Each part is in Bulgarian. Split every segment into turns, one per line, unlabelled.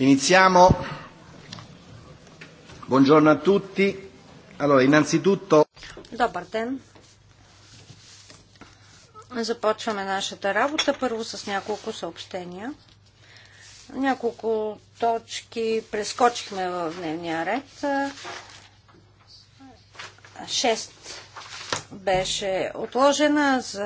Iniziamo. Buongiorno a tutti. Allora, innanzitutto... Добър ден. Започваме нашата работа първо с няколко съобщения. Няколко точки прескочихме в дневния ред. Шест беше отложена за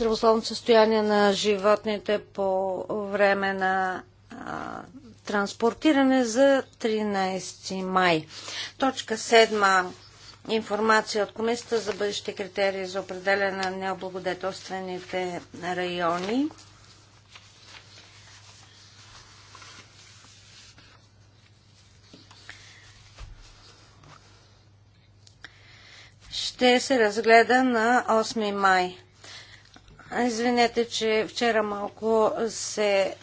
здравословното състояние на животните по време на а, транспортиране за 13 май. Точка 7. Информация от Комисията за бъдещите критерии за определяне на необлагодетелствените райони. ще се разгледа на 8 май. Извинете, че вчера малко се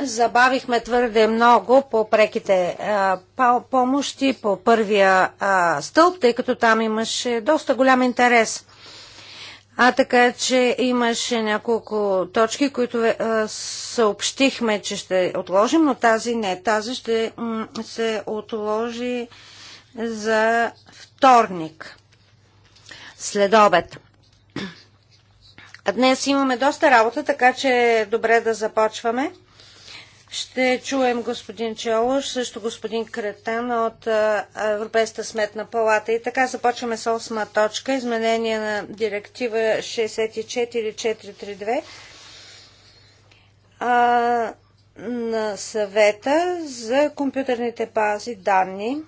забавихме твърде много по преките а, помощи, по първия а, стълб, тъй като там имаше доста голям интерес. А така, че имаше няколко точки, които а, съобщихме, че ще отложим, но тази не. Тази ще се отложи за вторник, след обед. Днес имаме доста работа, така че е добре да започваме. Ще чуем господин Чолош, също господин Кретан от Европейската сметна палата. И така започваме с 8 точка, изменение на директива 64432 а, на съвета за компютърните бази данни.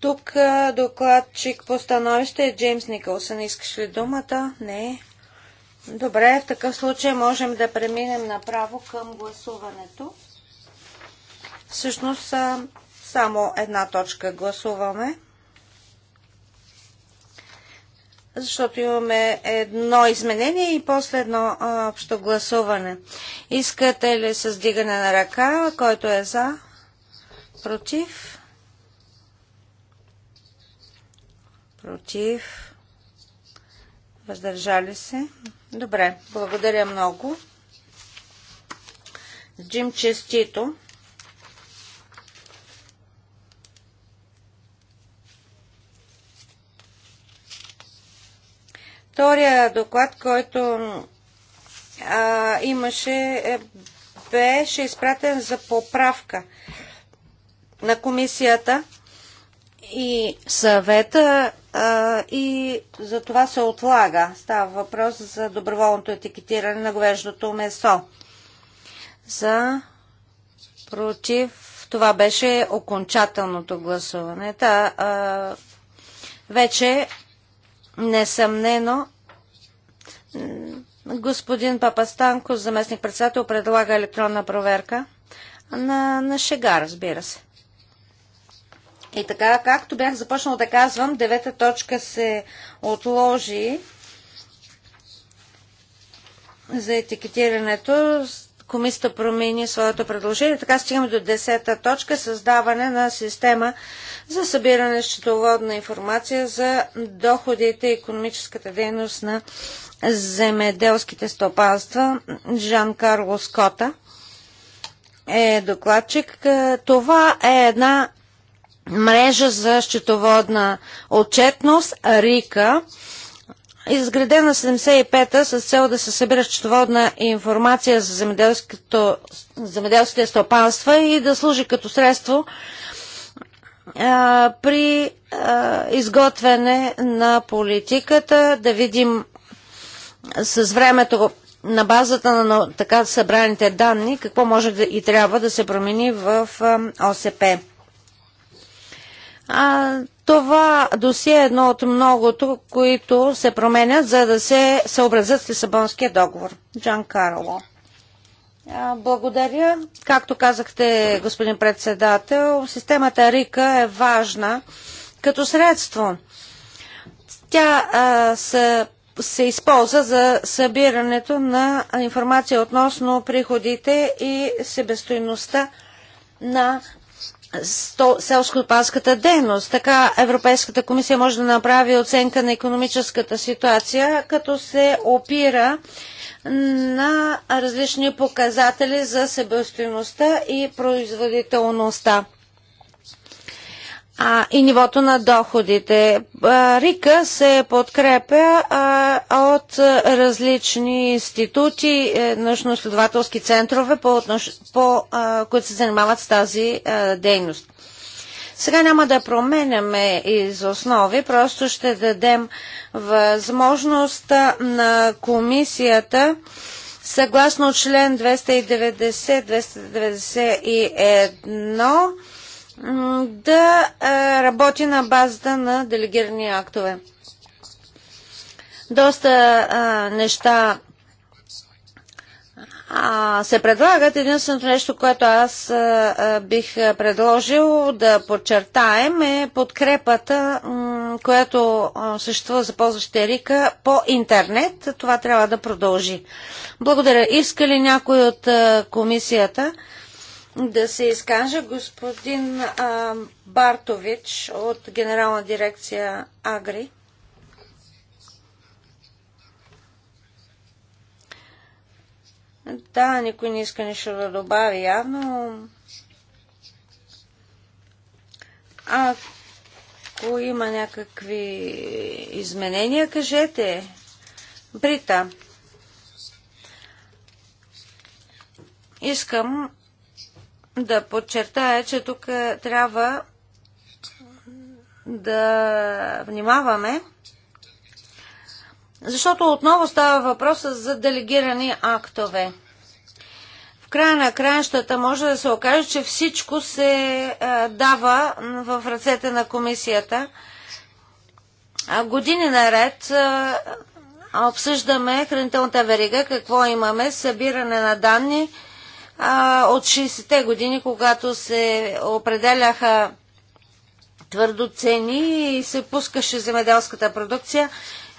Тук докладчик по становище е Джеймс Николсън. Искаш ли думата? Не. Добре, в такъв случай можем да преминем направо към гласуването. Всъщност само една точка гласуваме, защото имаме едно изменение и после едно общо гласуване. Искате ли с дигане на ръка, който е за, против, против, въздържали се? Добре, благодаря много. Джим, честито. Втория доклад, който а, имаше, е, беше изпратен за поправка на комисията и съвета а, и за това се отлага. Става въпрос за доброволното етикетиране на говеждото месо. За против това беше окончателното гласуване. Та, а, вече несъмнено господин Папастанко, заместник председател, предлага електронна проверка на, на шега, разбира се. И така, както бях започнал да казвам, девета точка се отложи за етикетирането. Комисията промени своето предложение. Така стигаме до десета точка създаване на система за събиране счетоводна информация за доходите и економическата дейност на земеделските стопанства. Жан Карло Скота е докладчик. Това е една мрежа за счетоводна отчетност РИКА, изградена 75-та с цел да се събира счетоводна информация за земеделските стопанства и да служи като средство при изготвяне на политиката, да видим с времето на базата на така събраните данни какво може да и трябва да се промени в ОСП. А, това досие е едно от многото, които се променят, за да се съобразят с Лисабонския договор. Джан Карло. А, благодаря. Както казахте, господин председател, системата РИКА е важна като средство. Тя а, се, се използва за събирането на информация относно приходите и себестойността на селско опанската дейност. Така Европейската комисия може да направи оценка на економическата ситуация, като се опира на различни показатели за себестоеността и производителността а, и нивото на доходите. Рика се подкрепя а, от различни институти, е, научно-следователски центрове, по, по, а, които се занимават с тази а, дейност. Сега няма да променяме из основи, просто ще дадем възможност на комисията съгласно член 290-291 да е, работи на базата на делегирани актове. Доста а, е, неща а, се предлагат. Единственото нещо, което аз а, е, бих предложил да подчертаем е подкрепата, м, която съществува за ползващите Рика по интернет. Това трябва да продължи. Благодаря. Иска ли някой от а, комисията? да се изкаже господин а, Бартович от Генерална дирекция Агри. Да, никой не иска нищо да добави явно. Ако има някакви изменения, кажете. Брита, искам да подчертая, че тук е, трябва да внимаваме, защото отново става въпроса за делегирани актове. В края на краищата може да се окаже, че всичко се е, дава в ръцете на комисията. Години наред е, обсъждаме хранителната верига, какво имаме, събиране на данни – а, от 60-те години, когато се определяха твърдо цени и се пускаше земеделската продукция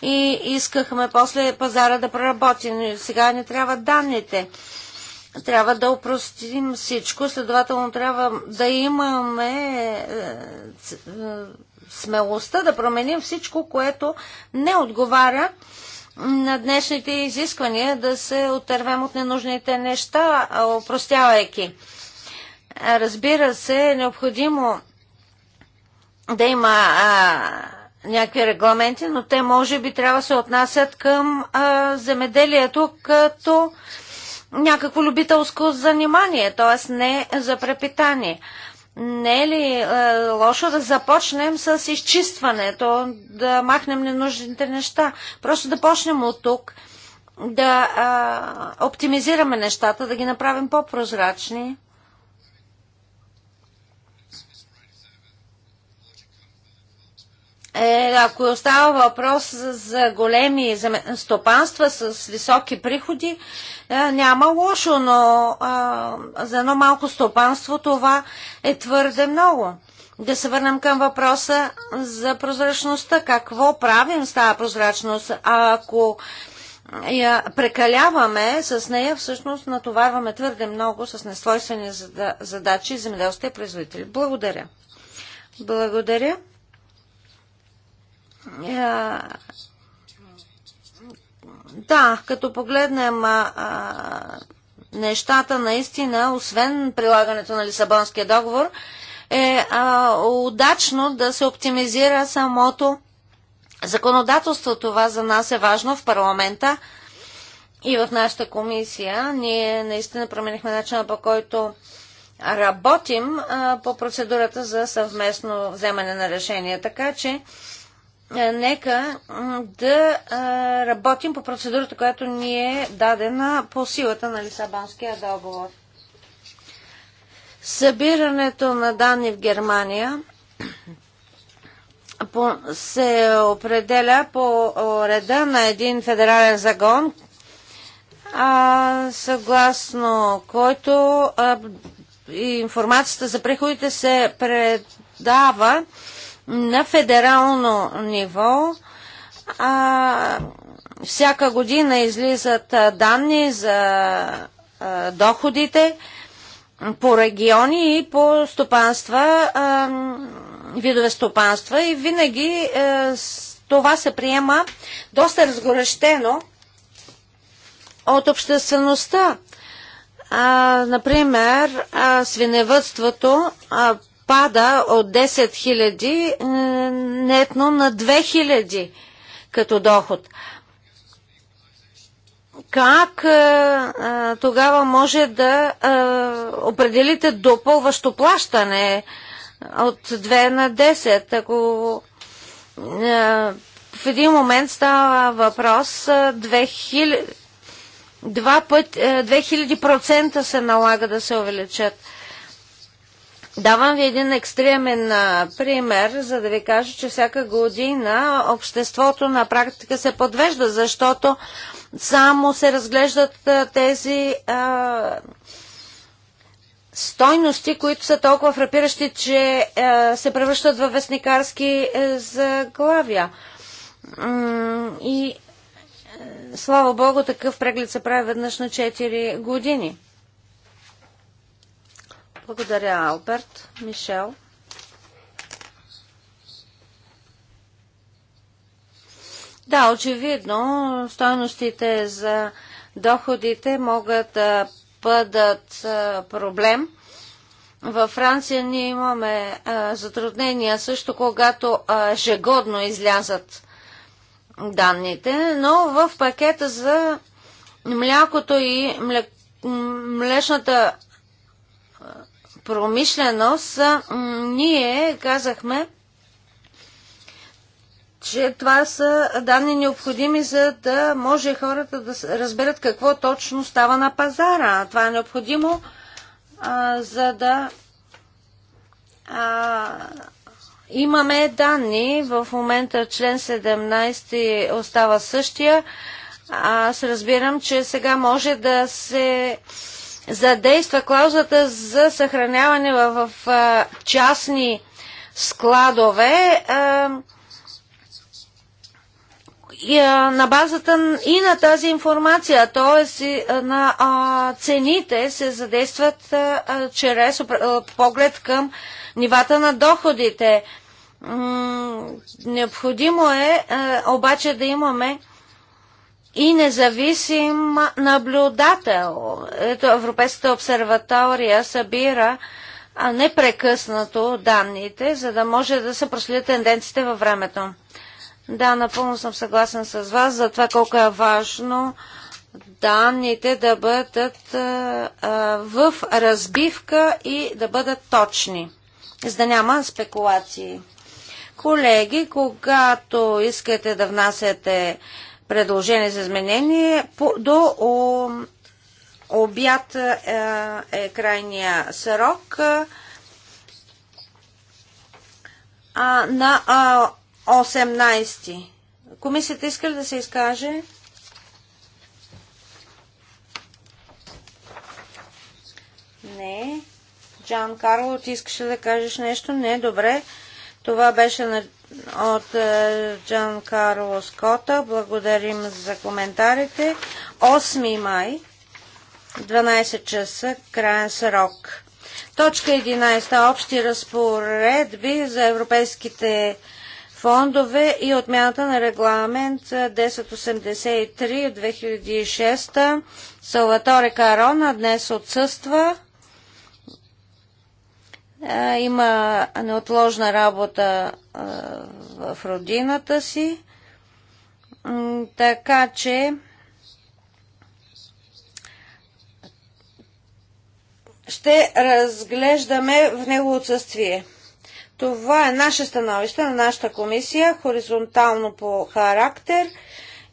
и искахме после пазара да проработи. Но сега не трябва данните. Трябва да упростим всичко, следователно трябва да имаме е, е, смелостта да променим всичко, което не отговаря на днешните изисквания да се отървем от ненужните неща, опростявайки. Разбира се, е необходимо да има а, някакви регламенти, но те може би трябва да се отнасят към а, земеделието като някакво любителско занимание, т.е. не за препитание не е ли е, лошо да започнем с изчистването, да махнем ненужните неща? Просто да почнем от тук, да е, оптимизираме нещата, да ги направим по-прозрачни. Е, ако става въпрос за големи стопанства с високи приходи, е, няма лошо, но а, за едно малко стопанство това е твърде много. Да се върнем към въпроса за прозрачността. Какво правим с тази прозрачност? А ако я прекаляваме с нея, всъщност натоварваме твърде много с несвойствени задачи земеделските производители. Благодаря. Благодаря. Е, да, като погледнем а, а, нещата, наистина, освен прилагането на Лисабонския договор, е а, удачно да се оптимизира самото законодателство. Това за нас е важно в парламента и в нашата комисия. Ние наистина променихме начина по който работим а, по процедурата за съвместно вземане на решение. Така че е, нека да работим по процедурата, която ни е дадена по силата на Лисабонския договор. Събирането на данни в Германия се определя по реда на един федерален загон, съгласно който информацията за приходите се предава на федерално ниво а, всяка година излизат данни за а, доходите по региони и по стопанства, а, видове стопанства и винаги а, това се приема доста разгорещено от обществеността. А, например, а, свиневътството а, пада от 10 000 е, нетно на 2000 като доход. Как е, е, тогава може да определите допълващо плащане от 2 на 10? Ако в един момент става въпрос 2000, 2000% се налага да се увеличат Давам ви един екстремен пример, за да ви кажа, че всяка година обществото на практика се подвежда, защото само се разглеждат тези а, стойности, които са толкова фрапиращи, че а, се превръщат в вестникарски е, заглавия. И е, слава Богу, такъв преглед се прави веднъж на 4 години. Благодаря, Алберт. Мишел. Да, очевидно, стойностите за доходите могат да бъдат проблем. Във Франция ние имаме затруднения също, когато ежегодно излязат данните, но в пакета за млякото и млечната промишленост, ние казахме, че това са данни необходими, за да може хората да разберат какво точно става на пазара. Това е необходимо, а, за да а, имаме данни. В момента член 17 остава същия. Аз разбирам, че сега може да се а, задейства клаузата за съхраняване в, в частни складове а, и, а, на базата и на тази информация, т.е. на а, цените се задействат чрез поглед към нивата на доходите. М необходимо е обаче да имаме и независим наблюдател. Ето Европейската обсерватория събира непрекъснато данните, за да може да се проследят тенденциите във времето. Да, напълно съм съгласен с вас за това колко е важно данните да бъдат а, в разбивка и да бъдат точни, за да няма спекулации. Колеги, когато искате да внасяте предложение за изменение. До обяд е, е крайния срок е, на 18. Комисията иска ли да се изкаже? Не. Джан Карло, ти искаше да кажеш нещо? Не, добре. Това беше на от е, Джан Карло Скота. Благодарим за коментарите. 8 май, 12 часа, крайен срок. Точка 11. Общи разпоредби за европейските фондове и отмяната на регламент 1083 от 2006. Салваторе Карона днес отсъства има неотложна работа в родината си, така че ще разглеждаме в него отсъствие. Това е наше становище на нашата комисия, хоризонтално по характер –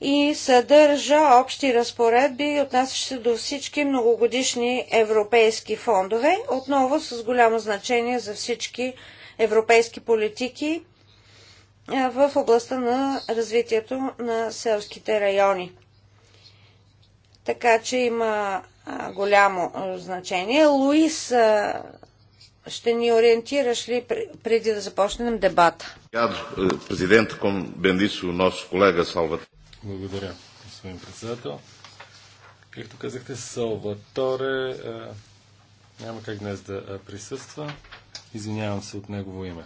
и съдържа общи разпоредби, отнасящи се до всички многогодишни европейски фондове, отново с голямо значение за всички европейски политики е, в областта на развитието на селските райони. Така че има голямо значение. Луис, ще ни ориентираш ли преди да започнем дебата? Е,
президент, Presidente. Como благодаря, господин председател. Както казахте, Салваторе е, няма как днес да е, присъства. Извинявам се от негово име.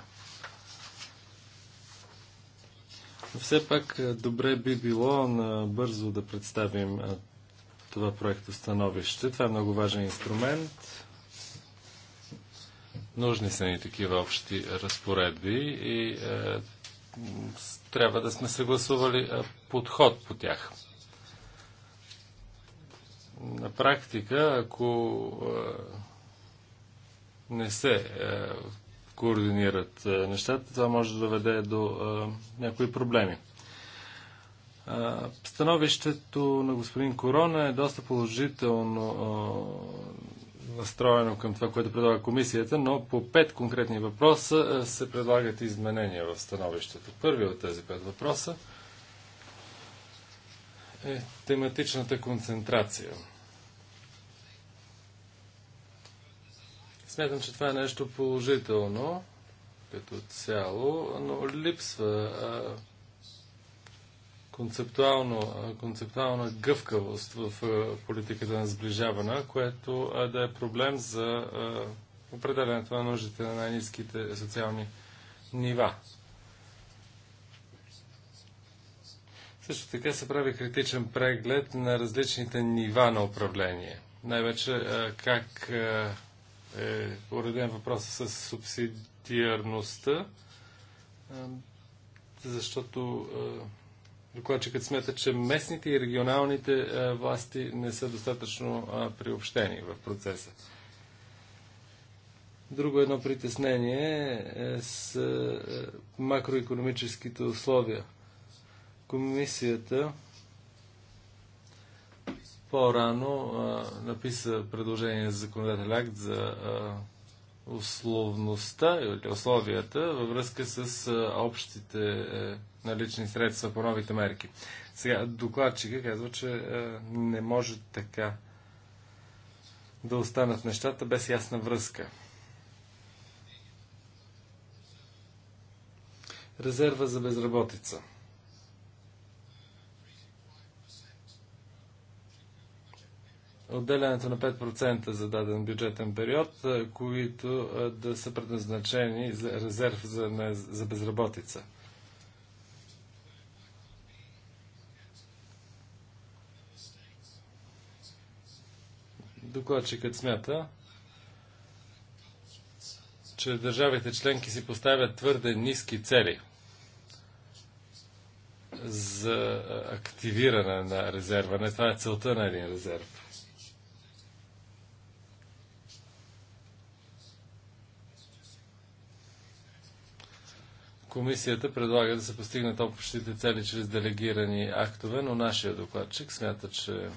Но все пак е, добре би било бързо да представим това проекто становище. Това е много важен инструмент. Нужни са ни такива общи разпоредби и е, трябва да сме съгласували подход по тях. На практика, ако е, не се е, координират е, нещата, това може да доведе до някои проблеми. Становището на господин Корона е доста положително настроено към това, което предлага комисията, но по пет конкретни въпроса се предлагат изменения в становището. Първи от тези пет въпроса – е тематичната концентрация. Смятам, че това е нещо положително като цяло, но липсва а, концептуално, а, концептуална гъвкавост в а, политиката на сближаване, което а, да е проблем за а, определенето на нуждите на най-низките социални нива. Също така се прави критичен преглед на различните нива на управление. Най-вече как е уреден въпроса с субсидиарността, защото докладчикът смята, че местните и регионалните власти не са достатъчно приобщени в процеса. Друго едно притеснение е, е с е, макроекономическите условия – Комисията по-рано написа предложение за законодателен акт за а, условността или условията във връзка с а, общите а, е, налични средства по новите мерки. Сега докладчика казва, че е, не може така да останат нещата без ясна връзка. Резерва за безработица – отделянето на 5% за даден бюджетен период, е, които е, да са предназначени за резерв за, не, за безработица. Докладчикът смята, че държавите членки си поставят твърде ниски цели за е, активиране на резерва. Не това е целта на един резерв. Комисията предлага да се постигнат общите цели чрез делегирани актове, но нашия докладчик смята, че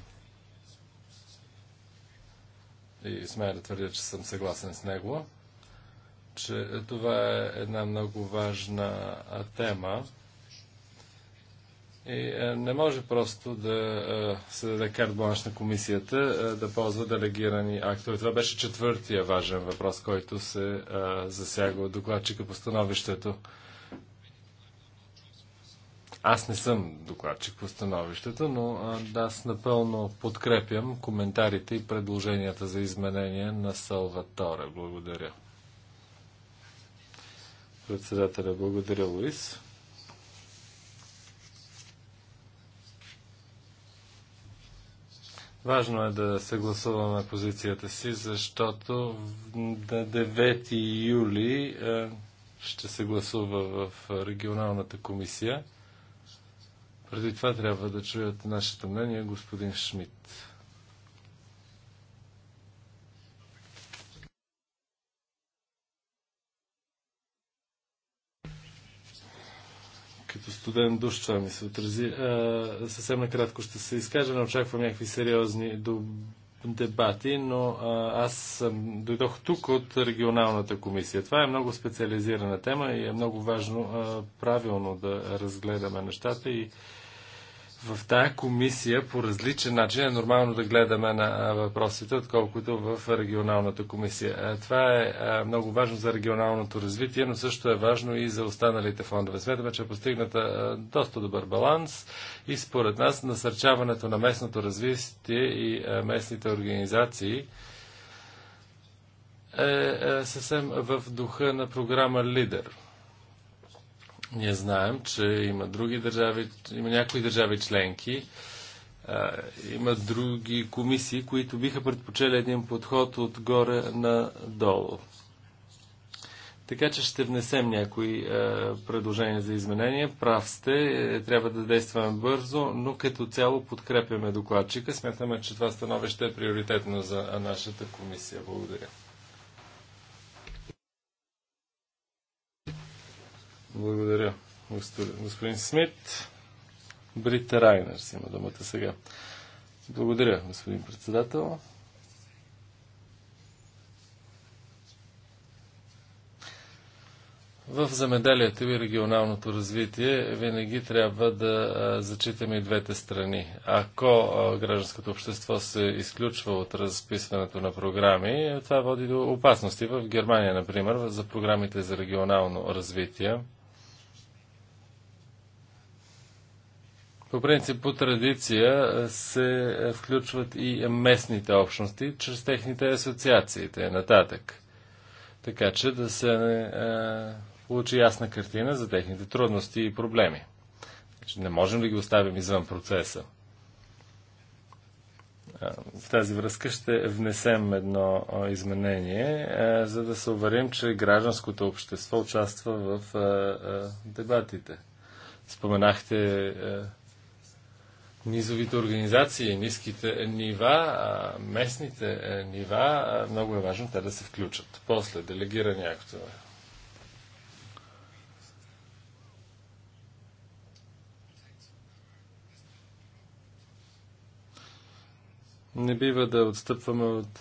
и смея да твърдя, че съм съгласен с него, че това е една много важна тема. И е, не може просто да е, се даде карт-бланш на комисията е, да ползва делегирани актове. Това беше четвъртия важен въпрос, който се засяга от докладчика по становището. Аз не съм докладчик по становището, но да, аз напълно подкрепям коментарите и предложенията за изменение на Салваторе. Благодаря. Председателя, благодаря, Луис. Важно е да съгласуваме позицията си, защото на 9 юли е, ще се гласува в регионалната комисия. Преди това трябва да чуят нашето мнение господин Шмидт. като студен душ, това ми се отрази. А, съвсем накратко ще се изкажа, не очаквам някакви сериозни дебати, но а, аз съм, дойдох тук от регионалната комисия. Това е много специализирана тема и е много важно а, правилно да разгледаме нещата и в тая комисия по различен начин е нормално да гледаме на въпросите, отколкото в регионалната комисия. Е, това е много важно за регионалното развитие, но също е важно и за останалите фондове. Сметаме, че е постигната доста добър баланс и според нас насърчаването на местното развитие и местните организации е, е съвсем в духа на програма Лидер – ние знаем, че има други държави, има някои държави членки, а, има други комисии, които биха предпочели един подход отгоре надолу. Така че ще внесем някои е, предложения за изменения. Прав сте, е, трябва да действаме бързо, но като цяло подкрепяме докладчика. Смятаме, че това становище е приоритетно за нашата комисия. Благодаря. Благодаря, господин Смит. Брит Райнер си има думата сега. Благодаря, господин председател. В замеделието и регионалното развитие винаги трябва да зачитаме и двете страни. Ако гражданското общество се изключва от разписването на програми, това води до опасности. В Германия, например, за програмите за регионално развитие По принцип, по традиция се включват и местните общности чрез техните асоциации, и нататък. Така че да се е, получи ясна картина за техните трудности и проблеми. Значи, не можем да ги оставим извън процеса. В тази връзка ще внесем едно изменение, е, за да се уверим, че гражданското общество участва в е, е, дебатите. Споменахте низовите организации, ниските нива, местните е, нива, много е важно те да се включат. После делегирани актове. Не бива да отстъпваме от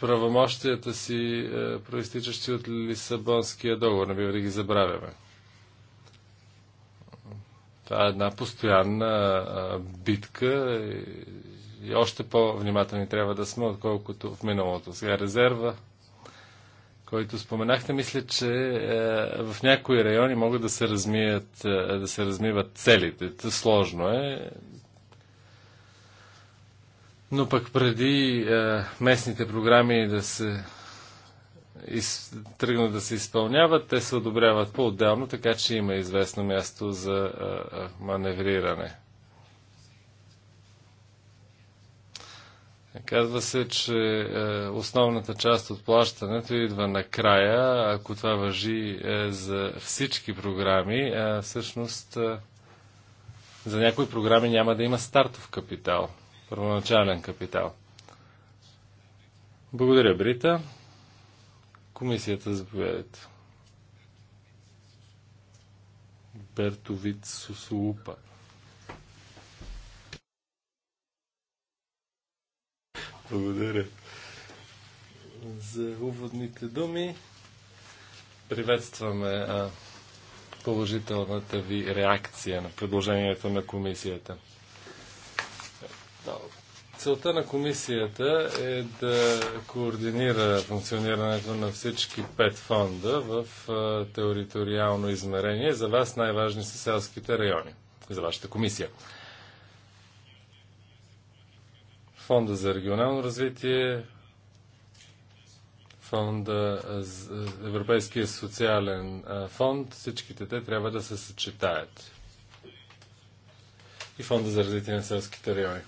правомощията си, проистичащи от Лисабонския договор. Не бива да ги забравяме. Това е една постоянна битка и още по-внимателни трябва да сме, отколкото в миналото. Сега резерва, който споменахте, мисля, че е, в някои райони могат да се размият, е, да се размиват целите. Та сложно е. Но пък преди е, местните програми да се из, тръгнат да се изпълняват, те се одобряват по-отделно, така че има известно място за а, а, маневриране. Казва се, че е, основната част от плащането идва накрая, ако това въжи е, за всички програми. Е, всъщност, за някои програми няма да има стартов капитал, първоначален капитал. Благодаря, Брита. Комисията, заповядайте. Бертовит Сусулупа. Благодаря за уводните думи. Приветстваме а, положителната ви реакция на предложението на комисията. Целта на комисията е да координира функционирането на всички пет фонда в териториално измерение. За вас най-важни са селските райони, за вашата комисия. Фонда за регионално развитие, фонда, Европейския социален фонд, всичките те трябва да се съчетаят. И фонда за развитие на селските райони.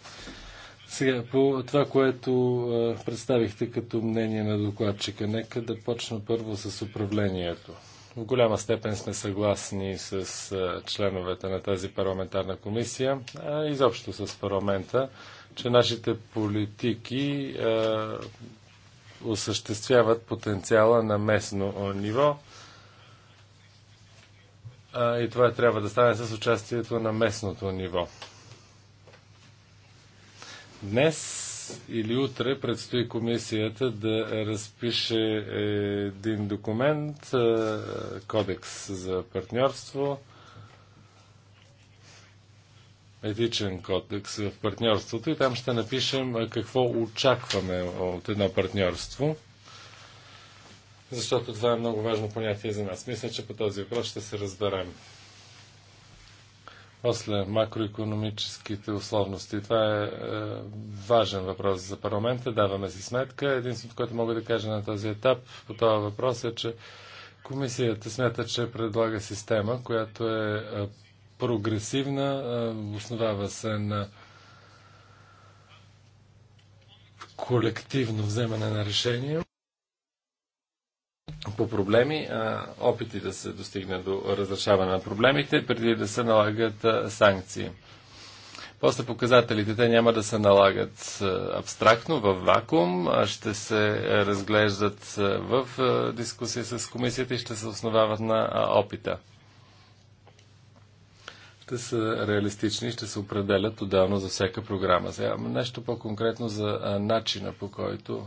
Сега, по това, което а, представихте като мнение на докладчика, нека да почна първо с управлението. В голяма степен сме съгласни с а, членовете на тази парламентарна комисия, а изобщо с парламента, че нашите политики а, осъществяват потенциала на местно ниво. А, и това трябва да стане с участието на местното ниво. Днес или утре предстои комисията да разпише един документ, кодекс за партньорство, етичен кодекс в партньорството и там ще напишем какво очакваме от едно партньорство. Защото това е много важно понятие за нас. Мисля, че по този въпрос ще се разберем. После макроекономическите условности. Това е, е важен въпрос за парламента. Даваме си сметка. Единственото, което мога да кажа на този етап по това въпрос е, че комисията смята, че предлага система, която е, е прогресивна, е, основава се на колективно вземане на решения по проблеми, опити да се достигне до разрешаване на проблемите, преди да се налагат санкции. После показателите те няма да се налагат абстрактно, в вакуум, а ще се разглеждат в дискусия с комисията и ще се основават на опита. Ще са реалистични, ще се определят отделно за всяка програма. Сега нещо по-конкретно за начина по който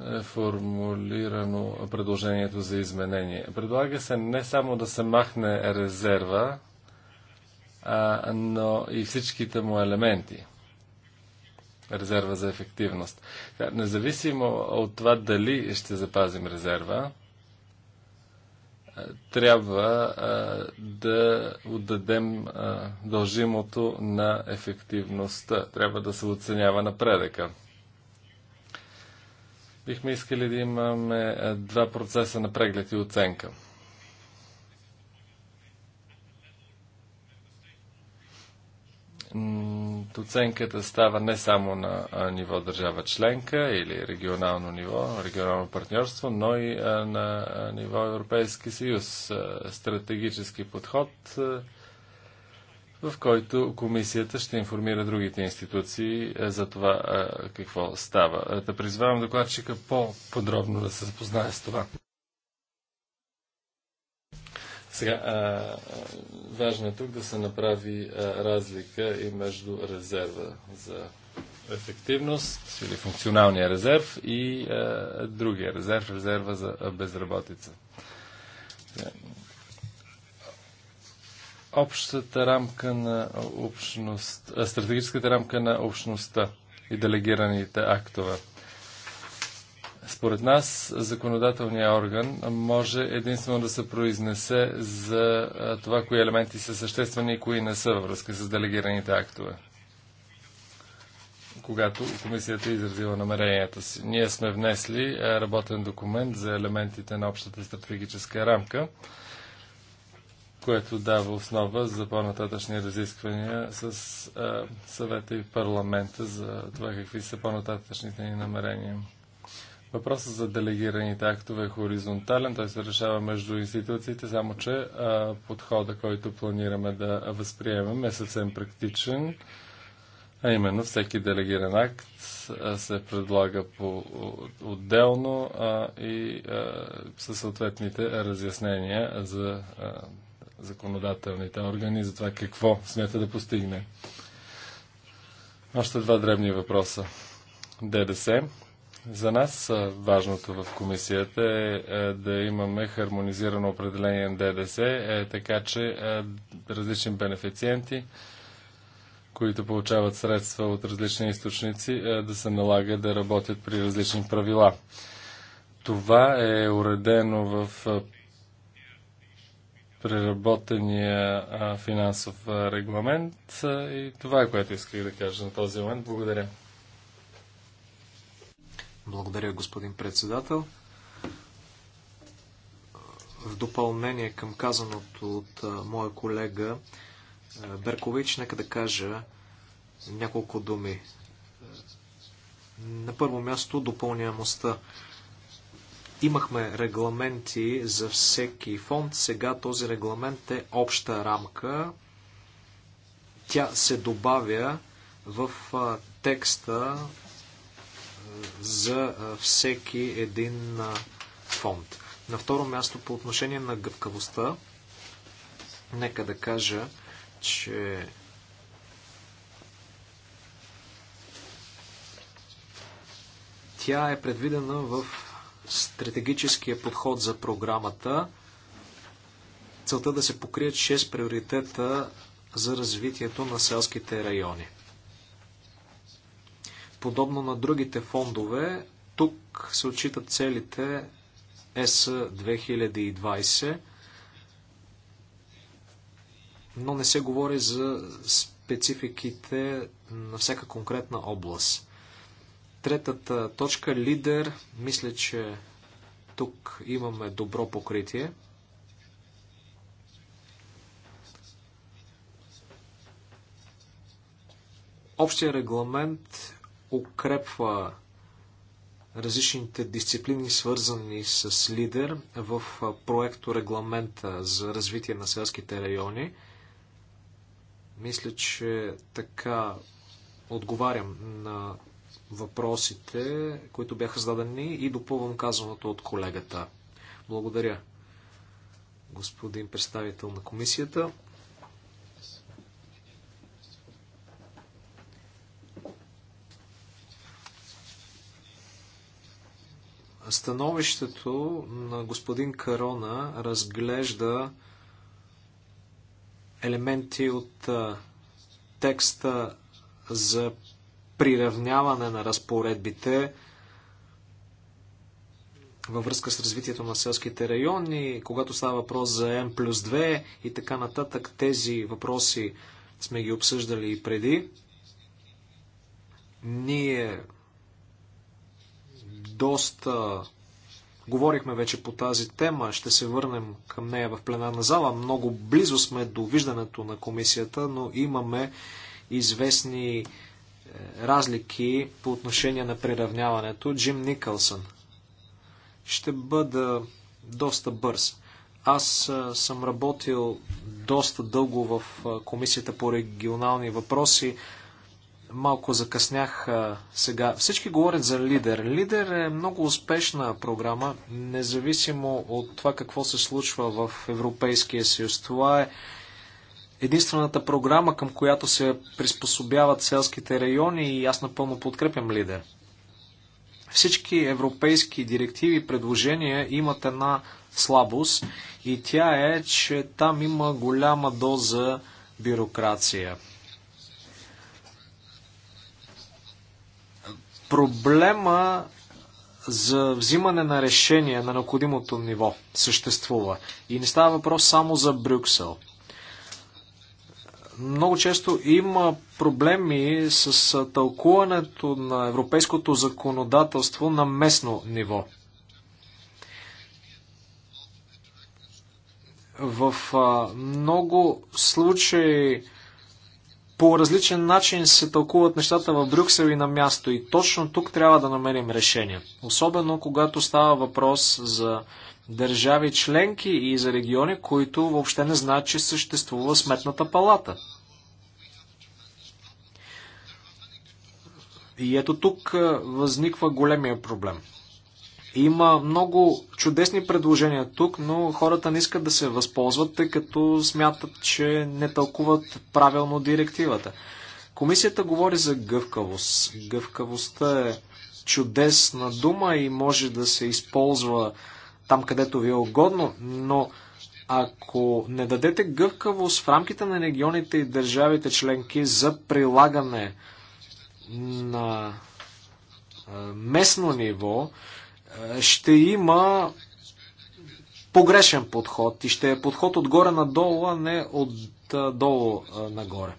е формулирано предложението за изменение. Предлага се не само да се махне резерва, а, но и всичките му елементи. Резерва за ефективност. Независимо от това дали ще запазим резерва, е, трябва а, е, да отдадем а, е, дължимото на ефективността. Трябва да се оценява напредъка. Бихме искали да имаме е, два процеса на преглед и оценка. оценката става не само на ниво държава членка или регионално ниво, регионално партньорство, но и на ниво Европейски съюз. Е, стратегически подход е, в който комисията ще информира другите институции е, за това е, какво става. Е, да призвавам докладчика по-подробно да се запознае с това. Сега, а, важно е тук да се направи а, разлика и между резерва за ефективност или функционалния резерв и а, другия резерв, резерва за безработица общата рамка на общност, стратегическата рамка на общността и делегираните актове. Според нас, законодателният орган може единствено да се произнесе за това, кои елементи са съществени и кои не са във връзка с делегираните актове. Когато комисията е изразила намеренията си. Ние сме внесли работен документ за елементите на общата стратегическа рамка което дава основа за по-нататъчни разисквания с а, съвета и парламента за това какви са по-нататъчните ни намерения. Въпросът за делегираните актове е хоризонтален, той се решава между институциите, само че а, подхода, който планираме да възприемем е съвсем практичен, а именно всеки делегиран акт а, се предлага по, отделно а, и а, със съответните разяснения за а, законодателните органи за това какво смята да постигне. Още два дребни въпроса. ДДС. За нас важното в комисията е, е да имаме хармонизирано определение на ДДС, е така че е, различни бенефициенти, които получават средства от различни източници, е, да се налага да работят при различни правила. Това е уредено в преработения финансов регламент. И това е което исках да кажа на този момент. Благодаря.
Благодаря, господин председател. В допълнение към казаното от моя колега Беркович, нека да кажа няколко думи. На първо място допълняемостта Имахме регламенти за всеки фонд, сега този регламент е обща рамка. Тя се добавя в текста за всеки един фонд. На второ място по отношение на гъвкавостта, нека да кажа, че тя е предвидена в стратегическия подход за програмата. Целта да се покрият 6 приоритета за развитието на селските райони. Подобно на другите фондове, тук се отчитат целите ЕС 2020, но не се говори за спецификите на всяка конкретна област. Третата точка лидер. Мисля, че тук имаме добро покритие. Общия регламент укрепва различните дисциплини, свързани с лидер в проекто регламента за развитие на селските райони. Мисля, че така отговарям на въпросите, които бяха зададени и допълвам казаното от колегата. Благодаря, господин представител на комисията. Становището на господин Карона разглежда елементи от текста за приравняване на разпоредбите във връзка с развитието на селските райони, когато става въпрос за М плюс 2 и така нататък, тези въпроси сме ги обсъждали и преди. Ние доста говорихме вече по тази тема, ще се върнем към нея в пленарна зала. Много близо сме до виждането на комисията, но имаме известни разлики по отношение на приравняването. Джим Никълсън. Ще бъда доста бърз. Аз съм работил доста дълго в Комисията по регионални въпроси. Малко закъснях сега. Всички говорят за Лидер. Лидер е много успешна програма, независимо от това какво се случва в Европейския съюз. Това е единствената програма, към която се приспособяват селските райони и аз напълно подкрепям лидер. Всички европейски директиви и предложения имат една слабост и тя е, че там има голяма доза бюрокрация. Проблема за взимане на решение на необходимото ниво съществува. И не става въпрос само за Брюксел много често има проблеми с тълкуването на европейското законодателство на местно ниво. В много случаи по различен начин се тълкуват нещата в Брюксел и на място. И точно тук трябва да намерим решение. Особено когато става въпрос за държави членки и за региони, които въобще не знаят, че съществува сметната палата. И ето тук възниква големия проблем. Има много чудесни предложения тук, но хората не искат да се възползват, тъй като смятат, че не тълкуват правилно директивата. Комисията говори за гъвкавост. Гъвкавостта е чудесна дума и може да се използва там, където ви е угодно, но ако не дадете гъвкавост в рамките на регионите и държавите членки за прилагане на местно ниво, ще има погрешен подход и ще е подход отгоре надолу, а не отдолу нагоре.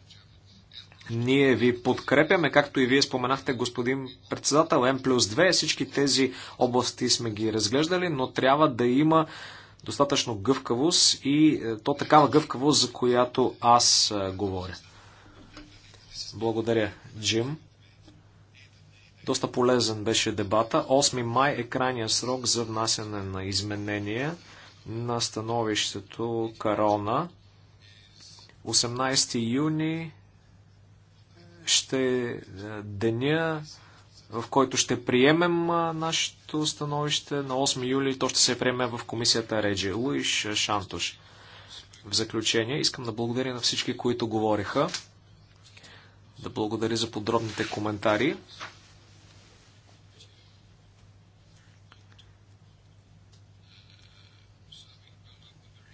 Ние ви подкрепяме, както и вие споменахте, господин председател, М плюс 2. Всички тези области сме ги разглеждали, но трябва да има достатъчно гъвкавост и е, то такава гъвкавост, за която аз е, говоря. Благодаря, Джим. Доста полезен беше дебата. 8 май е крайния срок за внасяне на изменения на становището Карона. 18 юни ще е деня, в който ще приемем е, нашето становище. На 8 юли то ще се приеме в комисията Реджи. Луиш Шантош. В заключение искам да благодаря на всички, които говориха. Да благодаря за подробните коментари.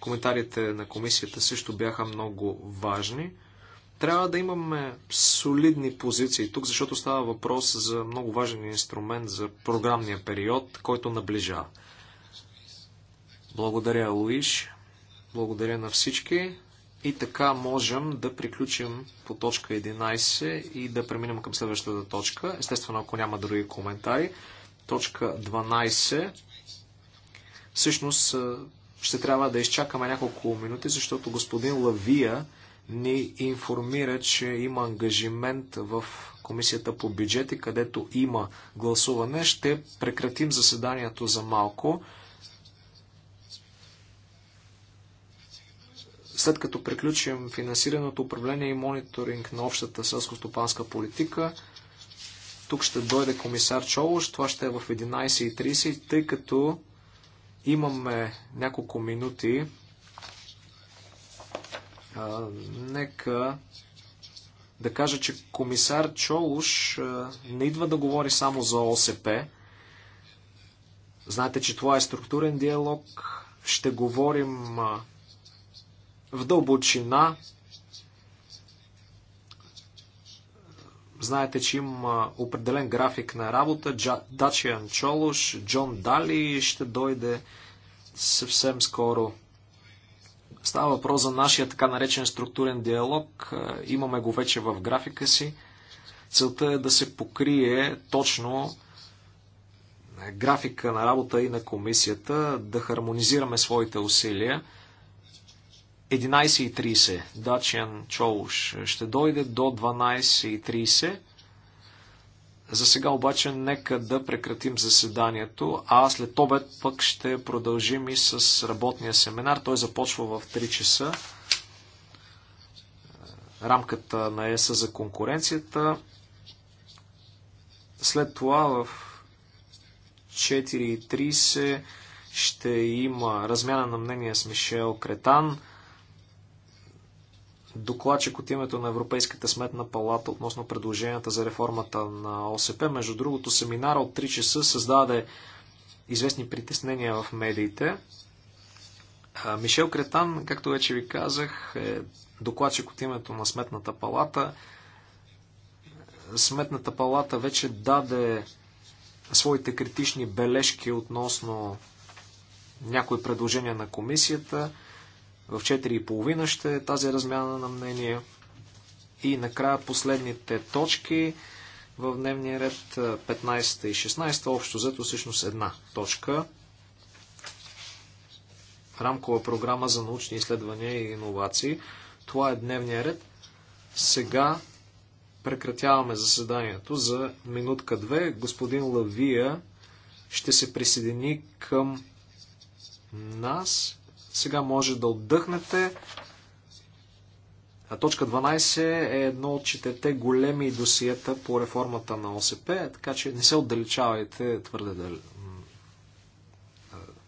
Коментарите на комисията също бяха много важни. Трябва да имаме солидни позиции тук, защото става въпрос за много важен инструмент за програмния период, който наближава. Благодаря, Луиш. Благодаря на всички. И така можем да приключим по точка 11 и да преминем към следващата точка. Естествено, ако няма други коментари. Точка 12. Всъщност ще трябва да изчакаме няколко минути, защото господин Лавия ни информира, че има ангажимент в Комисията по бюджети, където има гласуване. Ще прекратим заседанието за малко. След като приключим финансираното управление и мониторинг на общата селско-стопанска политика, тук ще дойде комисар Чолош. Това ще е в 11.30, тъй като имаме няколко минути а, нека да кажа, че комисар Чолуш не идва да говори само за ОСП. Знаете, че това е структурен диалог. Ще говорим в дълбочина. Знаете, че има определен график на работа. Дачиан Чолуш, Джон Дали ще дойде съвсем скоро. Става въпрос за нашия така наречен структурен диалог. Е, имаме го вече в графика си. Целта е да се покрие точно е, графика на работа и на комисията, да хармонизираме своите усилия. 11.30 Дачиан Чолуш ще дойде до 12.30. За сега обаче нека да прекратим заседанието, а след обед пък ще продължим и с работния семинар. Той започва в 3 часа. Рамката на ЕСА за конкуренцията. След това в 4.30 ще има размяна на мнение с Мишел Кретан докладчик от името на Европейската сметна палата относно предложенията за реформата на ОСП. Между другото, семинара от 3 часа създаде известни притеснения в медиите. Мишел Кретан, както вече ви казах, е докладчик от името на Сметната палата. Сметната палата вече даде своите критични бележки относно някои предложения на комисията. В 4.30 ще е тази размяна на мнение. И накрая последните точки в дневния ред 15 и 16, общо взето всъщност една точка. Рамкова програма за научни изследвания и иновации. Това е дневния ред. Сега прекратяваме заседанието за минутка 2. Господин Лавия ще се присъедини към нас. Сега може да отдъхнете. а Точка 12 е едно от четете големи досиета по реформата на ОСП, така че не се отдалечавайте твърде далеч.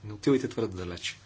не отивайте твърде далече.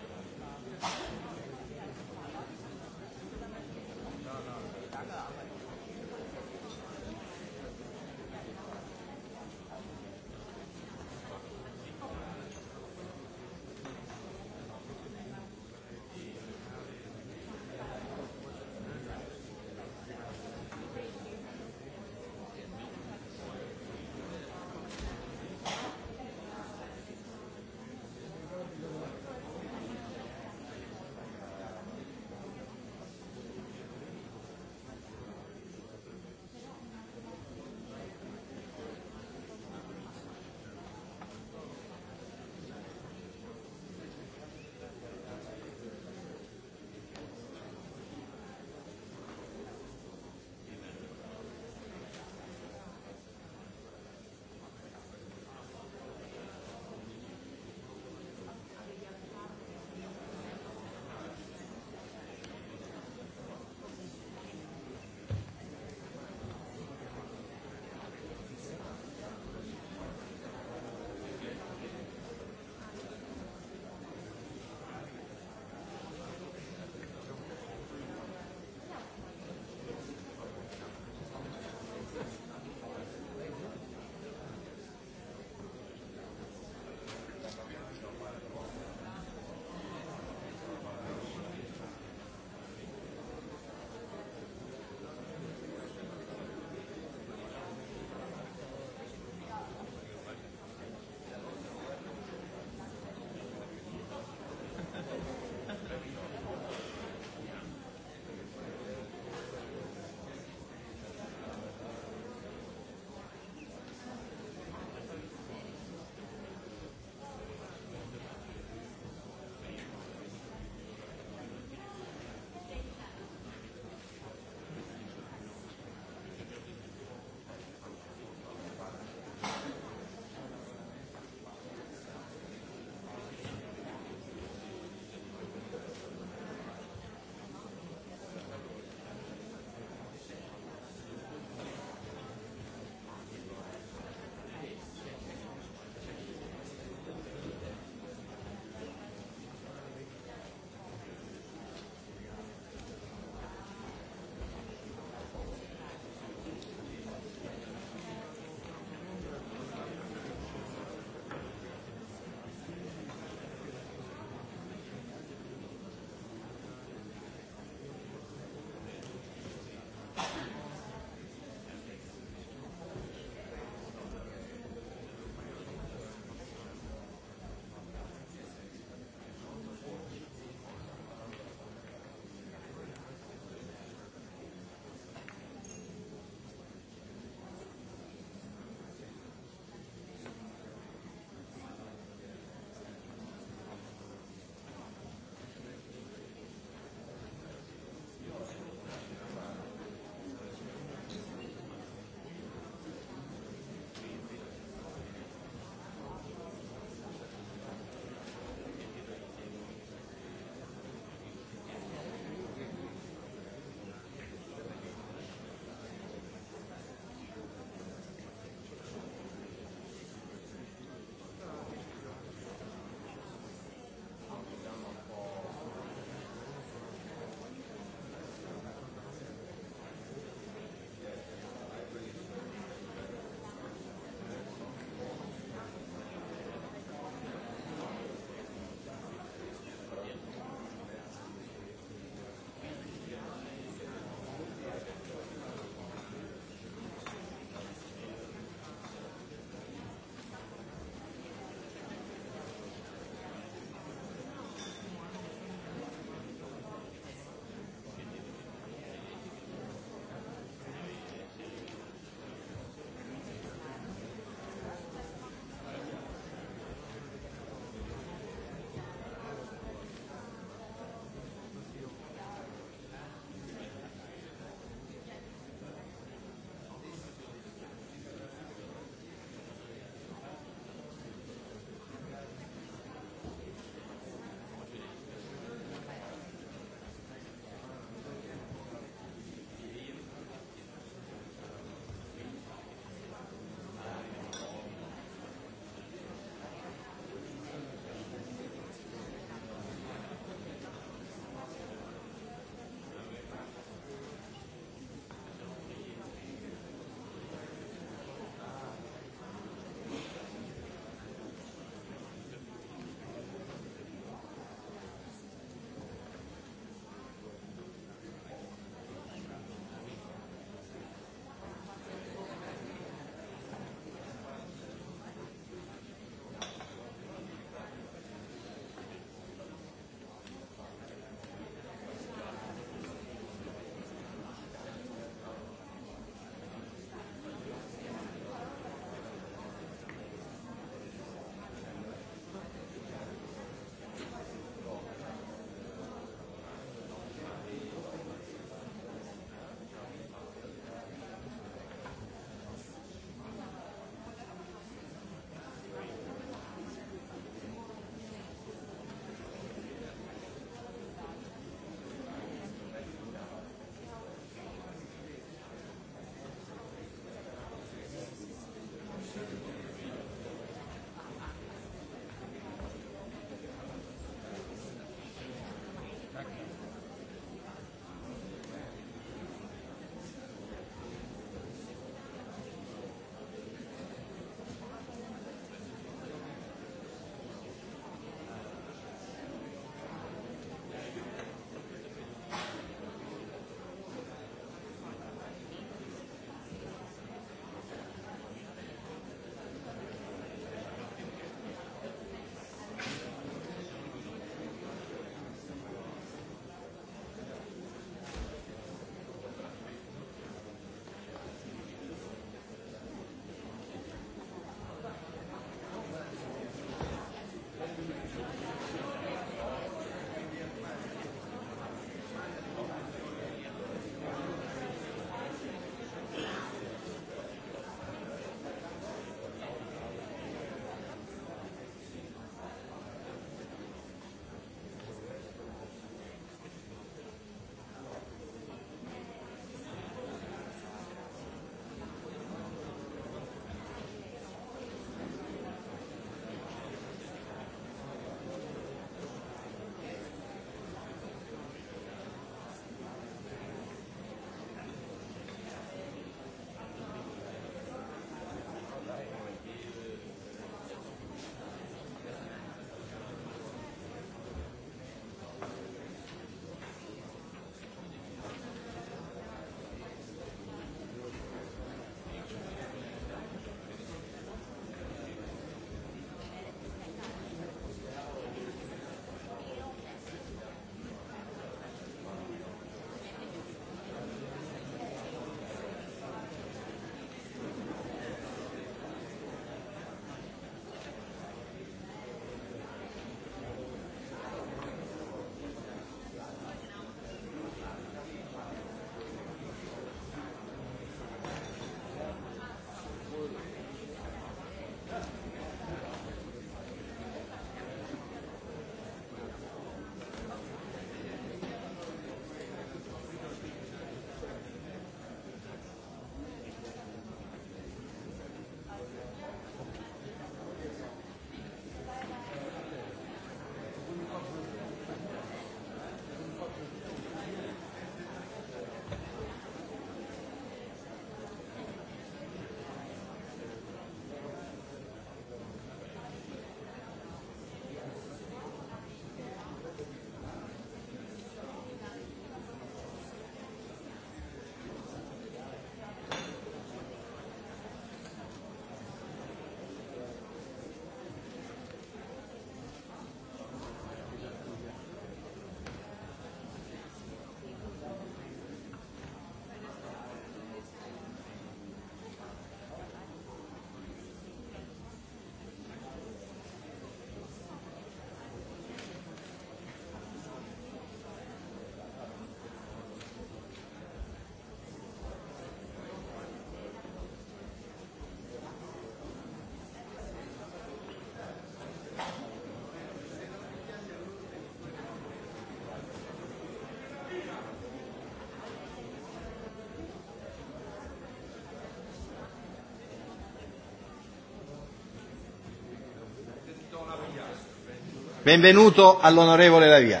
Benvenuto all'onorevole Lavia.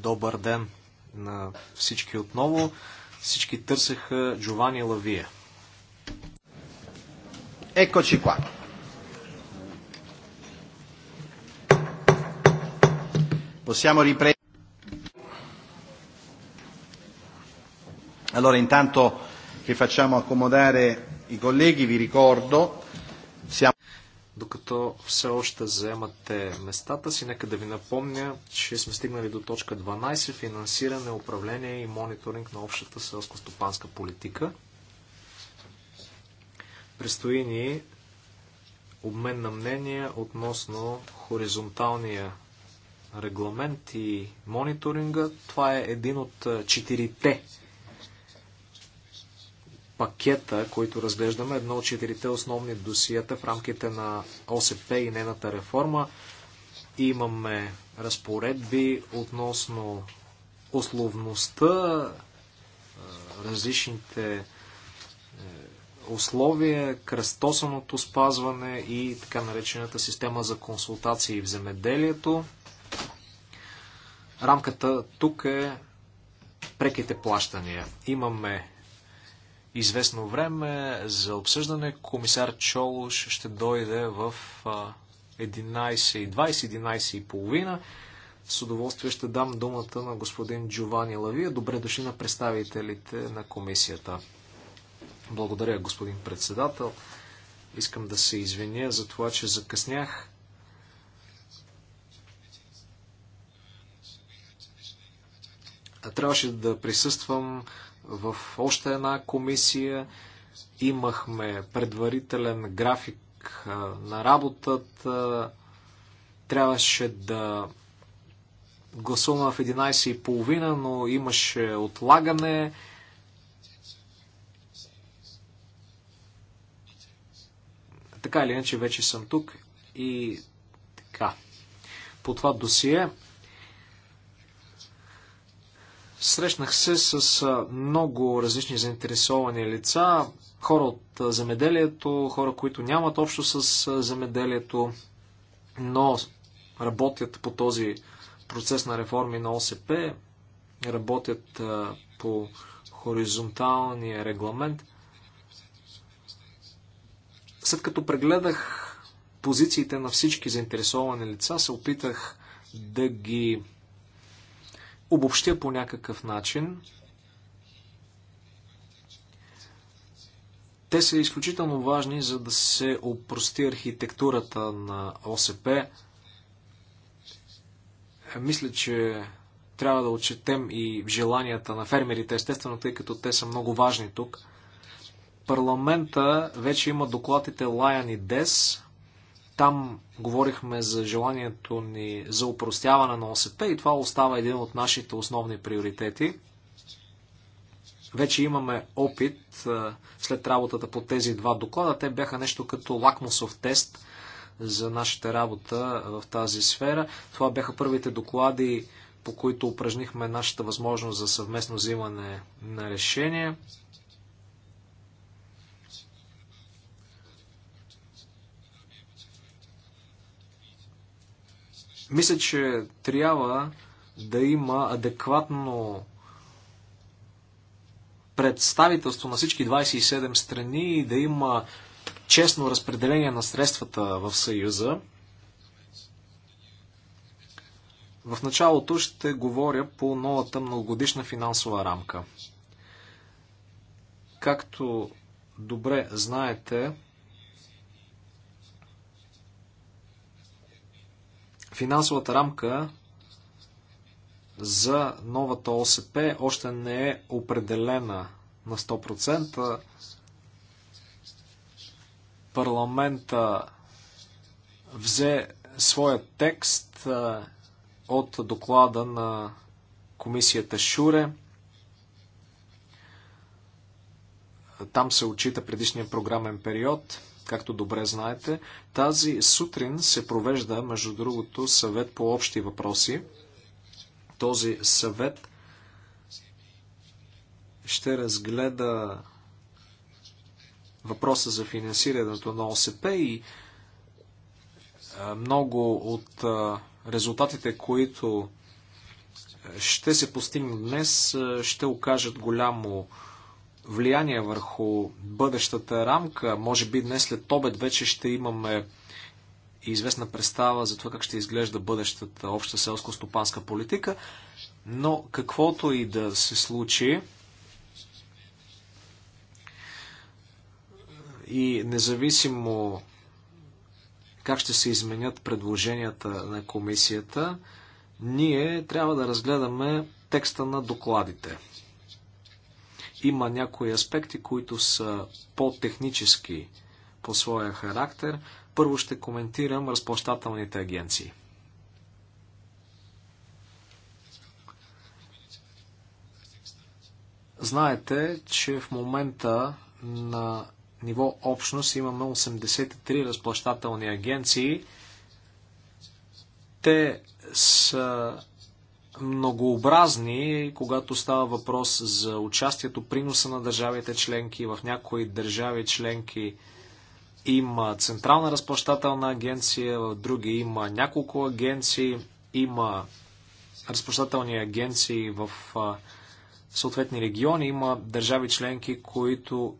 Добър ден на всички отново. Всички търсеха Джовани Лавия.
Екочи qua. Possiamo riprendere. Allora, intanto che facciamo accomodare
i colleghi, vi ricordo защо все още заемате местата си. Нека да ви напомня, че сме стигнали до точка 12 финансиране, управление и мониторинг на общата селско-стопанска политика. Престои ни обмен на мнения относно хоризонталния регламент и мониторинга. Това е един от четирите пакета, който разглеждаме, едно от четирите основни досията в рамките на ОСП и нейната реформа. Имаме разпоредби относно условността, различните е, условия, кръстосаното спазване и така наречената система за консултации в земеделието. Рамката тук е преките плащания. Имаме известно време за обсъждане. Комисар Чолуш ще дойде в 11.20-11.30. С удоволствие ще дам думата на господин Джовани Лавия. Добре дошли на представителите на комисията. Благодаря, господин председател. Искам да се извиня за това, че закъснях. Трябваше да присъствам в още една комисия. Имахме предварителен график на работата. Трябваше да гласуваме в 11.30, но имаше отлагане. Така или иначе вече съм тук и така. По това досие Срещнах се с много различни заинтересовани лица, хора от земеделието, хора, които нямат общо с земеделието, но работят по този процес на реформи на ОСП, работят по хоризонталния регламент. След като прегледах позициите на всички заинтересовани лица, се опитах да ги обобщя по някакъв начин. Те са изключително важни, за да се опрости архитектурата на ОСП. Мисля, че трябва да отчетем и желанията на фермерите, естествено, тъй като те са много важни тук. Парламента вече има докладите Lion и DES. Там говорихме за желанието ни за упростяване на ОСП и това остава един от нашите основни приоритети. Вече имаме опит след работата по тези два доклада. Те бяха нещо като лакмусов тест за нашата работа в тази сфера. Това бяха първите доклади, по които упражнихме нашата възможност за съвместно взимане на решение. Мисля, че трябва да има адекватно представителство на всички 27 страни и да има честно разпределение на средствата в Съюза. В началото ще говоря по новата многогодишна финансова рамка. Както добре знаете, финансовата рамка за новата ОСП още не е определена на 100%. Парламента взе своя текст от доклада на комисията Шуре. Там се отчита предишния програмен период както добре знаете. Тази сутрин се провежда, между другото, съвет по общи въпроси. Този съвет ще разгледа въпроса за финансирането на ОСП и много от резултатите, които ще се постигнат днес, ще окажат голямо влияние върху бъдещата рамка. Може би днес след обед вече ще имаме известна представа за това как ще изглежда бъдещата обща селско-стопанска политика. Но каквото и да се случи, и независимо как ще се изменят предложенията на комисията, ние трябва да разгледаме текста на докладите. Има някои аспекти, които са по-технически по своя характер. Първо ще коментирам разплащателните агенции. Знаете, че в момента на ниво общност имаме 83 разплащателни агенции. Те са многообразни, когато става въпрос за участието, приноса на държавите членки. В някои държави членки има Централна разплащателна агенция, в други има няколко агенции, има разплащателни агенции в съответни региони, има държави членки, които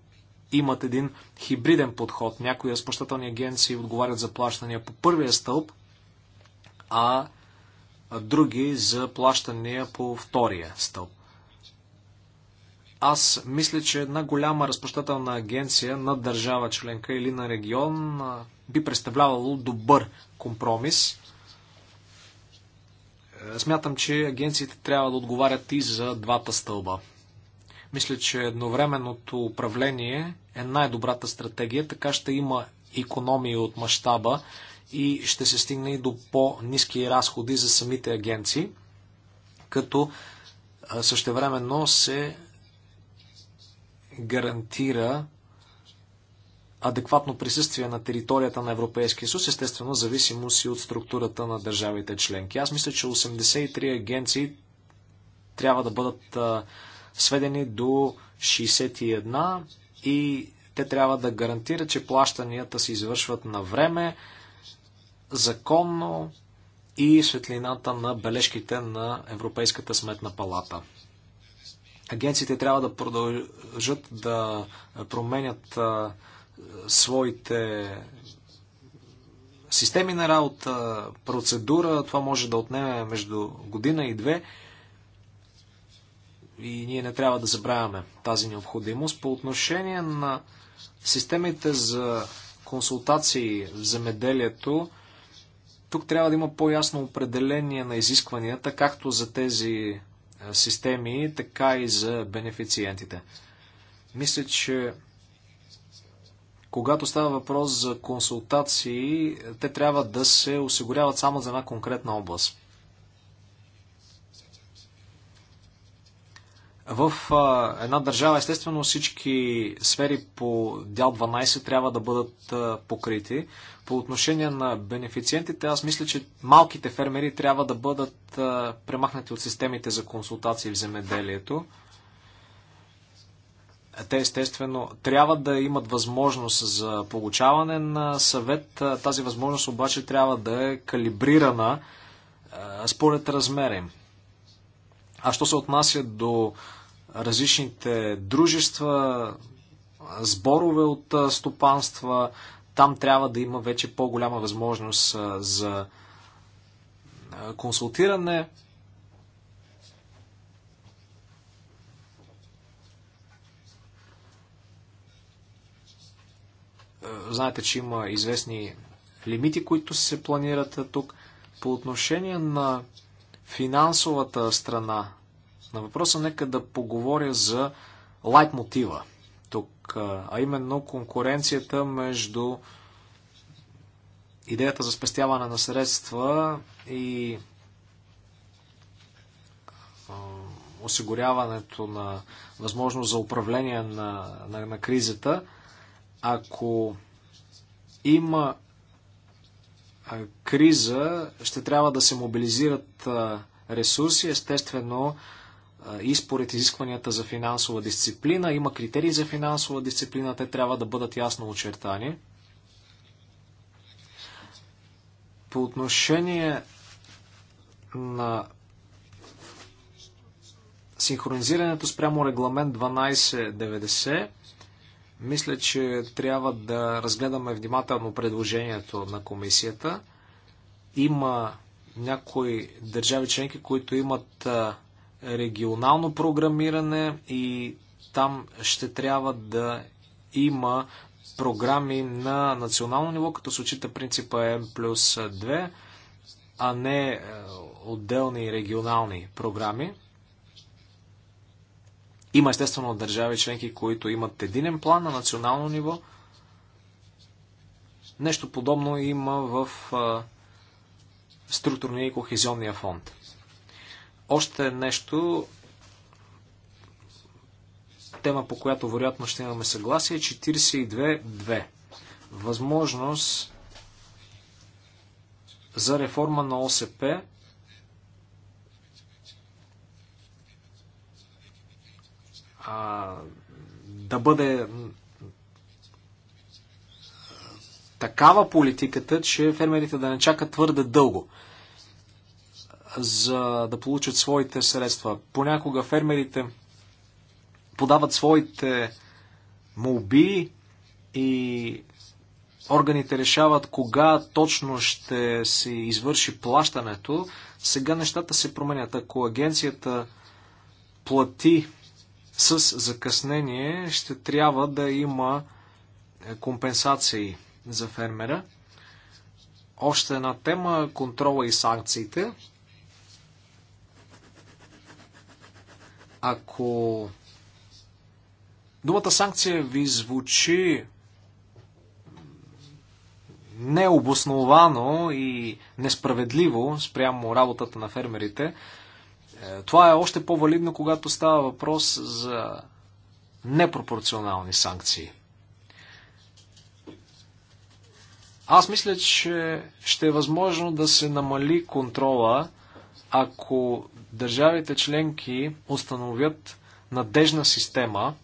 имат един хибриден подход. Някои разплащателни агенции отговарят за плащания по първия стълб, а други за плащания по втория стълб. Аз мисля, че една голяма разпощателна агенция на държава членка или на регион би представлявало добър компромис. Е, смятам, че агенциите трябва да отговарят и за двата стълба. Мисля, че едновременното управление е най-добрата стратегия, така ще има економии от мащаба, и ще се стигне и до по-низки разходи за самите агенции, като същевременно се гарантира адекватно присъствие на територията на Европейския съюз, естествено зависимост и от структурата на държавите членки. Аз мисля, че 83 агенции трябва да бъдат сведени до 61 и те трябва да гарантират, че плащанията се извършват на време, законно и светлината на бележките на Европейската сметна палата. Агенциите трябва да продължат да променят своите системи на работа, процедура. Това може да отнеме между година и две. И ние не трябва да забравяме тази необходимост. По отношение на системите за консултации в земеделието, тук трябва да има по-ясно определение на изискванията, както за тези системи, така и за бенефициентите. Мисля, че когато става въпрос за консултации, те трябва да се осигуряват само за една конкретна област. В една държава, естествено, всички сфери по дял 12 трябва да бъдат покрити, по отношение на бенефициентите, аз мисля, че малките фермери трябва да бъдат премахнати от системите за консултации в земеделието. Те естествено трябва да имат възможност за получаване на съвет. Тази възможност обаче трябва да е калибрирана според размера им. А що се отнася до различните дружества, сборове от стопанства, там трябва да има вече по-голяма възможност за консултиране. Знаете, че има известни лимити, които се планират тук. По отношение на финансовата страна на въпроса, нека да поговоря за лайт мотива а именно конкуренцията между идеята за спестяване на средства и осигуряването на възможност за управление на, на, на кризата, ако има криза, ще трябва да се мобилизират ресурси. Естествено, и според изискванията за финансова дисциплина. Има критерии за финансова дисциплина, те трябва да бъдат ясно очертани. По отношение на синхронизирането спрямо регламент 1290, мисля, че трябва да разгледаме внимателно предложението на комисията. Има някои държави членки, които имат регионално програмиране и там ще трябва да има програми на национално ниво, като се учита принципа M плюс 2, а не е, отделни регионални програми. Има естествено държави членки, които имат единен план на национално ниво. Нещо подобно има в е, структурния и кохезионния фонд. Още нещо, тема по която вероятно ще имаме съгласие, 42.2. Е Възможност за реформа на ОСП а, да бъде такава политиката, че фермерите да не чакат твърде дълго за да получат своите средства. Понякога фермерите подават своите молби и органите решават кога точно ще се извърши плащането. Сега нещата се променят. Ако агенцията плати с закъснение, ще трябва да има е, компенсации за фермера. Още една тема контрола и санкциите. Ако думата санкция ви звучи необосновано и несправедливо спрямо работата на фермерите, е, това е още по-валидно, когато става въпрос за непропорционални санкции. Аз мисля, че ще е възможно да се намали контрола, ако държавите членки установят надежна система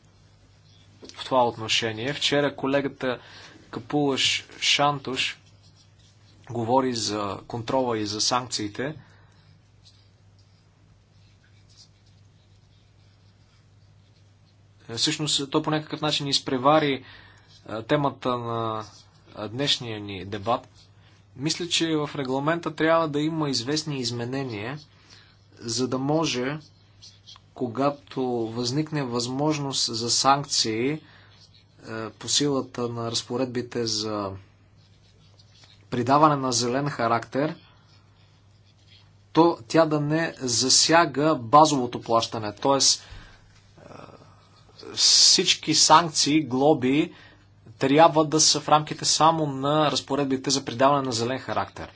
в това отношение. Вчера колегата Капулаш Шантуш говори за контрола и за санкциите. Всъщност, то по някакъв начин изпревари е, темата на е, днешния ни дебат. Мисля, че в регламента трябва да има известни изменения – за да може, когато възникне възможност за санкции е, по силата на разпоредбите за придаване на зелен характер, то тя да не засяга базовото плащане, т.е. всички санкции, глоби трябва да са в рамките само на разпоредбите за придаване на зелен характер.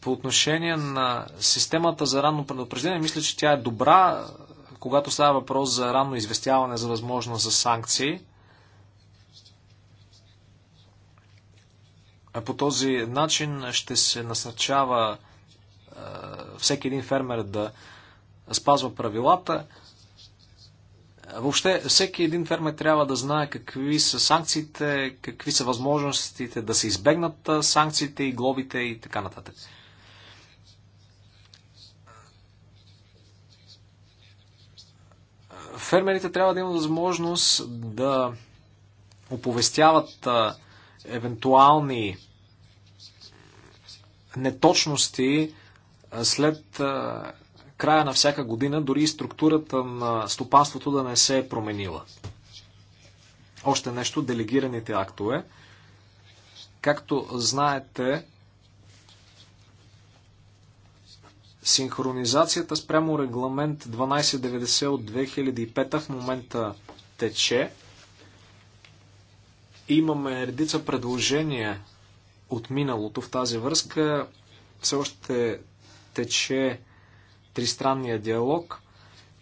По отношение на системата за ранно предупреждение, мисля, че тя е добра, когато става въпрос за ранно известяване за възможност за санкции. По този начин ще се насърчава всеки един фермер да спазва правилата. Въобще, всеки един фермер трябва да знае какви са санкциите, какви са възможностите да се избегнат санкциите и глобите и така нататък. Фермерите трябва да имат възможност да оповестяват евентуални неточности след края на всяка година, дори и структурата на стопанството да не се е променила. Още нещо, делегираните актове. Както знаете, Синхронизацията спрямо регламент 1290 от 2005 в момента тече. Имаме редица предложения от миналото в тази връзка. Все още тече тристранния диалог.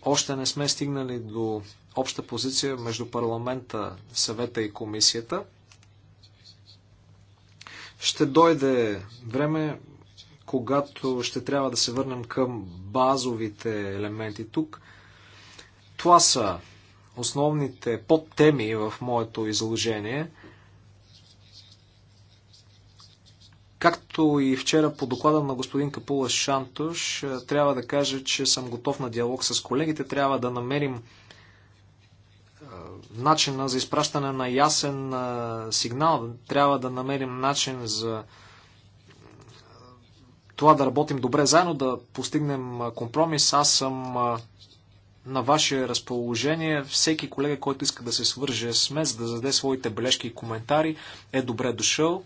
Още не сме стигнали до обща позиция между парламента, съвета и комисията. Ще дойде време когато ще трябва да се върнем към базовите елементи тук. Това са основните подтеми в моето изложение. Както и вчера по доклада на господин Капула Шантош, е, трябва да кажа, че съм готов на диалог с колегите. Трябва да намерим е, начина за изпращане на ясен е, сигнал. Трябва да намерим начин за това да работим добре заедно, да постигнем компромис. Аз съм на ваше разположение. Всеки колега, който иска да се свърже с мен, за да заде своите бележки и коментари, е добре дошъл.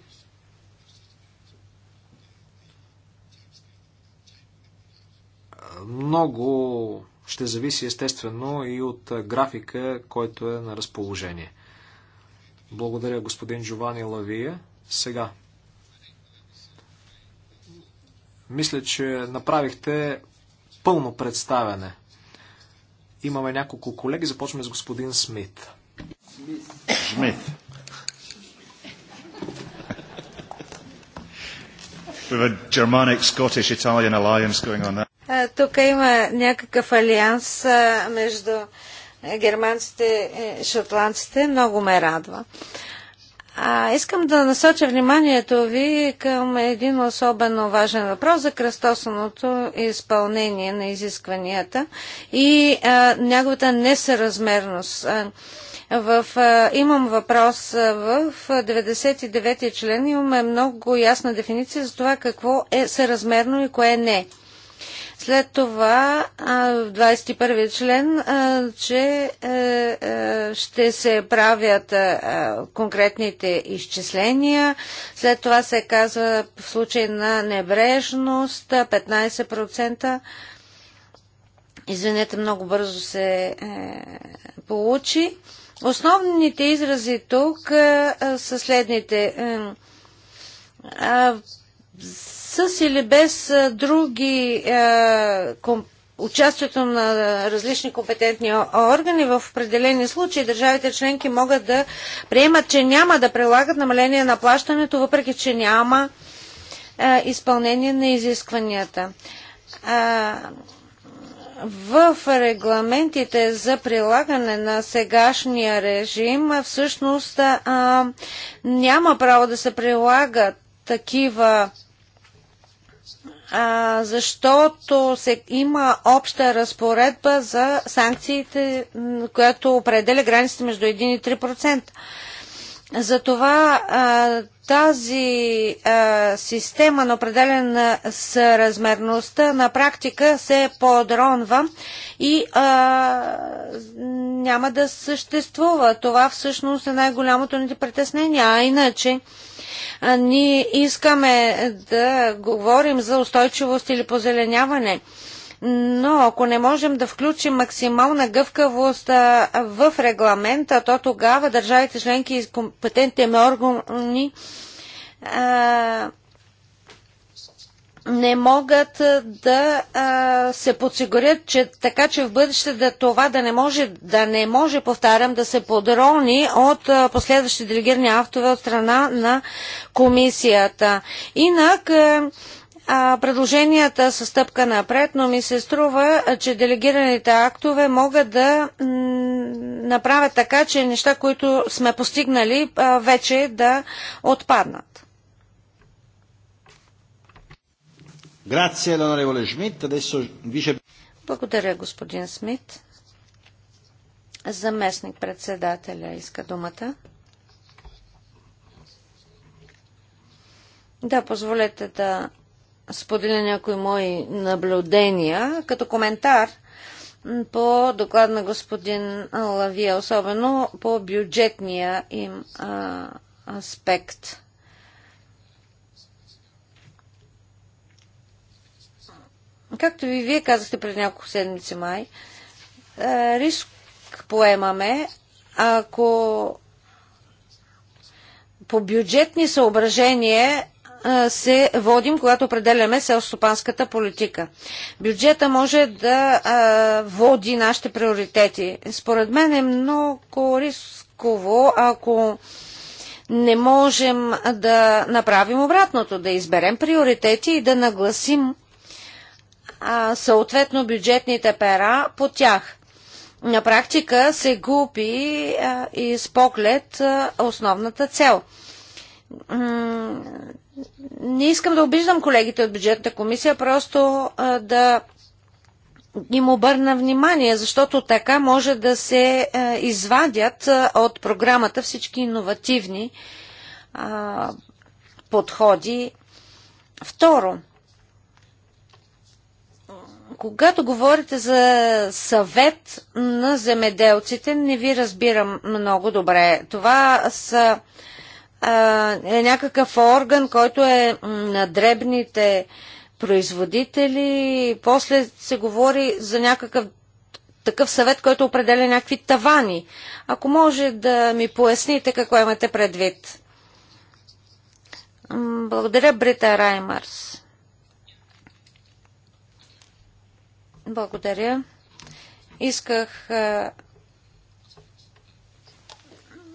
Много ще зависи естествено и от графика, който е на разположение. Благодаря господин Джовани Лавия. Сега Мисля, че направихте пълно представяне. Имаме няколко колеги. Започваме с господин Смит. Смит.
Тук има някакъв алианс между германците и шотландците. Много ме радва. Uh, а, искам да насоча вниманието ви към един особено важен въпрос за кръстосаното изпълнение на изискванията и а, неговата несъразмерност. А, в, а, имам въпрос. В 99 член имаме много ясна дефиниция за това какво е съразмерно и кое не. След това в 21 член, че е, е, ще се правят е, конкретните изчисления. След това се казва в случай на небрежност 15%. Извинете, много бързо се получи. Основните изрази тук са следните с или без други участието на различни компетентни органи в определени случаи държавите членки могат да приемат, че няма да прилагат намаление на плащането, въпреки че няма изпълнение на изискванията. в регламентите за прилагане на сегашния режим всъщност няма право да се прилагат такива а, защото се, има обща разпоредба за санкциите, която определя границите между 1 и 3%. Затова а, тази а, система на определена с съразмерността на практика се подронва и а, няма да съществува. Това всъщност е най-голямото ни притеснение. А иначе, а, ние искаме да говорим за устойчивост или позеленяване. Но ако не можем да включим максимална гъвкавост в регламента, то тогава държавите членки и компетентните органи а, не могат да а, се подсигурят, че така че в бъдеще да това да не може, да не може, повтарям, да се подрони от а, последващи делегирани автове от страна на комисията. Инак а, предложенията са стъпка напред, но ми се струва, че делегираните актове могат да направят така, че неща, които сме постигнали, а, вече да отпаднат. Благодаря, господин Смит. Заместник председателя иска думата. Да, позволете да споделя някои мои наблюдения като коментар по доклад на господин Лавия, особено по бюджетния им а, аспект. Както и вие казахте преди няколко седмици май, е, риск поемаме, ако по бюджетни съображения е, се водим, когато определяме селстопанската политика. Бюджета може да а, е, води нашите приоритети. Според мен е много рисково, ако не можем да направим обратното, да изберем приоритети и да нагласим а, съответно бюджетните пера по тях. На практика се губи а, и с поглед а, основната цел. Не искам да обиждам колегите от бюджетната комисия, просто а, да им обърна внимание, защото така може да се а, извадят а, от програмата всички иновативни а, подходи. Второ, когато говорите за съвет на земеделците, не ви разбирам много добре. Това са, е някакъв орган, който е на дребните производители. После се говори за някакъв такъв съвет, който определя някакви тавани. Ако може да ми поясните какво имате предвид. Благодаря, Брита Раймарс. Благодаря. Исках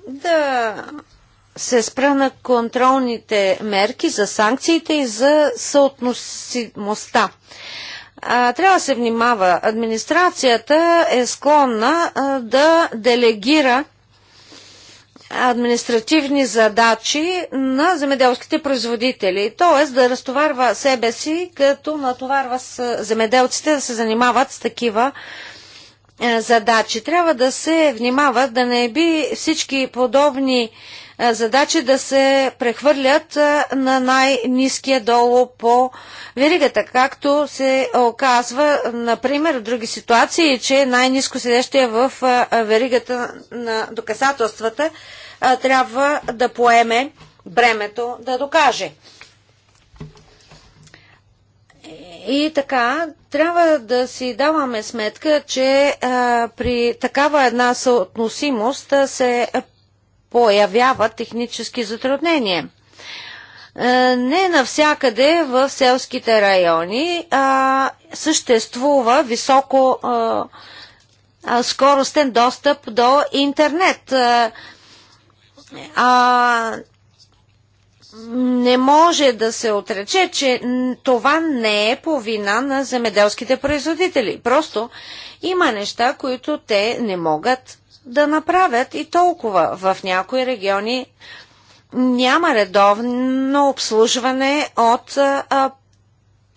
да се спра на контролните мерки за санкциите и за съотносимостта. А, трябва да се внимава. Администрацията е склонна а, да делегира административни задачи на земеделските производители, т.е. да разтоварва себе си, като натоварва с земеделците да се занимават с такива е, задачи. Трябва да се внимават да не би всички подобни задачи да се прехвърлят на най-низкия долу по веригата, както се оказва, например, в други ситуации, че най-низко седещия в веригата на доказателствата трябва да поеме бремето да докаже. И така, трябва да си даваме сметка, че а, при такава една съотносимост се появяват технически затруднения. Е, не навсякъде в селските райони а, съществува високо а, скоростен достъп до интернет. Е, а, не може да се отрече, че това не е по вина на земеделските производители. Просто има неща, които те не могат да направят и толкова. В някои региони няма редовно обслужване от а,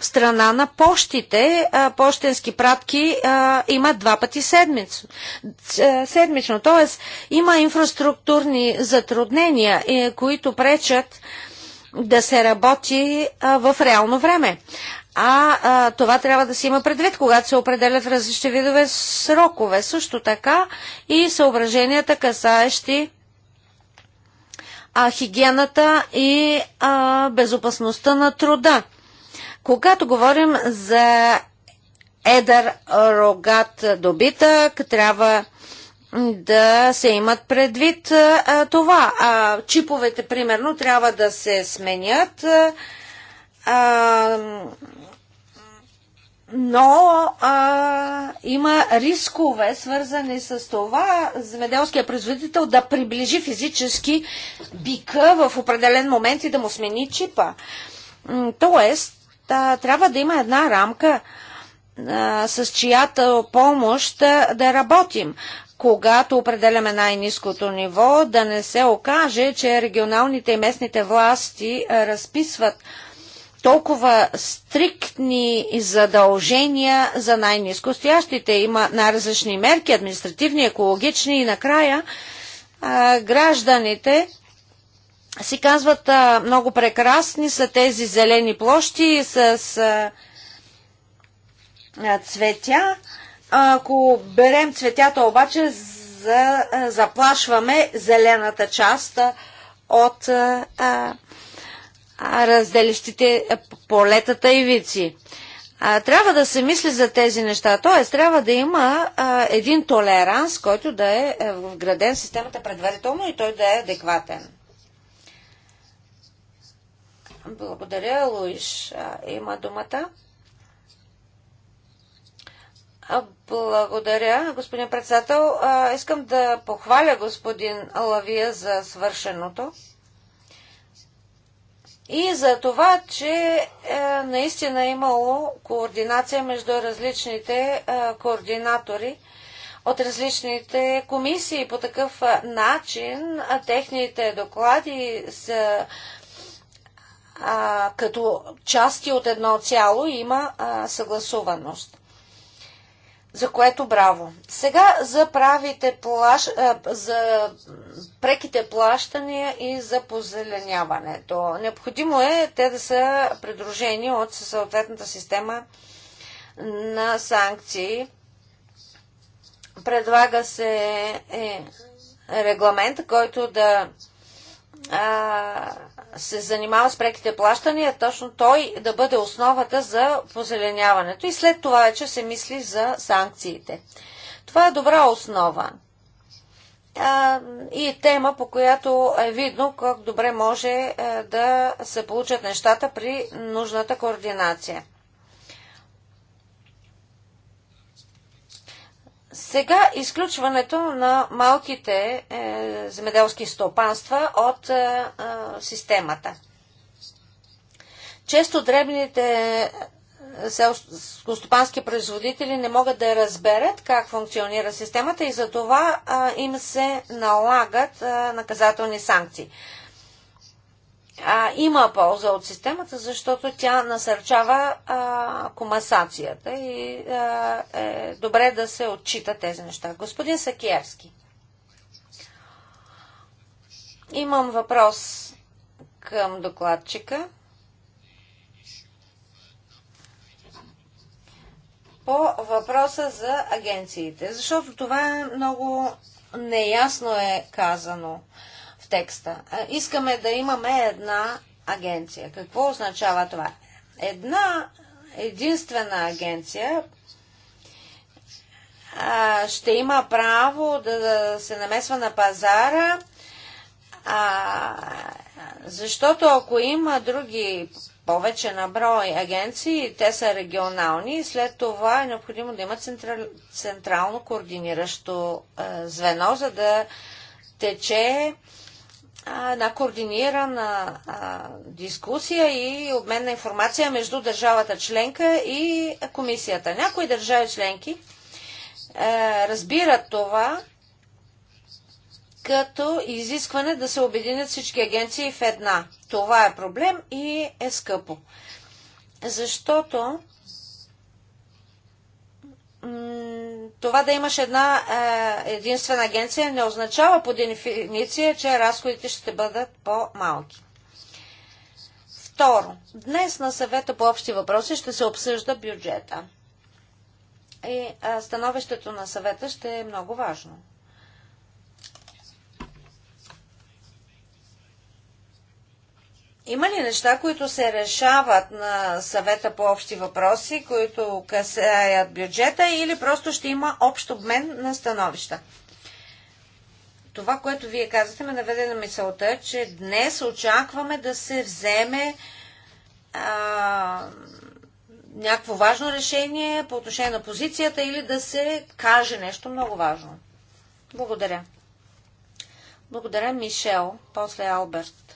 страна на почтите. А, почтенски пратки а, имат два пъти седмично. седмично. Тоест има инфраструктурни затруднения, е, които пречат да се работи а, в реално време. А, а това трябва да се има предвид, когато се определят различни видове срокове. Също така и съображенията, касаещи а, хигиената и а, безопасността на труда. Когато говорим за едър рогат добитък, трябва да се имат предвид а, това. А, чиповете, примерно, трябва да се сменят. А, но а, има рискове, свързани с това земеделския производител да приближи физически бика в определен момент и да му смени чипа. Тоест, а, трябва да има една рамка, а, с чиято помощ да, да работим. Когато определяме най-низкото ниво, да не се окаже, че регионалните и местните власти а, разписват а, толкова стриктни задължения за най-низко стоящите. Има най-различни мерки, административни, екологични и накрая а, гражданите си казват а, много прекрасни са тези зелени площи с а, цветя. Ако берем цветята обаче, за, заплашваме зелената част от а, разделящите полетата ивици. А, трябва да се мисли за тези неща, т.е. трябва да има а, един толеранс, който да е, е вграден в системата е предварително и той да е адекватен. Благодаря, Луиш. А, има думата. Благодаря, господин председател. Искам да похваля господин Лавия за свършеното и за това, че е, наистина е имало координация между различните е, координатори от различните комисии. По такъв е, начин а е, техните доклади са а, е, като части от едно цяло има а, съгласуваност за което браво. Сега за правите плаш, за преките плащания и за позеленяването. Необходимо е те да са придружени от съответната система на санкции. Предлага се е, регламент, който да се занимава с преките плащания, точно той да бъде основата за позеленяването и след това вече се мисли за санкциите. Това е добра основа а, и е тема, по която е видно как добре може е, да се получат нещата при нужната координация. Сега изключването на малките е, земеделски стопанства от е, е системата. Често дребните е, селскостопански производители не могат да разберат как функционира системата и за това е, им се налагат наказателни санкции а, има полза от системата, защото тя насърчава а, комасацията и а, е добре да се отчита тези неща. Господин Сакиевски, имам въпрос към докладчика. По въпроса за агенциите, защото това е много неясно е казано. А, текста. Искаме да имаме една агенция. Какво означава това? Една единствена агенция ще има право да, се намесва на пазара, защото ако има други повече на брой агенции, те са регионални след това е необходимо да има централно координиращо звено, за да тече една координирана а, дискусия и обмен на информация между държавата членка и комисията. Някои държави членки а, разбират това като изискване да се обединят всички агенции в една. Това е проблем и е скъпо. Защото това да имаш една е, единствена агенция не означава по дефиниция, че разходите ще бъдат по-малки. Второ, днес на съвета по общи въпроси ще се обсъжда бюджета. И а, становището на съвета ще е много важно. Има ли неща, които се решават на съвета по общи въпроси, които касаят бюджета или просто ще има общ обмен на становища? Това, което вие казахте, ме наведе на мисълта, че днес очакваме да се вземе а, някакво важно решение по отношение на позицията или да се каже нещо много важно. Благодаря. Благодаря, Мишел, после Алберт.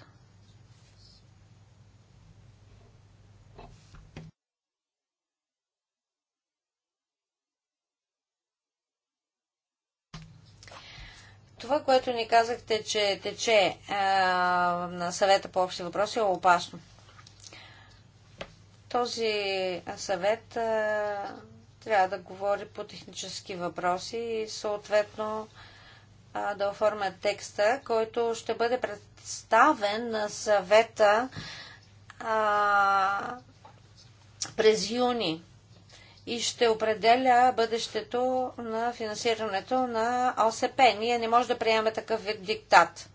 Това, което ни казахте, че тече е, на съвета по общи въпроси е опасно. Този съвет е, трябва да говори по технически въпроси и съответно е, да оформя текста, който ще бъде представен на съвета е, през юни и ще определя бъдещето на финансирането на ОСП. Ние не можем да приемем такъв вид диктат.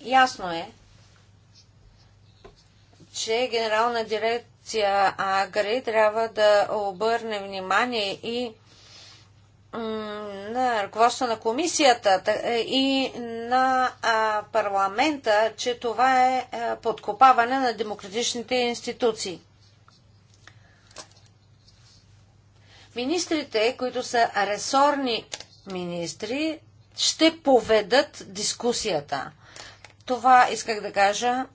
Ясно е, че Генерална дирекция Агри трябва да обърне внимание и на ръководство на комисията е, и на парламента, че това е, е подкопаване на демократичните институции. Министрите, които са ресорни министри, ще поведат дискусията. Това исках да кажа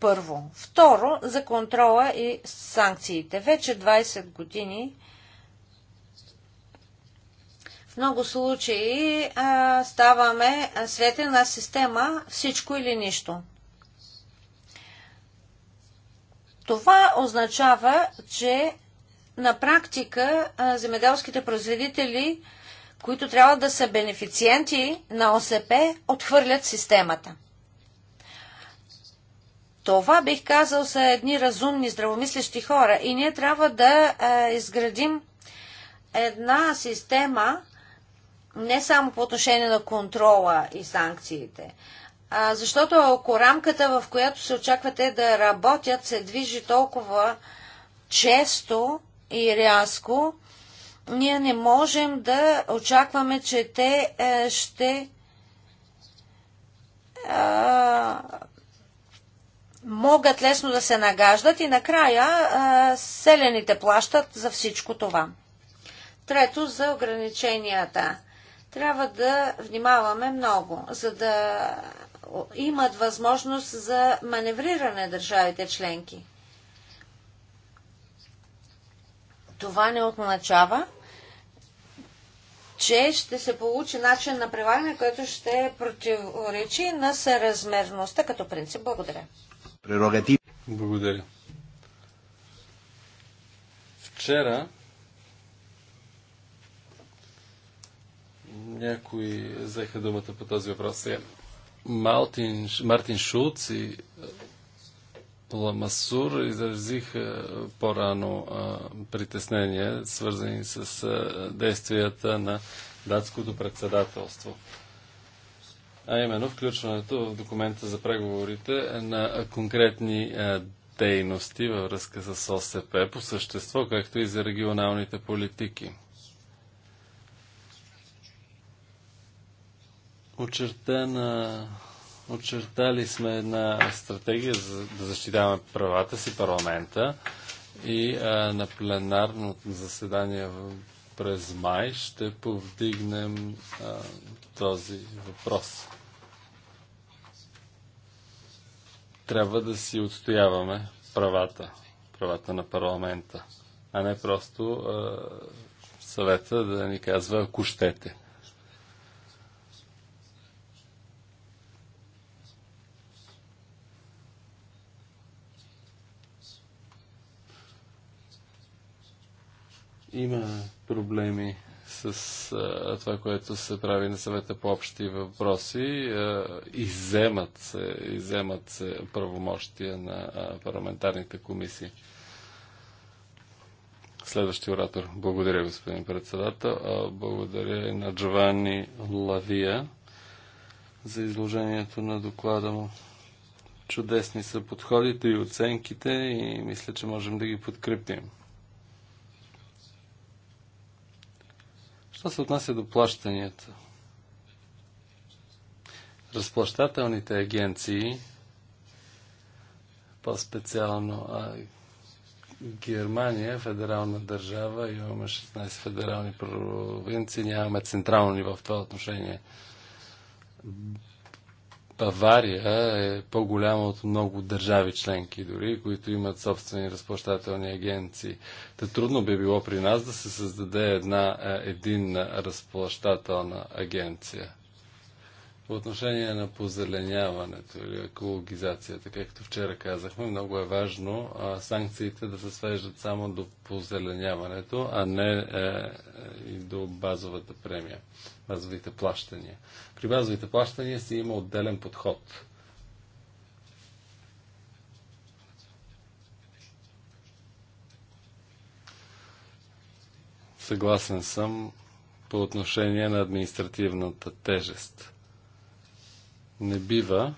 първо. Второ, за контрола и санкциите. Вече 20 години в много случаи а, ставаме свете на система всичко или нищо. Това означава, че на практика земеделските производители, които трябва да са бенефициенти на ОСП, отхвърлят системата. Това бих казал са едни разумни, здравомислещи хора и ние трябва да е, изградим една система не само по отношение на контрола и санкциите, а, защото ако рамката, в която се очаквате да работят, се движи толкова често, и рязко, ние не можем да очакваме, че те е, ще а, могат лесно да се нагаждат и накрая а, селените плащат за всичко това. Трето, за ограниченията. Трябва да внимаваме много, за да имат възможност за маневриране държавите членки. Това не означава, че ще се получи начин на прилагане, който ще противоречи на съразмерността като принцип. Благодаря.
Прерогатив. Благодаря. Вчера някои взеха думата по този въпрос. Малтин, Мартин Шулц и Ламасур изразих по-рано притеснения, свързани с действията на датското председателство. А именно включването в документа за преговорите на конкретни дейности във връзка с ОСП по същество, както и за регионалните политики. Очертана Очертали сме една стратегия за да защитаваме правата си парламента и а, на пленарно заседание през май ще повдигнем а, този въпрос. Трябва да си отстояваме правата, правата на парламента, а не просто а, съвета да ни казва ако щете. Има проблеми с а, това, което се прави на съвета по общи въпроси. А, иземат, се, иземат се правомощия на а, парламентарните комисии. Следващия оратор. Благодаря, господин председател. А, благодаря и на Джованни Лавия за изложението на доклада му. Чудесни са подходите и оценките и мисля, че можем да ги подкрепим. Що се отнася до плащанията? Разплащателните агенции, по-специално Германия, е федерална държава, имаме 16 федерални провинции, нямаме централно ниво в това отношение. Бавария е по-голяма от много държави членки дори, които имат собствени разплащателни агенции. Та трудно би било при нас да се създаде една е, единна разплащателна агенция. По отношение на позеленяването или екологизацията, както вчера казахме, много е важно а, санкциите да се свеждат само до позеленяването, а не е, и до базовата премия базовите плащания. При базовите плащания си има отделен подход. Съгласен съм по отношение на административната тежест. Не бива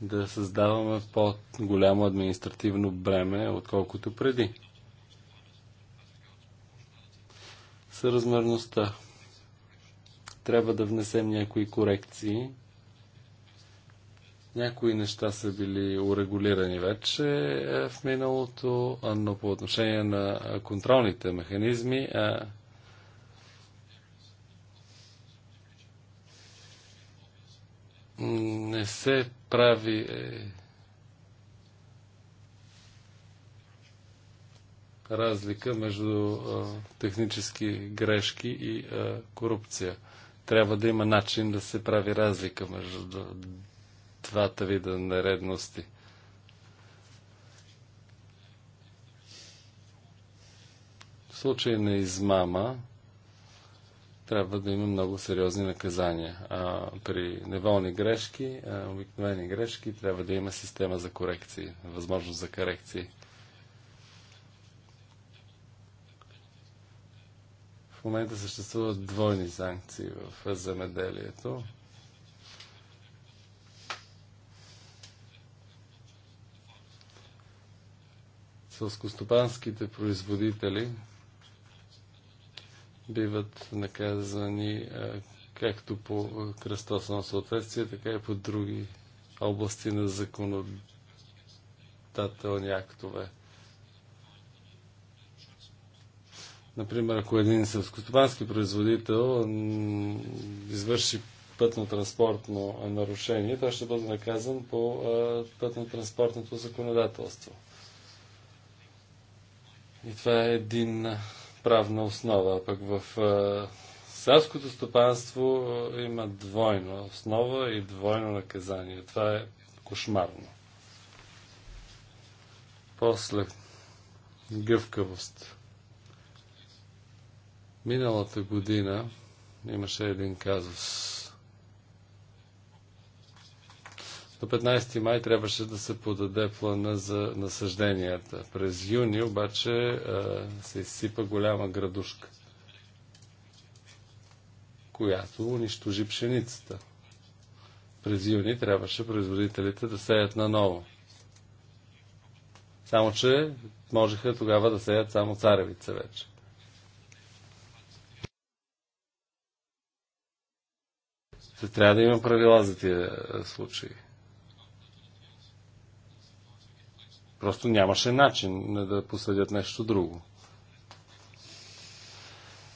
да създаваме по-голямо административно бреме, отколкото преди. съразмерността. Трябва да внесем някои корекции. Някои неща са били урегулирани вече е, в миналото, но по отношение на контролните механизми е, не се прави е, разлика между а, технически грешки и а, корупция. Трябва да има начин да се прави разлика между двата вида нередности. В случай на измама трябва да има много сериозни наказания. А при неволни грешки, а, обикновени грешки, трябва да има система за корекции, възможност за корекции. В момента съществуват двойни санкции в земеделието. Сълскостопанските производители биват наказани е, както по кръстосно съответствие, така и по други области на законодателни актове. Например, ако един селскостопански производител извърши пътно-транспортно нарушение, той ще бъде наказан по пътно-транспортното законодателство. И това е един правна основа. Пък в селското стопанство има двойна основа и двойно наказание. Това е кошмарно. После гъвкавост. Миналата година имаше един казус. До 15 май трябваше да се подаде плана за насъжденията. През юни обаче е, се изсипа голяма градушка, която унищожи пшеницата. През юни трябваше производителите да сеят наново. Само, че можеха тогава да сеят само царевица вече. Та трябва да има правила за тия е, случаи. Просто нямаше начин да посъдят нещо друго.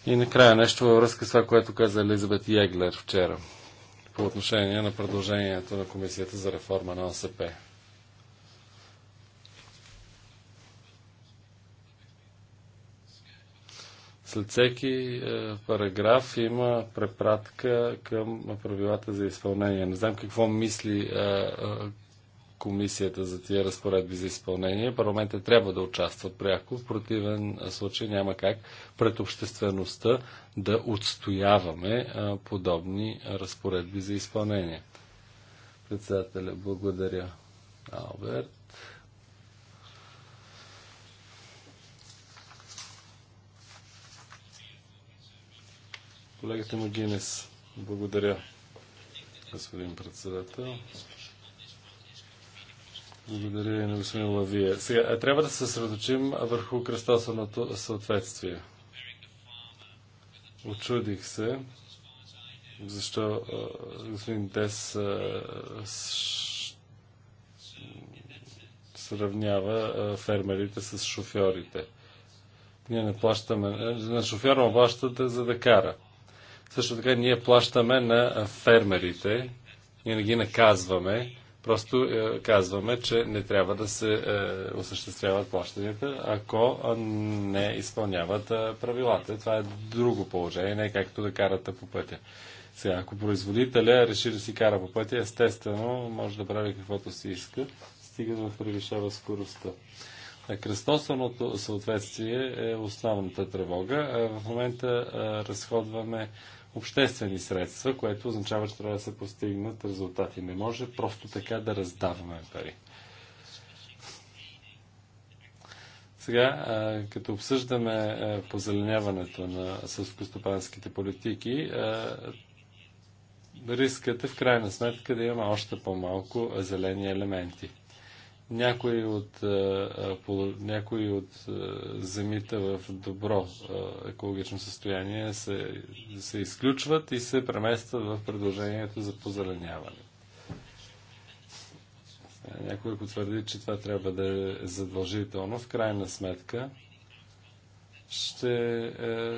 И накрая нещо във връзка с това, което каза Елизабет Еглер вчера по отношение на продължението на Комисията за реформа на ОСП. След всеки е, параграф има препратка към правилата за изпълнение. Не знам какво мисли е, е, комисията за тия разпоредби за изпълнение. Парламентът трябва да участва пряко. В противен случай няма как пред обществеността да отстояваме подобни разпоредби за изпълнение. Председателя, благодаря. Алберт. Колегата Магинес. Благодаря, господин председател. Благодаря и на господин Лавия. Сега, е, трябва да се средочим върху кръстосаното съответствие. Очудих се, защо е, господин Дес е, сравнява фермерите с шофьорите. Ние не плащаме, на шофьора му плащате за да кара. Също така ние плащаме на фермерите, ние не ги наказваме, просто е, казваме, че не трябва да се е, осъществяват плащанията, ако не изпълняват правилата. Това е друго положение, не е както да карате по пътя. Сега, ако производителя реши да си кара по пътя, естествено може да прави каквото си иска, стига да превишава скоростта. Кръстосаното съответствие е основната тревога. В момента разходваме обществени средства, което означава, че трябва да се постигнат резултати. Не може просто така да раздаваме пари. Сега, като обсъждаме позеленяването на сълскостопанските политики, рискът е в крайна сметка да има още по-малко зелени елементи – някои от, е, е, някои от е, земите в добро екологично състояние се, се изключват и се преместват в предложението за позеленяване. Някой потвърди, твърди, че това трябва да е задължително. В крайна сметка ще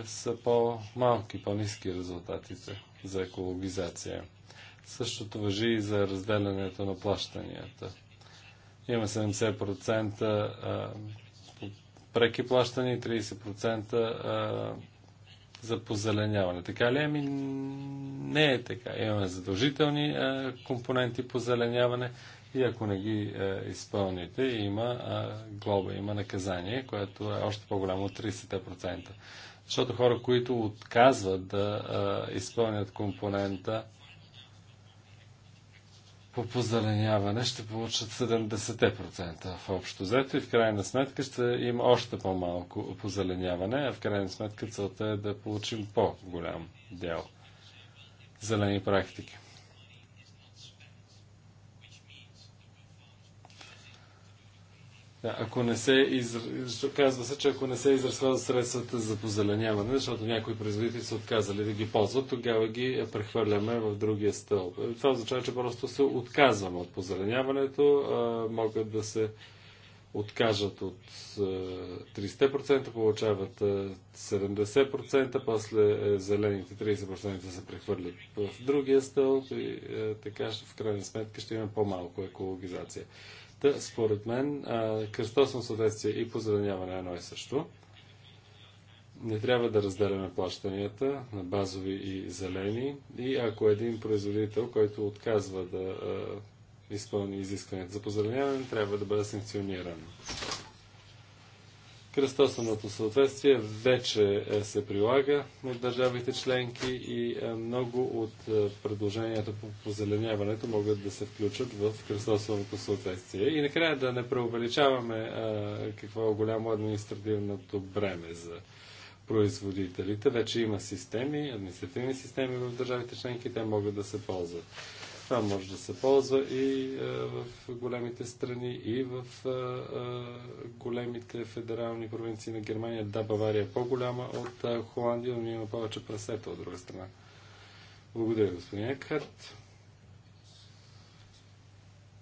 са по-малки, по-низки резултатите за екологизация. Същото въжи и за разделянето на плащанията има 70% преки плащане, и 30% за позеленяване. Така ли? Ами не е така. Имаме задължителни компоненти по зеленяване и ако не ги изпълните, има глоба, има наказание, което е още по-голямо от 30%. Защото хора, които отказват да изпълнят компонента по позеленяване ще получат 70% в общо взето и в крайна сметка ще има още по-малко позеленяване, а в крайна сметка целта е да получим по-голям дял зелени практики. Да, ако не се из... Казва се, че ако не се изразходват средствата за позеленяване, защото някои производители са отказали да ги ползват, тогава ги прехвърляме в другия стълб. Е, това означава, че просто се отказваме от позеленяването, могат да се откажат от 30%, получават 70%, после е, зелените 30% се прехвърлят в другия стълб и е, така в крайна сметка ще имаме по-малко екологизация. Та, според мен, кръстосно съответствие и позеленяване е едно и също. Не трябва да разделяме плащанията на базови и зелени. И ако един производител, който отказва да изпълни изискването за позеленяване, трябва да бъде санкциониран. Кръстосаното съответствие вече е, се прилага от държавите членки и е, много от е, предложенията по позеленяването могат да се включат в кръстосаното съответствие. И накрая да не преувеличаваме какво е голямо административното бреме за производителите. Вече има системи, административни системи в държавите членки, те могат да се ползват. Това може да се ползва и е, в големите страни, и в е, е, големите федерални провинции на Германия. Да, Бавария е по-голяма от Холандия, но има повече прасета от друга страна. Благодаря, господин Екхарт.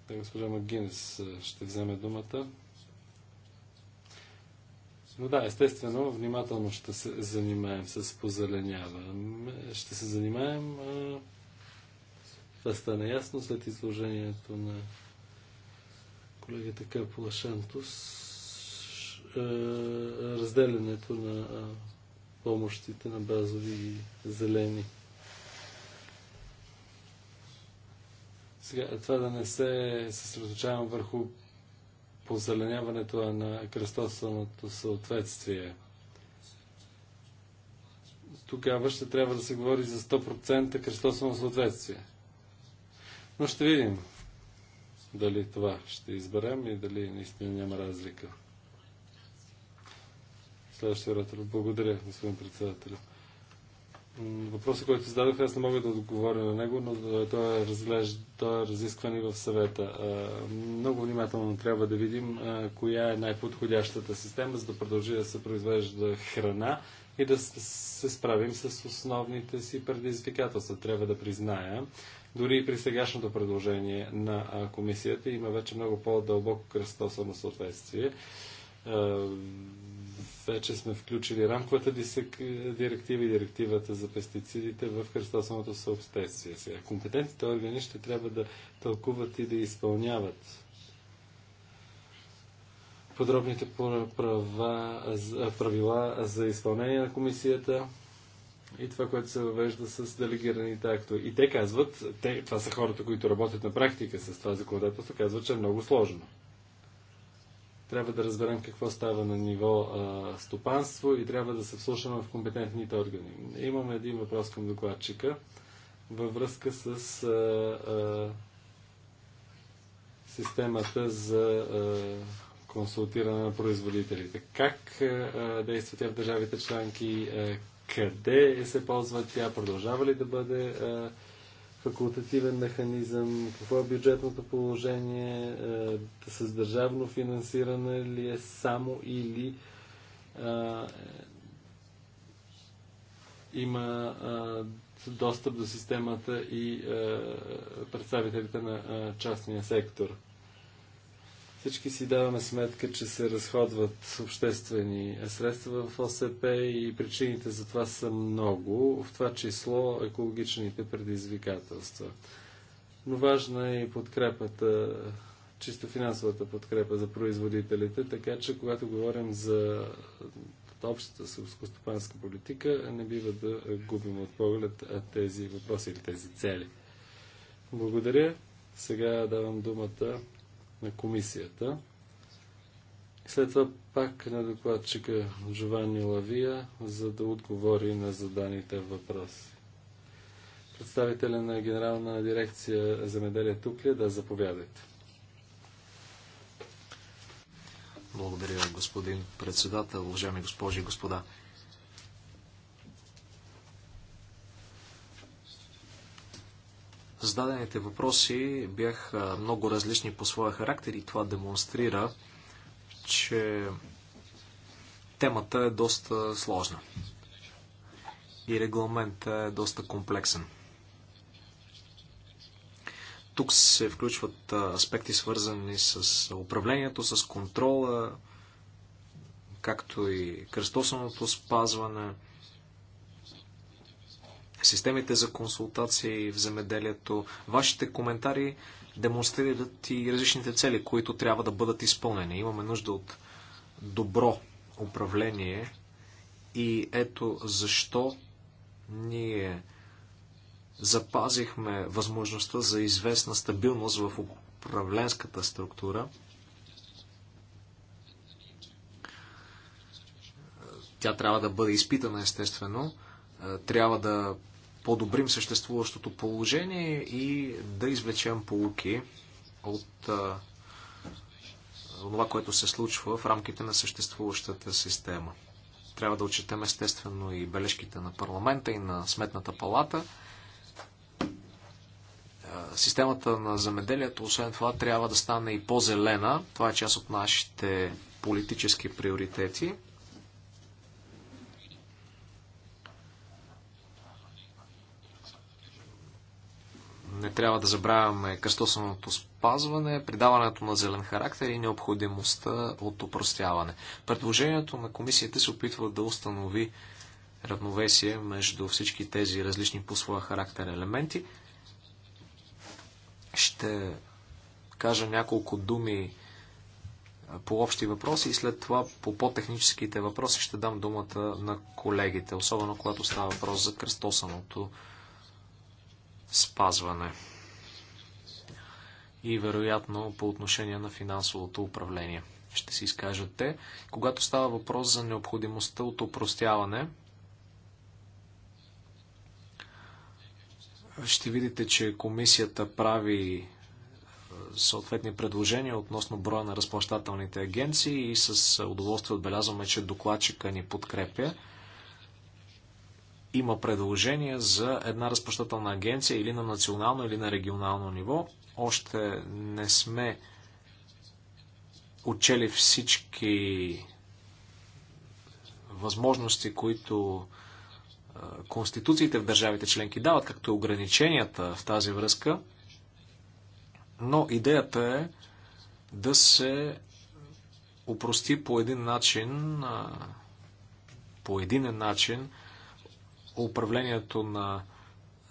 Да, госпожа Магинес ще вземе думата. Но да, естествено, внимателно ще се занимаем с позеленяване. Ще се занимаем това стана ясно след изложението на колегата Капула Шантус. Е, разделянето на помощите на базови и зелени. Сега, това да не се съсредоточавам върху позеленяването на кръстосаното съответствие. Тогава ще трябва да се говори за 100% кръстосано съответствие. Но ще видим дали това ще изберем и дали наистина няма разлика. Следващия оратор. Благодаря, господин председател. Въпросът, който зададох, аз не мога да отговоря на него, но той е, разглеж... той е разискван и в съвета. Много внимателно трябва да видим коя е най-подходящата система, за да продължи да се произвежда храна и да се справим с основните си предизвикателства. Трябва да призная, дори и при сегашното предложение на комисията има вече много по-дълбоко кръстосано съответствие. Вече сме включили рамковата директива и директивата за пестицидите в кръстосаното съответствие. Сега, компетентните органи ще трябва да тълкуват и да изпълняват подробните права, правила за изпълнение на комисията и това, което се въвежда с делегираните актове. И те казват, те, това са хората, които работят на практика с това законодателство, казват, че е много сложно. Трябва да разберем какво става на ниво а, стопанство и трябва да се вслушаме в компетентните органи. Имаме един въпрос към докладчика във връзка с а, а, системата за а, консултиране на производителите. Как а, действа тя в държавите членки? А, къде се ползва тя, продължава ли да бъде факултативен механизъм, какво е бюджетното положение, с държавно финансиране ли е само или а, има а, достъп до системата и а, представителите на а, частния сектор. Всички си даваме сметка, че се разходват обществени средства в ОСП и причините за това са много, в това число екологичните предизвикателства. Но важна е и подкрепата, чисто финансовата подкрепа за производителите, така че когато говорим за общата селскостопанска политика, не бива да губим от поглед тези въпроси или тези цели. Благодаря. Сега давам думата на комисията. След това пак на докладчика Джованни Лавия, за да отговори на заданите въпроси. Представителя на Генерална дирекция
Земеделие тук ли? Е? Да, заповядайте. Благодаря, господин председател, уважаеми госпожи и господа. Зададените въпроси бяха много различни по своя характер и това демонстрира, че темата е доста сложна и регламентът е доста комплексен. Тук се включват аспекти свързани с управлението, с контрола, както и кръстосаното спазване – системите за консултации в земеделието. Вашите коментари демонстрират и различните цели, които трябва да бъдат изпълнени. Имаме нужда от добро управление и ето защо ние запазихме възможността за известна стабилност в управленската структура. Тя трябва да бъде изпитана, естествено. Трябва да подобрим съществуващото положение и да извлечем полуки от а, това, което се случва в рамките на съществуващата система. Трябва да отчетем естествено и бележките на парламента и на сметната палата. Системата на замеделието, освен това, трябва да стане и по-зелена. Това е част от нашите политически приоритети. Не трябва да забравяме кръстосаното спазване, придаването на зелен характер и необходимостта от упростяване. Предложението на комисията се опитва да установи равновесие между всички тези различни по своя характер елементи. Ще кажа няколко думи по общи въпроси и след това по по-техническите въпроси ще дам думата на колегите, особено когато става въпрос за кръстосаното спазване. И вероятно по отношение на финансовото управление. Ще си изкажат те. Когато става въпрос за необходимостта от опростяване, ще видите, че комисията прави е, съответни предложения относно броя на разплащателните агенции и с удоволствие отбелязваме, че докладчика ни подкрепя има предложения за една разпощателна агенция или на национално, или на регионално ниво. Още не сме учели всички възможности, които конституциите в държавите членки дават, както и ограниченията в тази връзка. Но идеята е да се упрости по един начин, по единен начин, управлението на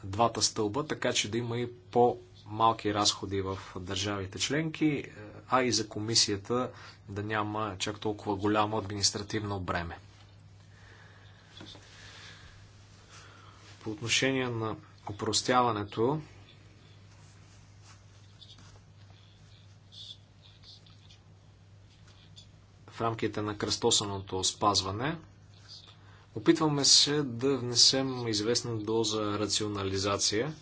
двата стълба, така че да има и по-малки разходи в държавите членки, а и за комисията да няма чак толкова голямо административно бреме. По отношение на упростяването, в рамките на кръстосаното спазване – Опитваме се да внесем известна доза рационализация.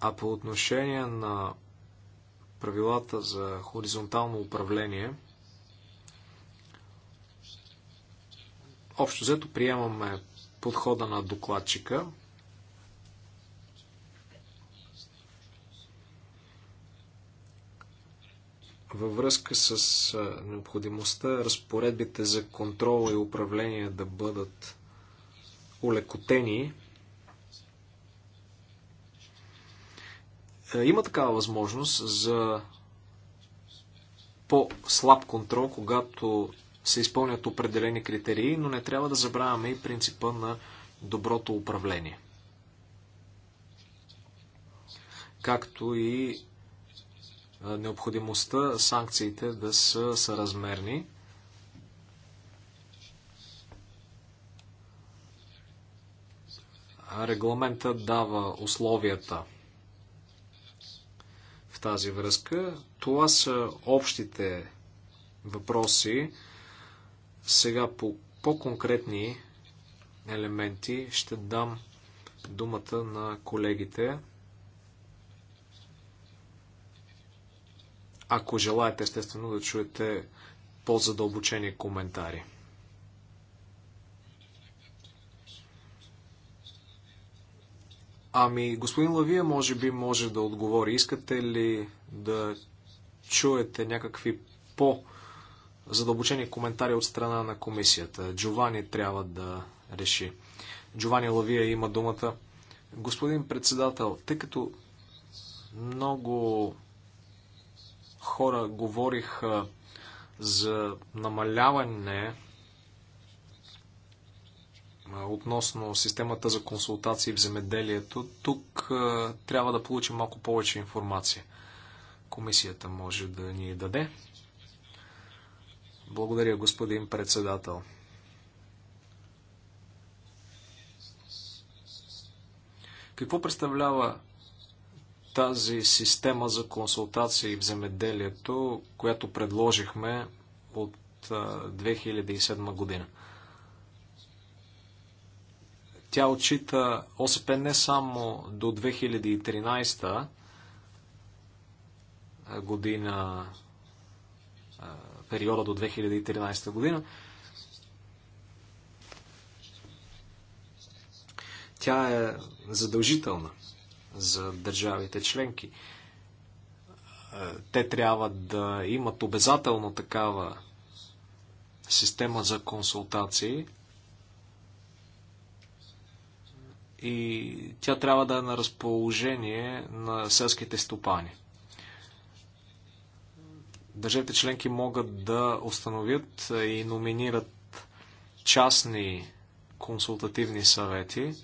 А по отношение на правилата за хоризонтално управление, общо взето приемаме подхода на докладчика, във връзка с необходимостта разпоредбите за контрол и управление да бъдат улекотени, има такава възможност за по-слаб контрол, когато се изпълнят определени критерии, но не трябва да забравяме и принципа на доброто управление. Както и необходимостта санкциите да са съразмерни. Регламента дава условията в тази връзка. Това са общите въпроси. Сега по по-конкретни елементи ще дам думата на колегите. ако желаете, естествено, да чуете по-задълбочени коментари. Ами, господин Лавия, може би може да отговори. Искате ли да чуете някакви по-задълбочени коментари от страна на комисията? Джовани трябва да реши. Джовани Лавия има думата. Господин председател, тъй като много хора говориха за намаляване относно системата за консултации в земеделието, тук трябва да получим малко повече информация. Комисията може да ни даде. Благодаря, господин председател. Какво представлява тази система за консултация и вземеделието, която предложихме от 2007 година. Тя отчита ОСП не само до 2013 година, периода до 2013 година, тя е задължителна за държавите членки. Е, те трябва да имат обязателно такава система за консултации и тя трябва да е на разположение на селските стопани. Държавите членки могат да установят и номинират частни консултативни съвети.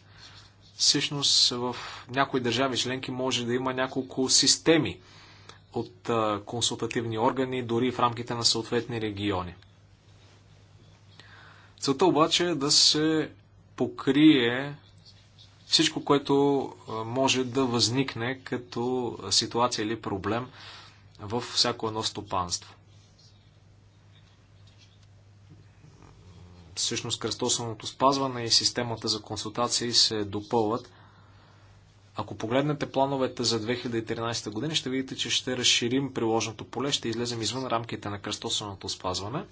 Всъщност в някои държави членки може да има няколко системи от консултативни органи, дори в рамките на съответни региони. Целта обаче е да се покрие всичко, което може да възникне като ситуация или проблем във всяко едно стопанство. всъщност кръстосаното спазване и системата за консултации се допълват. Ако погледнете плановете за 2013 година, ще видите, че ще разширим приложното поле, ще излезем извън рамките на кръстосаното спазване.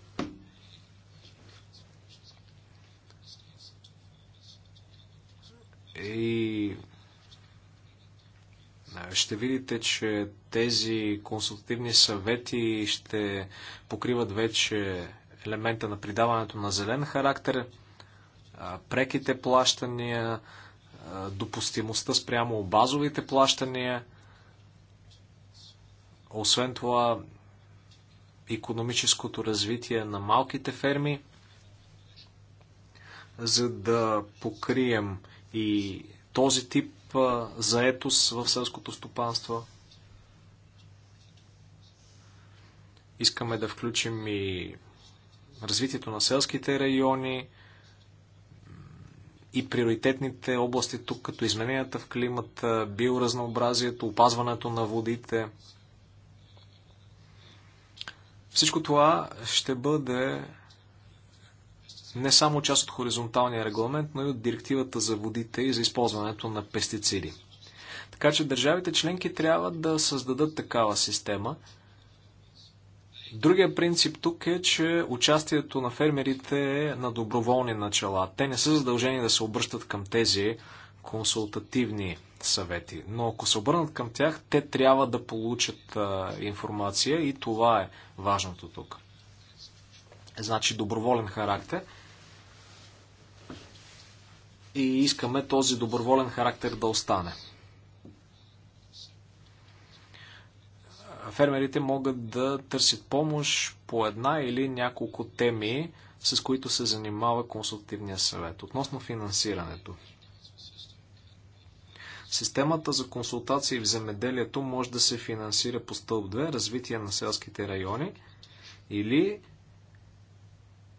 И ще видите, че тези консултативни съвети ще покриват вече елемента на придаването на зелен характер, преките плащания, допустимостта спрямо базовите плащания. Освен това, економическото развитие на малките ферми, за да покрием и този тип заетост в селското стопанство. Искаме да включим и развитието на селските райони и приоритетните области тук, като измененията в климата, биоразнообразието, опазването на водите. Всичко това ще бъде не само част от хоризонталния регламент, но и от директивата за водите и за използването на пестициди. Така че държавите членки трябва да създадат такава система – Другия принцип тук е, че участието на фермерите е на доброволни начала. Те не са задължени да се обръщат към тези консултативни съвети. Но ако се обърнат към тях, те трябва да получат а, информация и това е важното тук. Значи доброволен характер. И искаме този доброволен характер да остане. фермерите могат да търсят помощ по една или няколко теми, с които се занимава консултативния съвет. Относно финансирането. Системата за консултации в земеделието може да се финансира по стълб 2 развитие на селските райони или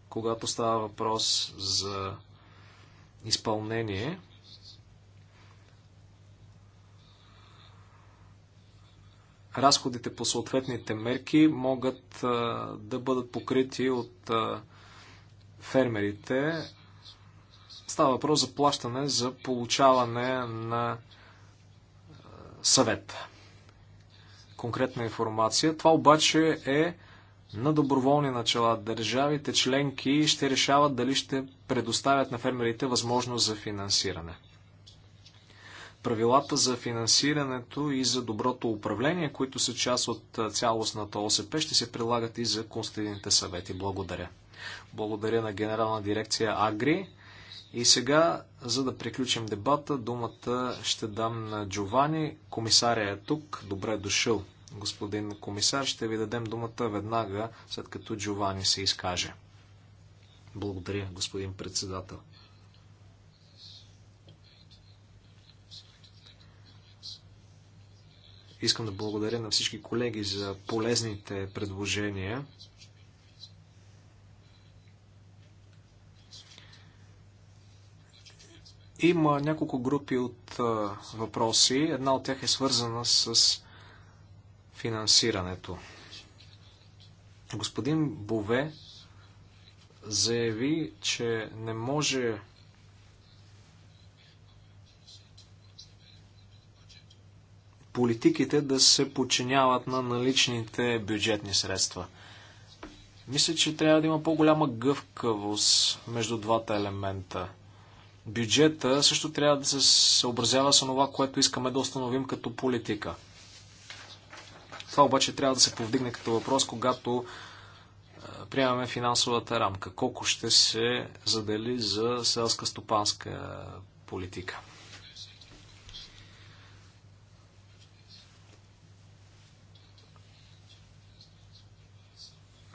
когато става въпрос за изпълнение разходите по съответните мерки могат да бъдат покрити от фермерите. Става въпрос за плащане за получаване на съвет. Конкретна информация. Това обаче е на доброволни начала. Държавите членки ще решават дали ще предоставят на фермерите възможност за финансиране правилата за финансирането и за доброто управление, които са част от цялостната ОСП, ще се прилагат и за конституционните съвети. Благодаря. Благодаря на Генерална дирекция Агри. И сега, за да приключим дебата, думата ще дам на Джовани. Комисаря е тук. Добре е дошъл, господин комисар. Ще ви дадем думата веднага, след като Джовани се изкаже. Благодаря, господин председател. Искам да благодаря на всички колеги за полезните предложения. Има няколко групи от въпроси. Една от тях е свързана с финансирането. Господин Бове заяви, че не може политиките да се подчиняват на наличните бюджетни средства. Мисля, че трябва да има по-голяма гъвкавост между двата елемента. Бюджета също трябва да се съобразява с това, което искаме да установим като политика. Това обаче трябва да се повдигне като въпрос, когато е, приемаме финансовата рамка. Колко ще се задели за селска стопанска политика?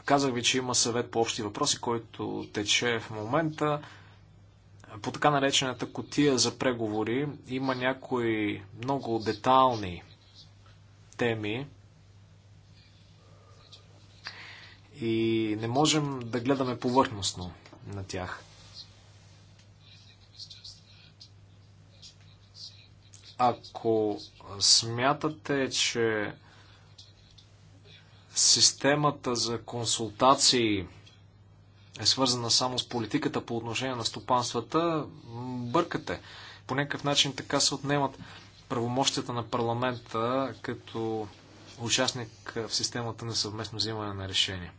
Казах ви, че има съвет по общи въпроси, който тече в момента. По така наречената котия за преговори има някои много детални теми и не можем да гледаме повърхностно на тях. Ако смятате, че Системата за консултации е свързана само с политиката по отношение на стопанствата, бъркате. По някакъв начин така се отнемат правомощията на парламента като участник в системата на съвместно взимане на решения.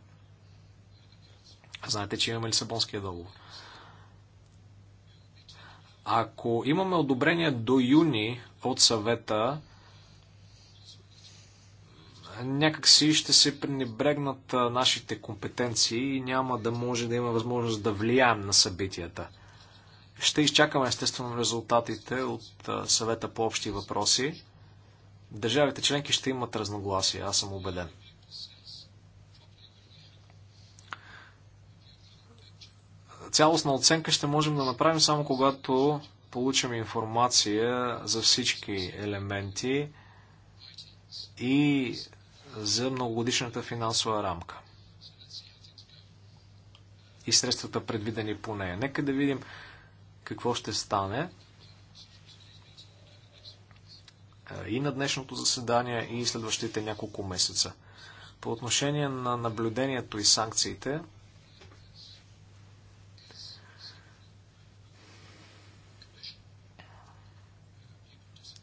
Знаете, че имаме Лисабонския договор. Ако имаме одобрение до юни от съвета, някакси ще се пренебрегнат нашите компетенции и няма да може да има възможност да влияем на събитията. Ще изчакаме естествено резултатите от съвета по общи въпроси. Държавите членки ще имат разногласия, аз съм убеден. Цялостна оценка ще можем да направим само когато получим информация за всички елементи и за многогодишната финансова рамка и средствата предвидени по нея. Нека да видим какво ще стане е, и на днешното заседание, и следващите няколко месеца. По отношение на наблюдението и санкциите,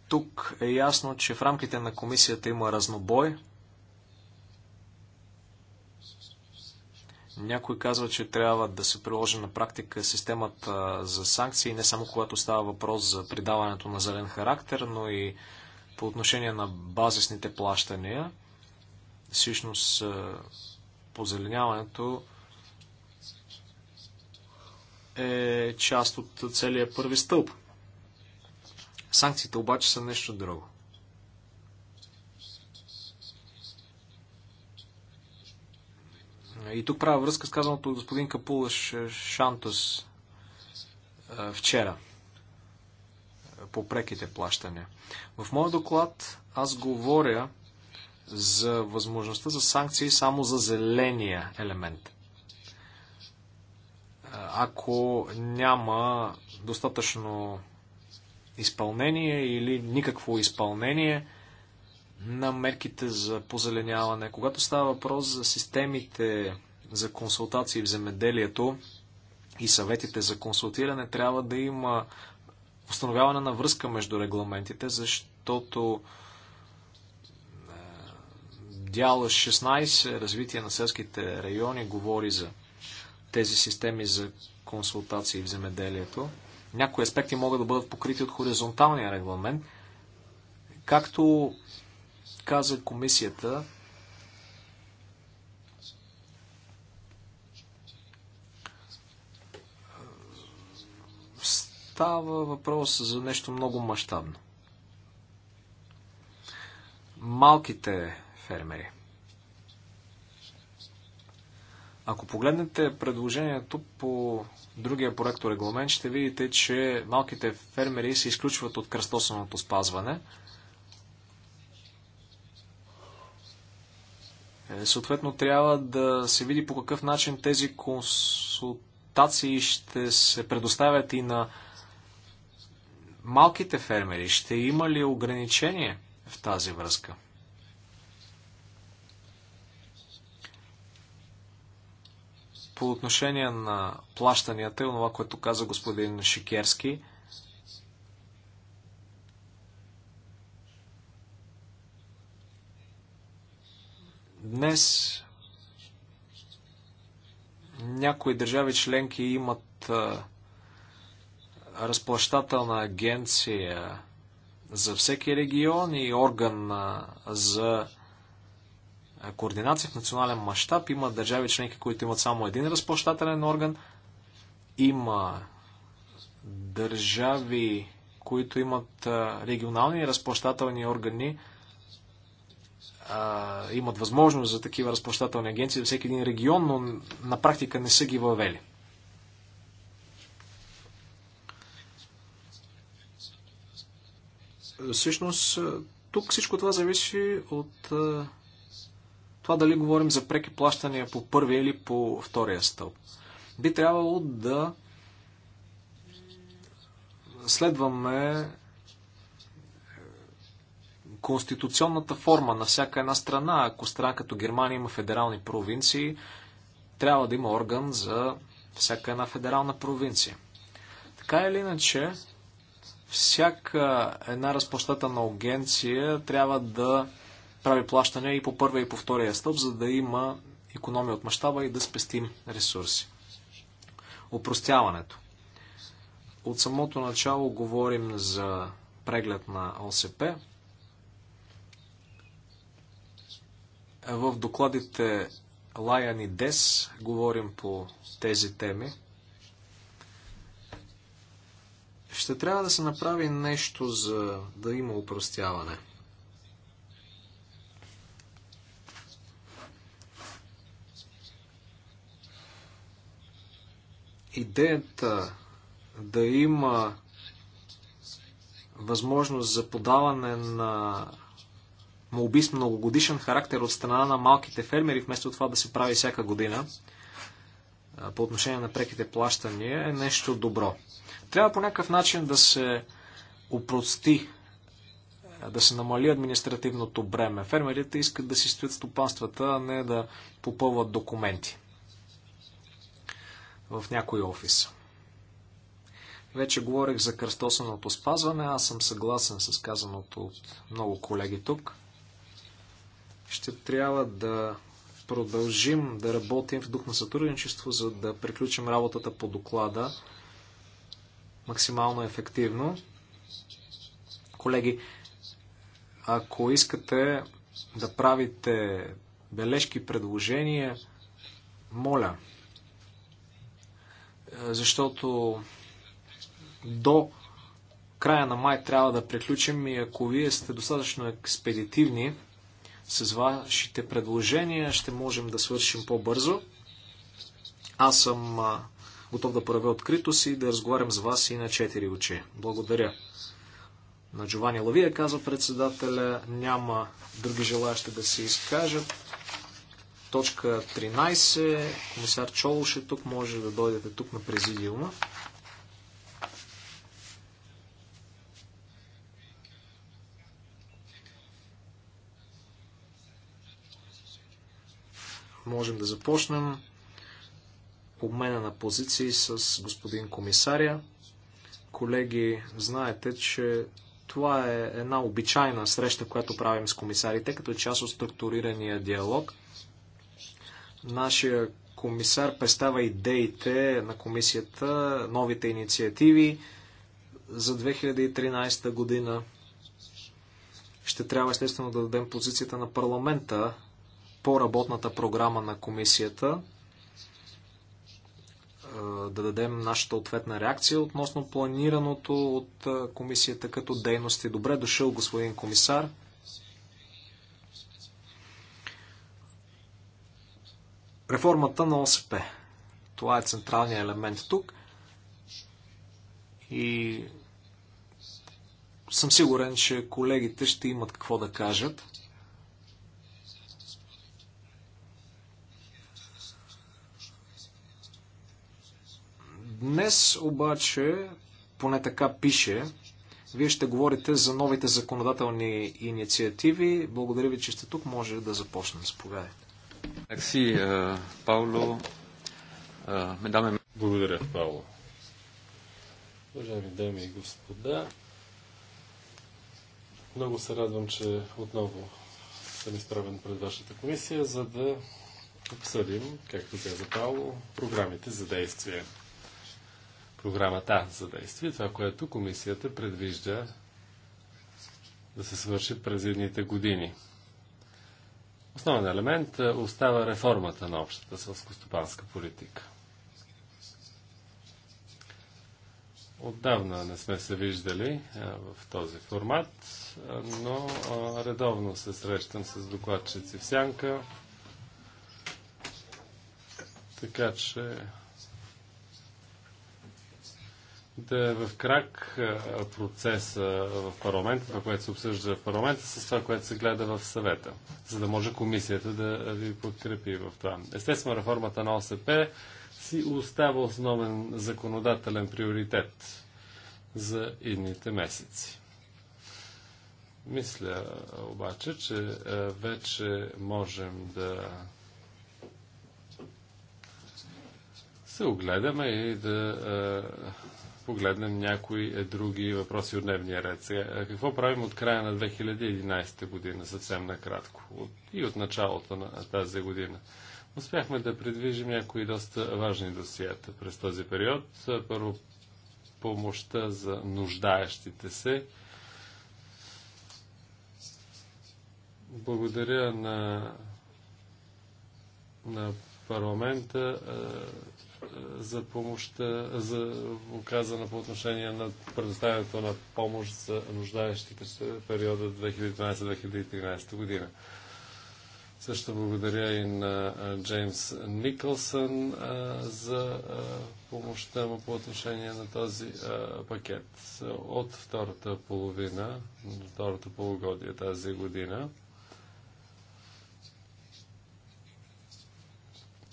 тук е ясно, че в рамките на комисията има разнобой. Някой казва, че трябва да се приложи на практика системата за санкции, не само когато става въпрос за придаването на зелен характер, но и по отношение на базисните плащания. Всъщност, позеленяването е част от целия първи стълб. Санкциите обаче са нещо друго. И тук правя връзка с казаното от господин Капулаш е, Шантос е, вчера е, по преките плащания. В моят доклад аз говоря за възможността за санкции само за зеления елемент. Ако няма достатъчно изпълнение или никакво изпълнение, на мерките за позеленяване. Когато става въпрос за системите за консултации в земеделието и съветите за консултиране, трябва да има установяване на връзка между регламентите, защото е, дял 16 развитие на селските райони говори за тези системи за консултации в земеделието. Някои аспекти могат да бъдат покрити от хоризонталния регламент, както каза комисията, става въпрос за нещо много мащабно. Малките фермери. Ако погледнете предложението по другия проекто регламент, ще видите, че малките фермери се изключват от кръстосаното спазване – Е, съответно, трябва да се види по какъв начин тези консултации ще се предоставят и на малките фермери. Ще има ли ограничение в тази връзка? По отношение на плащанията и това, което каза господин Шикерски – Днес някои държави членки имат разплащателна агенция за всеки регион и орган за координация в национален мащаб. Има държави членки, които имат само един разплащателен орган. Има държави, които имат регионални разплащателни органи а, имат възможност за такива разплащателни агенции във всеки един регион, но на практика не са ги въвели. Всъщност, тук всичко това зависи от а, това дали говорим за преки плащания по първия или по втория стълб. Би трябвало да следваме конституционната форма на всяка една страна. Ако страна като Германия има федерални провинции, трябва да има орган за всяка една федерална провинция. Така или иначе, всяка една разплащателна агенция трябва да прави плащане и по първия и по втория стълб, за да има економия от мащаба и да спестим ресурси. Опростяването. От самото начало говорим за преглед на ОСП. В докладите Лаян и Дес говорим по тези теми. Ще трябва да се направи нещо, за да има упростяване. Идеята да има възможност за подаване на молби с многогодишен характер от страна на малките фермери, вместо това да се прави всяка година по отношение на преките плащания, е нещо добро. Трябва по някакъв начин да се упрости, да се намали административното бреме. Фермерите искат да си стоят стопанствата, а не да попълват документи в някой офис. Вече говорих за кръстосаното спазване. Аз съм съгласен с казаното от много колеги тук. Ще трябва да продължим да работим в дух на сътрудничество, за да приключим работата по доклада максимално ефективно. Колеги, ако искате да правите бележки, предложения, моля, защото до края на май трябва да приключим и ако вие сте достатъчно експедитивни, с вашите предложения ще можем да свършим по-бързо. Аз съм готов да проявя открито си и да разговарям с вас и на четири очи. Благодаря. На Джовани Лавия казва председателя, няма други желаящи да се изкажат. Точка 13. Комисар Чолуш е тук, може да дойдете тук на президиума. можем да започнем обмена на позиции с господин комисаря. Колеги, знаете, че това е една обичайна среща, която правим с комисарите, като част от структурирания диалог. Нашия комисар представя идеите на комисията, новите инициативи за 2013 година. Ще трябва естествено да дадем позицията на парламента по работната програма на комисията, да дадем нашата ответна реакция относно планираното от комисията като дейности. Добре дошъл, господин комисар. Реформата на ОСП. Това е централният елемент тук. И съм сигурен, че колегите ще имат какво да кажат. Днес обаче, поне така пише, вие ще говорите за новите законодателни инициативи. Благодаря ви, че сте тук. Може да започнем. Заповядайте.
Такси, е, Пауло. Е, Благодаря, Пауло. Уважаеми дами и господа, много се радвам, че отново съм изправен пред вашата комисия, за да обсъдим, както каза Павло, програмите за действие програмата за действие, това, което комисията предвижда да се свърши през едните години. Основен елемент е, остава реформата на общата сълскостопанска политика. Отдавна не сме се виждали е, в този формат, е, но редовно се срещам с докладчици в Сянка. Така че да е в крак процеса в парламента, това, което се обсъжда в парламента, с това, което се гледа в съвета, за да може комисията да ви подкрепи в това. Естествено, реформата на ОСП си остава основен законодателен приоритет за идните месеци. Мисля обаче, че вече можем да се огледаме и да погледнем някои е, други въпроси от дневния ред. Сега, е, какво правим от края на 2011 година, съвсем накратко, от, и от началото на тази година? Успяхме да придвижим някои доста важни досията през този период. Е, първо, помощта за нуждаещите се. Благодаря на, на парламента за помощта, за оказана по отношение на предоставянето на помощ за нуждаещите се в периода 2012-2013 година. Също благодаря и на Джеймс Никълсън за помощта му по отношение на този пакет от втората половина, втората полугодие тази година.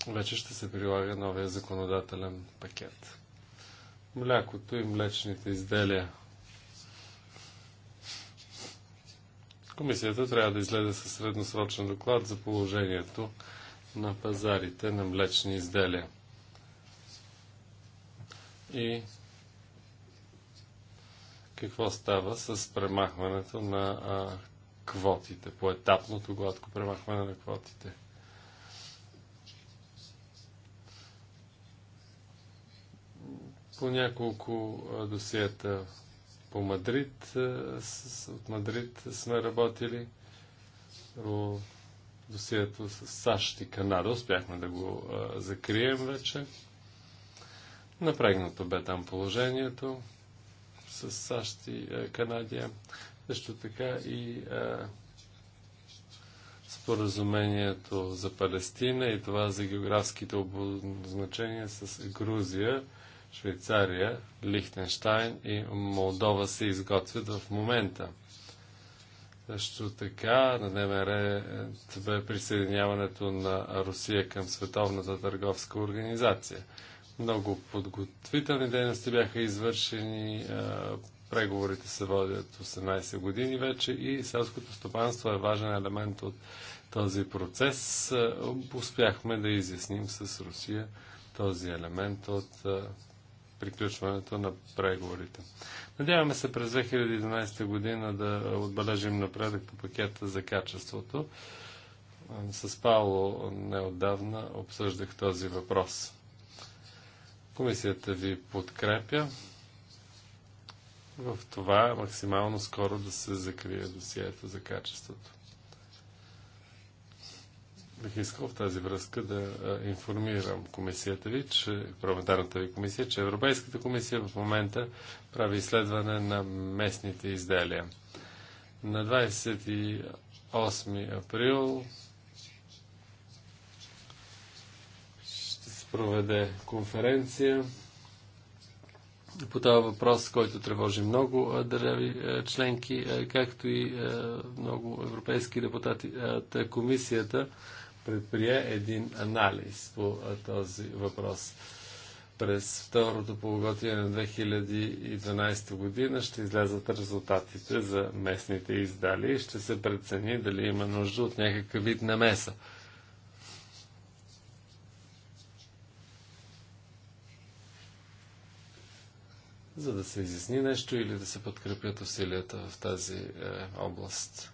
вече ще се прилага новия законодателен пакет. Млякото и млечните изделия. Комисията трябва да излезе със средносрочен доклад за положението на пазарите на млечни изделия. И какво става с премахването на а, квотите, поетапното гладко премахване на квотите. по няколко досиета по Мадрид. от Мадрид сме работили. По досието с САЩ и Канада успяхме да го закрием вече. Напрегнато бе там положението с САЩ и Канадия. Също така и споразумението за Палестина и това за географските обозначения с Грузия Швейцария, Лихтенштайн и Молдова се изготвят в момента. Също така на ДМР бе присъединяването на Русия към Световната търговска организация. Много подготвителни дейности бяха извършени, преговорите се водят 18 години вече и селското стопанство е важен елемент от този процес. Успяхме да изясним с Русия този елемент от приключването на преговорите. Надяваме се през 2011 година да отбележим напредък по пакета за качеството. С Павло неодавна обсъждах този въпрос. Комисията ви подкрепя в това максимално скоро да се закрие досието за качеството. Бих искал в тази връзка да информирам комисията ви, че, парламентарната ви комисия, че Европейската комисия в момента прави изследване на местните изделия. На 28 април ще се проведе конференция по това въпрос, който тревожи много държави членки, както и много европейски депутати. Комисията предприе един анализ по този въпрос. През второто полуготие на 2012 година ще излязат резултатите за местните издали и ще се прецени дали има нужда от някакъв вид намеса. за да се изясни нещо или да се подкрепят усилията в тази е, област.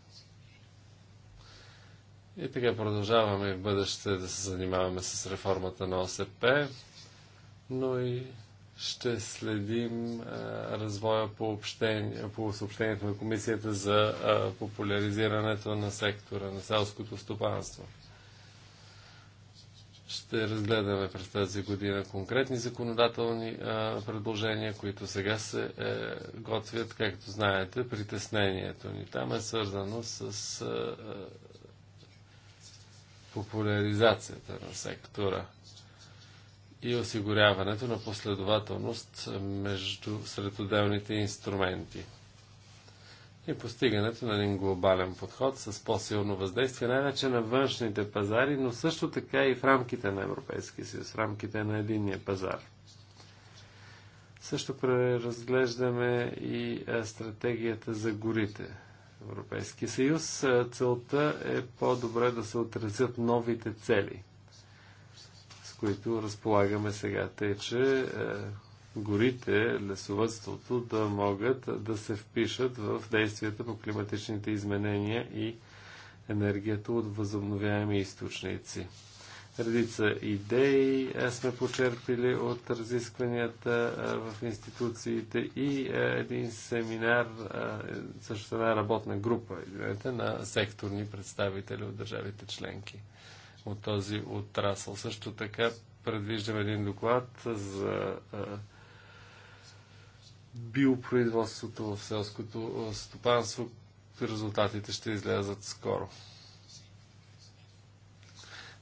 И така продължаваме в бъдеще да се занимаваме с реформата на ОСП, но и ще следим а, е, развоя по, общение, по съобщението на Комисията за а, е, популяризирането на сектора на селското стопанство. Ще разгледаме през тази година конкретни законодателни а, е, предложения, които сега се е, готвят. Както знаете, притеснението ни там е свързано с а, популяризацията на сектора и осигуряването на последователност между сред отделните инструменти и постигането на един глобален подход с по-силно въздействие, най-вече на външните пазари, но също така и в рамките на Европейския съюз, в рамките на единния пазар. Също преразглеждаме и стратегията за горите – Европейския съюз. Е, целта е по-добре да се отразят новите цели, с които разполагаме сега. те, че е, горите, лесовътството да могат да се впишат в действията по климатичните изменения и енергията от възобновяеми източници. Редица идеи е, сме почерпили от разискванията е, в институциите и е, един семинар, също една работна група извинете, на секторни представители от държавите членки от този отрасъл. Също така предвиждам един доклад за биопроизводството в селското стопанство. Резултатите ще излязат скоро.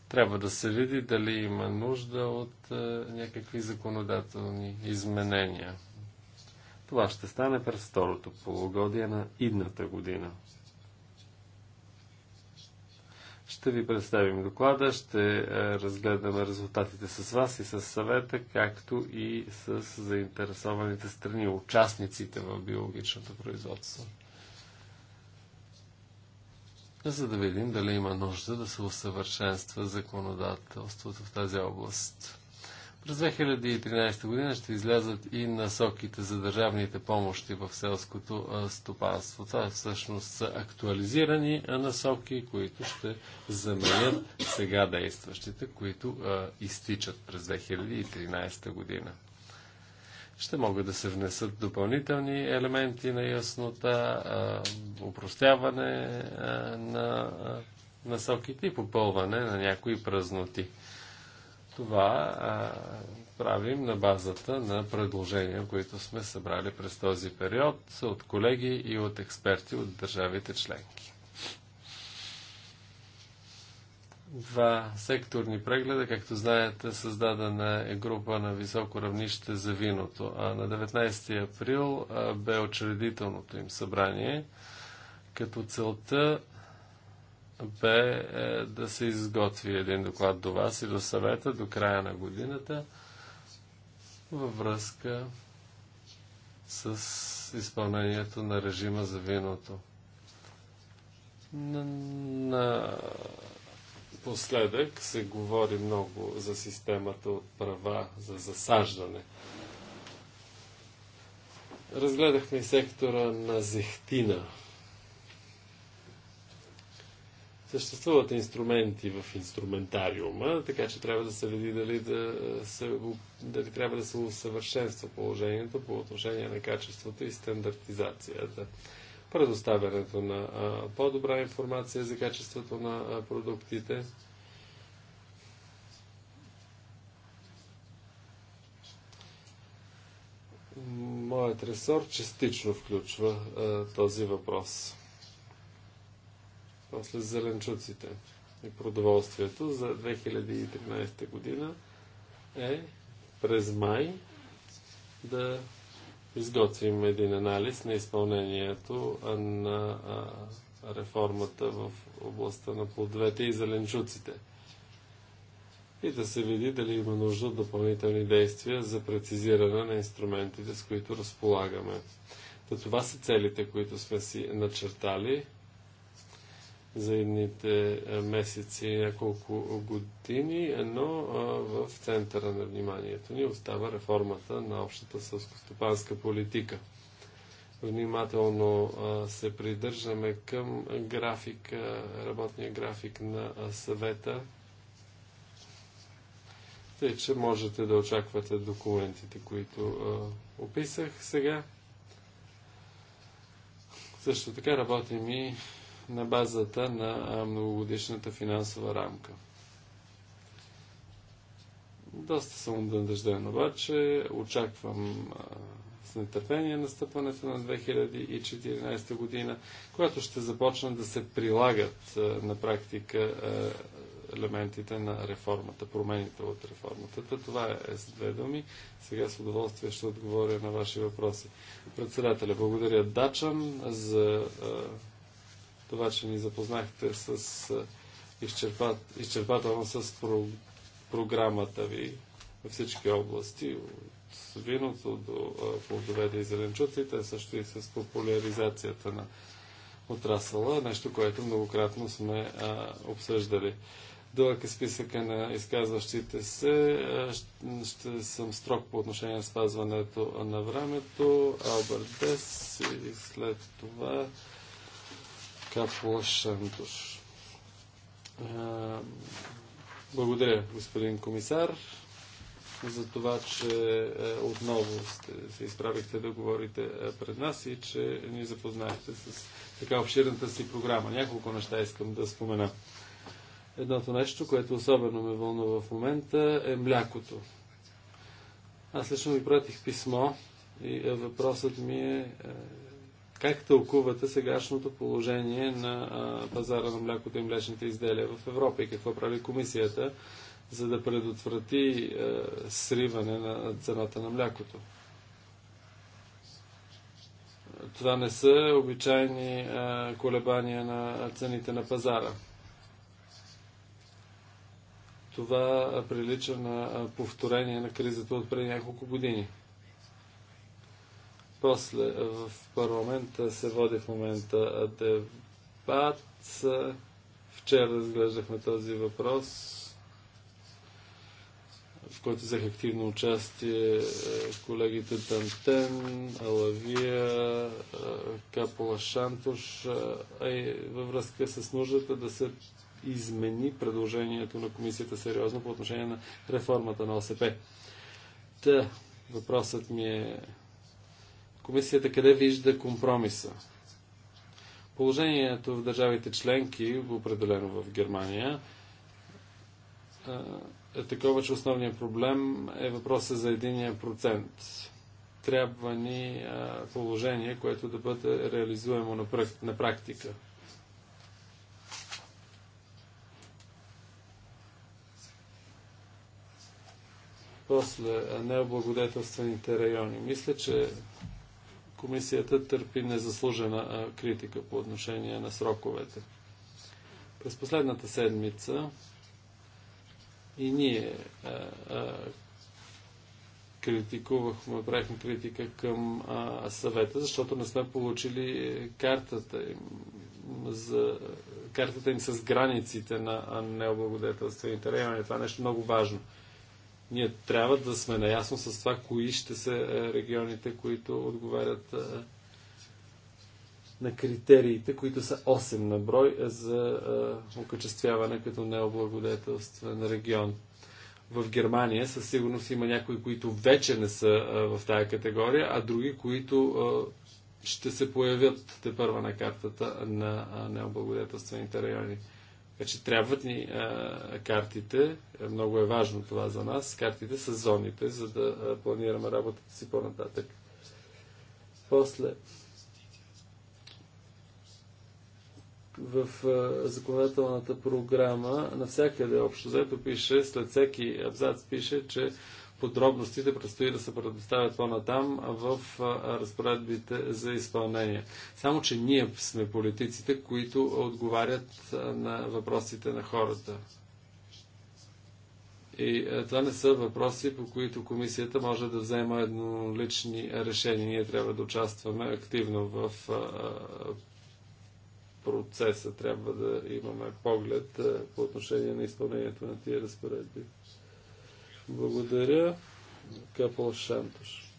Трябва да се види дали има нужда от е, някакви законодателни изменения. Това ще стане през второто полугодие на идната година. Ще ви представим доклада, ще е, разгледаме резултатите с вас и с съвета, както и с заинтересованите страни, участниците в биологичното производство за да видим дали има нужда да се усъвършенства законодателството в тази област. През 2013 година ще излязат и насоките за държавните помощи в селското стопанство. Това всъщност са актуализирани насоки, които ще заменят сега действащите, които а, изтичат през 2013 година ще могат да се внесат допълнителни елементи на яснота, упростяване на насоките и попълване на някои празноти. Това правим на базата на предложения, които сме събрали през този период от колеги и от експерти от държавите членки. два секторни прегледа. Както знаете, създадена е група на високо равнище за виното. А на 19 април а, бе очредителното им събрание, като целта бе е, да се изготви един доклад до вас и до съвета до края на годината във връзка с изпълнението на режима за виното. На, на Напоследък се говори много за системата от права за засаждане. Разгледахме и сектора на зехтина. Съществуват инструменти в инструментариума, така че трябва да се види дали, да се, дали трябва да се усъвършенства положението по отношение на качеството и стандартизацията. Да предоставянето на по-добра информация за качеството на продуктите. Моят ресор частично включва а, този въпрос. После зеленчуците и продоволствието за 2013 година е през май да изготвим един анализ на изпълнението на реформата в областта на плодовете и зеленчуците и да се види дали има нужда от допълнителни действия за прецизиране на инструментите, с които разполагаме. това са целите, които сме си начертали за едните е, месеци няколко години, но в центъра на вниманието ни остава реформата на общата сълскостопанска политика. Внимателно се придържаме към график, работния график на съвета, тъй че можете да очаквате документите, които описах сега. Също така работим и на базата на многогодишната финансова рамка. Доста съм обнадежден обаче. Очаквам с нетърпение настъпването на 2014 година, когато ще започнат да се прилагат на практика елементите на реформата, промените от реформата. това е с две думи. Сега с удоволствие ще отговоря на ваши въпроси. Председателя, благодаря Дачан за това, че ни запознахте с изчерпат, изчерпателно с про, програмата ви във всички области, от виното до плодовете и зеленчуците, също и с популяризацията на отрасъла, нещо, което многократно сме а, обсъждали. Дълъг е списъка на изказващите се. Ще, ще съм строг по отношение на спазването на времето. Алберт Дес и след това Кафлош Шантош. Е, благодаря, господин комисар, за това, че е, отново сте, се изправихте да говорите е, пред нас и че ни запознахте с така обширната си програма. Няколко неща искам да спомена. Едното нещо, което особено ме вълнува в момента е млякото. Аз лично ви пратих писмо и въпросът ми е как тълкувате сегашното положение на а, пазара на млякото и млечните изделия в Европа и какво прави комисията, за да предотврати а, е, сриване на цената на млякото? Това не са обичайни а, е, колебания на цените на пазара. Това прилича на повторение на кризата от преди няколко години. После в парламента се води в момента дебат. Вчера разглеждахме този въпрос, в който взех активно участие е, колегите Тантен, Алавия, е, Капола Шантош, е, а и във връзка с нуждата да се измени предложението на комисията сериозно по отношение на реформата на ОСП. Та, въпросът ми е комисията къде вижда компромиса? Положението в държавите членки, определено в Германия, е, е такова, че основният проблем е въпроса за единия процент. Трябва ни е, положение, което да бъде реализуемо на практика. После е, необлагодетелствените райони. Мисля, че комисията търпи незаслужена критика по отношение на сроковете. През последната седмица и ние а, а, критикувахме, правихме критика към а, съвета, защото не сме получили картата им, за, картата им с границите на необлагодетелствените райони. Това е нещо много важно. Ние трябва да сме наясно с това, кои ще са е, регионите, които отговарят е, на критериите, които са 8 на брой е, за окачествяване като необлагодетелствен регион. В Германия със сигурност има някои, които вече не са в тая категория, а други, които ще се появят те първа на картата на необлагодетелствените райони. Така че трябват ни а, картите, много е важно това за нас, картите с зоните, за да а, планираме работата си по-нататък. После, в а, законодателната програма, навсякъде общо взето пише, след всеки абзац пише, че Подробностите предстои да се предоставят по-натам в разпоредбите за изпълнение. Само, че ние сме политиците, които отговарят на въпросите на хората. И това не са въпроси, по които комисията може да взема еднолични решения. Ние трябва да участваме активно в процеса. Трябва да имаме поглед по отношение на изпълнението на тия разпоредби. Благодаря. Капол
Шантош.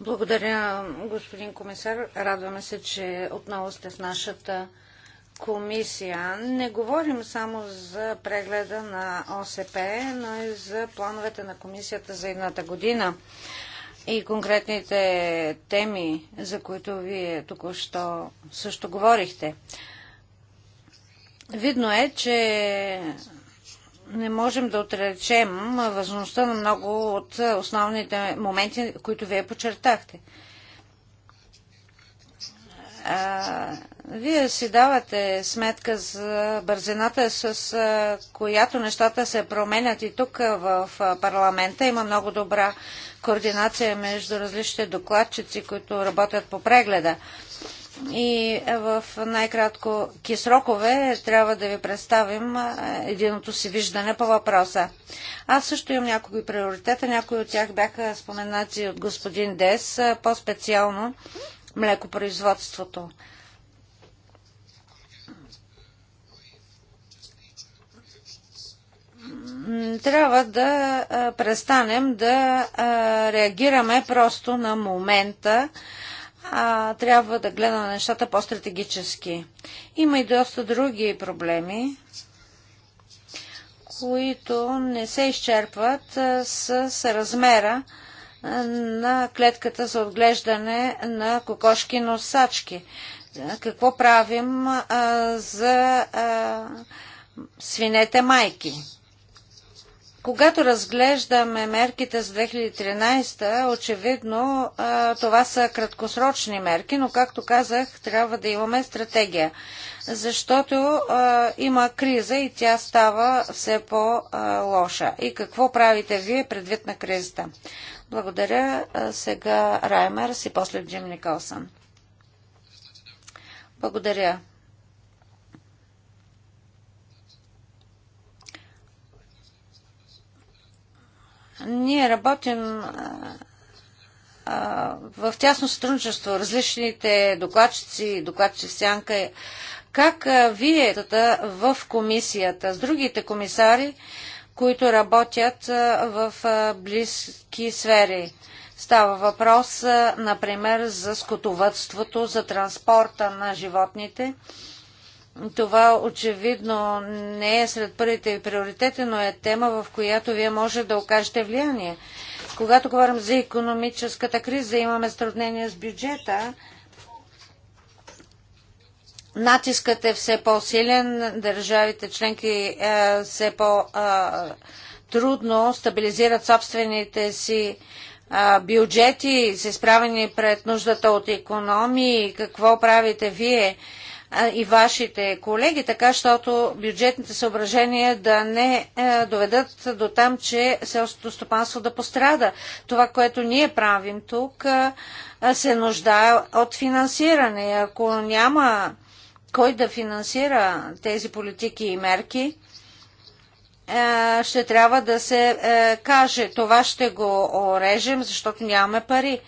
Благодаря, господин комисар. Радваме се, че отново сте в нашата комисия. Не говорим само за прегледа на ОСП, но и за плановете на комисията за едната година и конкретните теми, за които вие току-що също говорихте. Видно е, че не можем да отречем важността на много от основните моменти, които вие почертахте. А, вие си давате сметка за бързината, с която нещата се променят и тук в парламента. Има много добра координация между различните докладчици, които работят по прегледа. И в най-кратко срокове трябва да ви представим единото си виждане по въпроса. Аз също имам някои приоритета. Някои от тях бяха споменати от господин Дес, по-специално млекопроизводството. трябва да престанем да реагираме просто на момента а, трябва да гледа на нещата по-стратегически. Има и доста други проблеми, които не се изчерпват а, с, с размера а, на клетката за отглеждане на кокошки носачки. Какво правим а, за свинете майки? Когато разглеждаме мерките за 2013, очевидно това са краткосрочни мерки, но както казах, трябва да имаме стратегия, защото има криза и тя става все по-лоша. И какво правите вие предвид на кризата? Благодаря. Сега Раймерс и после Джим Николсън. Благодаря. Ние работим в тясно сътрудничество различните докладчици, докладчици в сянка, как вие в комисията с другите комисари, които работят в близки сфери. Става въпрос, например, за скотовътството, за транспорта на животните това очевидно не е сред първите ви приоритети, но е тема, в която вие може да окажете влияние. Когато говорим за економическата криза, имаме сравнение с бюджета. Натискът е все по-силен, държавите членки е, все по-трудно стабилизират собствените си е, бюджети, се изправени пред нуждата от економии. Какво правите вие? и вашите колеги, така щото бюджетните съображения да не доведат до там, че селското стопанство да пострада. Това, което ние правим тук, се нуждае от финансиране. Ако няма кой да финансира тези политики и мерки, ще трябва да се каже, това ще го орежем, защото нямаме пари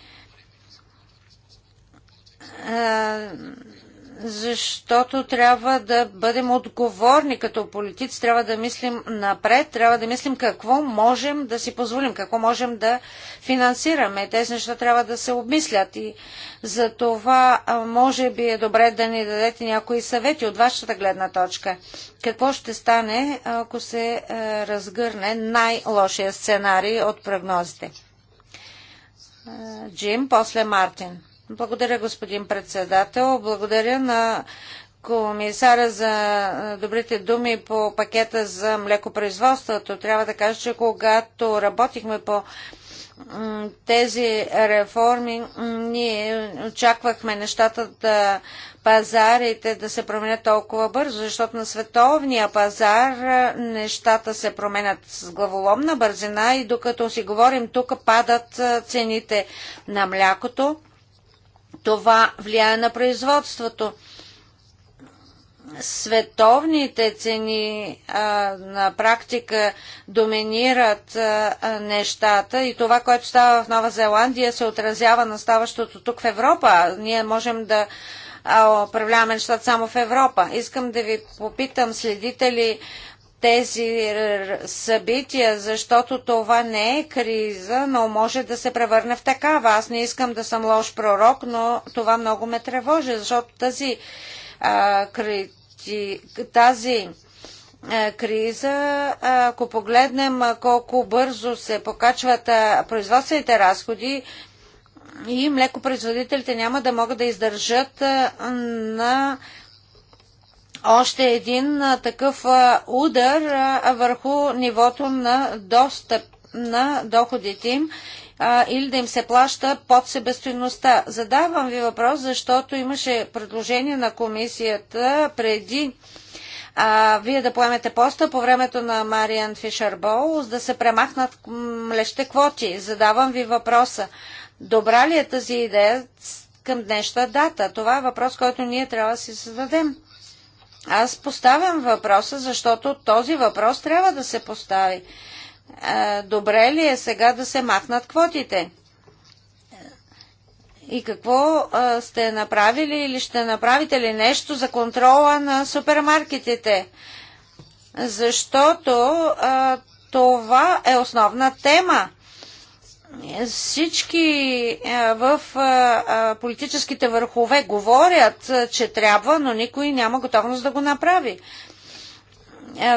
защото трябва да бъдем отговорни като политици, трябва да мислим напред, трябва да мислим какво можем да си позволим, какво можем да финансираме. Тези неща трябва да се обмислят и за това може би е добре да ни дадете някои съвети от вашата гледна точка. Какво ще стане, ако се е, разгърне най-лошия сценарий от прогнозите? Е, Джим, после Мартин. Благодаря, господин председател. Благодаря на комисара за добрите думи по пакета за млекопроизводството. Трябва да кажа, че когато работихме по тези реформи, ние очаквахме нещата да пазарите да се променят толкова бързо, защото на световния пазар нещата се променят с главоломна бързина и докато си говорим тук падат цените на млякото това влияе на производството. Световните цени а, на практика доминират а, нещата и това, което става в Нова Зеландия, се отразява на ставащото тук в Европа. Ние можем да управляваме нещата само в Европа. Искам да ви попитам, следите ли тези събития, защото това не е криза, но може да се превърне в такава. Аз не искам да съм лош пророк, но това много ме тревожи, защото тази, а, крити, тази а, криза, ако погледнем колко бързо се покачват производствените разходи, и млекопроизводителите няма да могат да издържат на още един такъв удар върху нивото на достъп на доходите им а, или да им се плаща под себестоиността. Задавам ви въпрос, защото имаше предложение на комисията преди а, вие да поемете поста по времето на Мариан Фишер Боулс да се премахнат млеще квоти. Задавам ви въпроса. Добра ли е тази идея към днешна дата? Това е въпрос, който ние трябва да си зададем. Аз поставям въпроса, защото този въпрос трябва да се постави. Добре ли е сега да се махнат квотите? И какво сте направили или ще направите ли нещо за контрола на супермаркетите? Защото това е основна тема всички е, в е, е, политическите върхове говорят, че трябва, но никой няма готовност да го направи.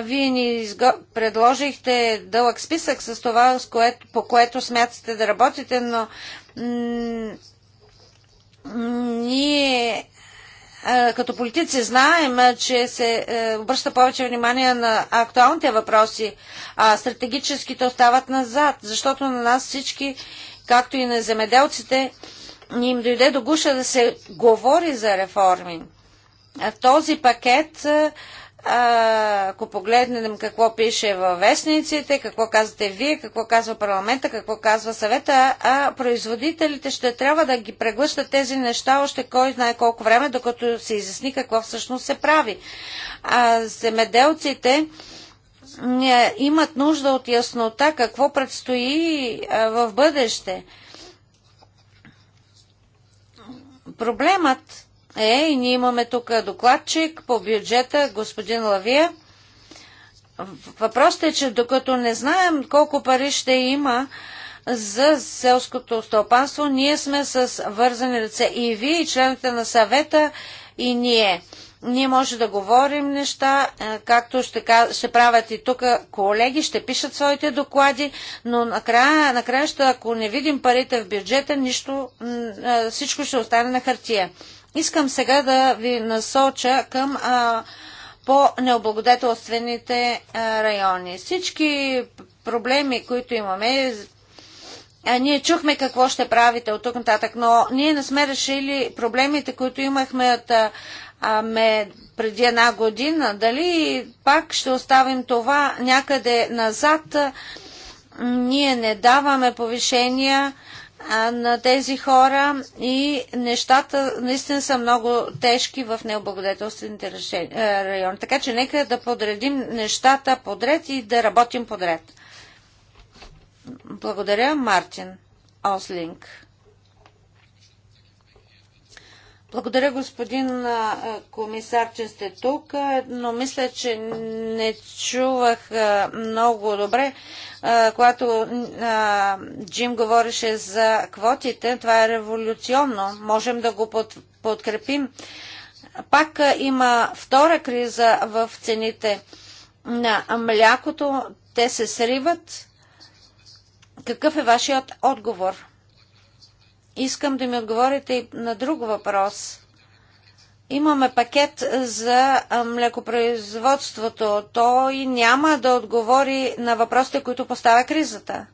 Вие ни предложихте дълъг списък с това, с което, по което смятате да работите, но ние е, като политици знаем, че се е, обръща повече внимание на актуалните въпроси, а стратегическите остават назад, защото на нас всички, както и на земеделците, ни им дойде до гуша да се говори за реформи. Е, този пакет ако погледнем какво пише във вестниците, какво казвате вие, какво казва парламента, какво казва съвета, а производителите ще трябва да ги преглъщат тези неща още кой знае колко време, докато се изясни какво всъщност се прави. А земеделците е, имат нужда от яснота какво предстои в бъдеще. Проблемът е, и ние имаме тук докладчик по бюджета, господин Лавия. Въпросът е, че докато не знаем колко пари ще има за селското стопанство, ние сме с вързани лице И вие, и члените на съвета, и ние. Ние може да говорим неща, е, както ще, ще правят и тук колеги, ще пишат своите доклади, но накрая, накрая ще, ако не видим парите в бюджета, нищо, е, всичко ще остане на хартия. Искам сега да ви насоча към а, по-необлагодетелствените райони. Всички проблеми, които имаме, а, ние чухме какво ще правите от тук нататък, но ние не сме решили проблемите, които имахме от а, ме, преди една година. Дали пак ще оставим това някъде назад? Ние не даваме повишения на тези хора и нещата наистина са много тежки в необлагодетелствените е, райони. Така че нека да подредим нещата подред и да работим подред. Благодаря, Мартин Ослинг. Благодаря, господин комисар, че сте тук, но мисля, че не чувах много добре, когато Джим говореше за квотите. Това е революционно. Можем да го подкрепим. Пак има втора криза в цените на млякото. Те се сриват. Какъв е вашият отговор? искам да ми отговорите и на друг въпрос. Имаме пакет за млекопроизводството. Той няма да отговори на въпросите, които поставя кризата.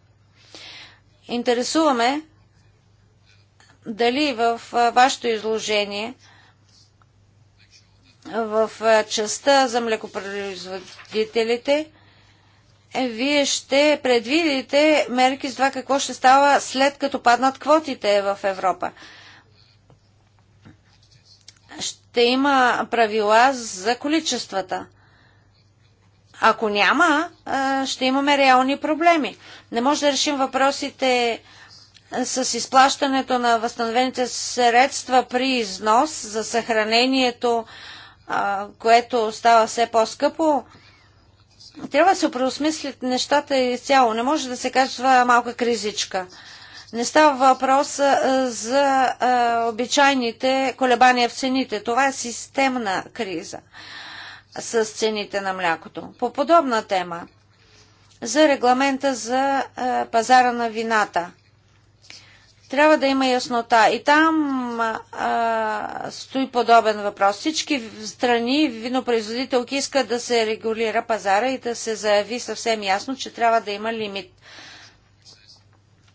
Интересуваме дали в вашето изложение в частта за млекопроизводителите – е, вие ще предвидите мерки за това какво ще става след като паднат квотите в Европа. Ще има правила за количествата. Ако няма, ще имаме реални проблеми. Не може да решим въпросите с изплащането на възстановените средства при износ, за съхранението, което става все по-скъпо трябва да се преосмислят нещата изцяло. Не може да се казва е малка кризичка. Не става въпрос за а, обичайните колебания в цените. Това е системна криза с цените на млякото. По подобна тема за регламента за а, пазара на вината – трябва да има яснота. И там а, стои подобен въпрос. Всички страни, винопроизводителки, искат да се регулира пазара и да се заяви съвсем ясно, че трябва да има лимит.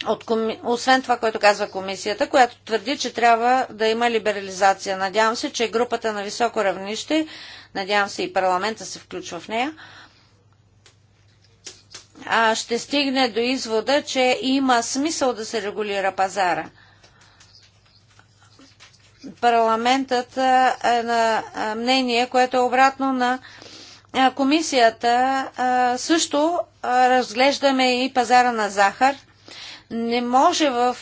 От коми... Освен това, което казва комисията, която твърди, че трябва да има либерализация. Надявам се, че групата на високо равнище, надявам се и парламента се включва в нея, а, ще стигне до извода, че има смисъл да се регулира пазара. Парламентът е на мнение, което е обратно на комисията. Също разглеждаме и пазара на захар. Не може в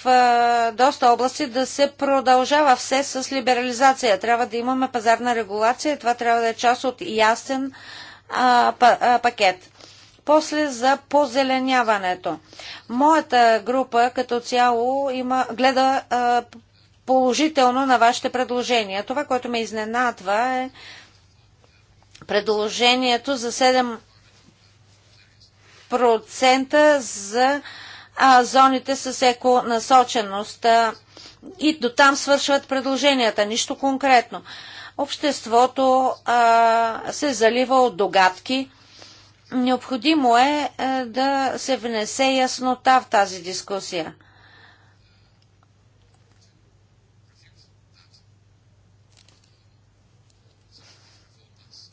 доста области да се продължава все с либерализация. Трябва да имаме пазарна регулация. Това трябва да е част от ясен пакет. После за позеленяването. Моята група като цяло има, гледа а, положително на вашите предложения. Това, което ме изненадва е предложението за 7% за а, зоните с еконасоченост. А, и до там свършват предложенията, нищо конкретно. Обществото а, се залива от догадки Необходимо е, е да се внесе яснота в тази дискусия.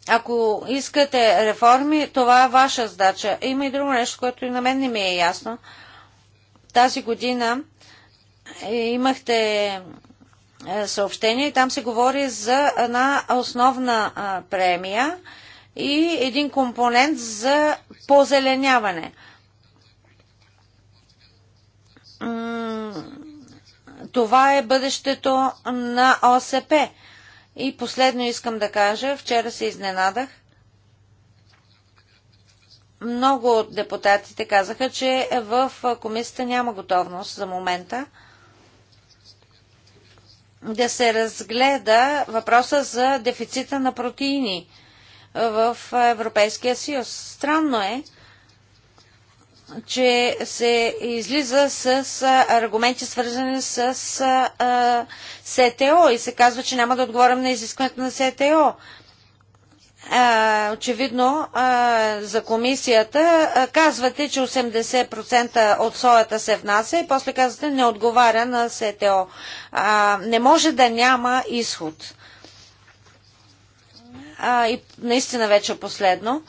Ако искате реформи, това е ваша задача. Има и друго нещо, което и на мен не ми е ясно. Тази година е, имахте е, съобщение и там се говори за една основна премия – и един компонент за позеленяване. Това е бъдещето на ОСП. И последно искам да кажа, вчера се изненадах. Много от депутатите казаха, че в комисията няма готовност за момента да се разгледа въпроса за дефицита на протеини – в Европейския съюз. Странно е, че се излиза с аргументи свързани с СТО и се казва, че няма да отговорим на изискването на СТО. очевидно за комисията казвате, че 80% от соята се внася и после казвате не отговаря на СТО. не може да няма изход а, и наистина вече последно.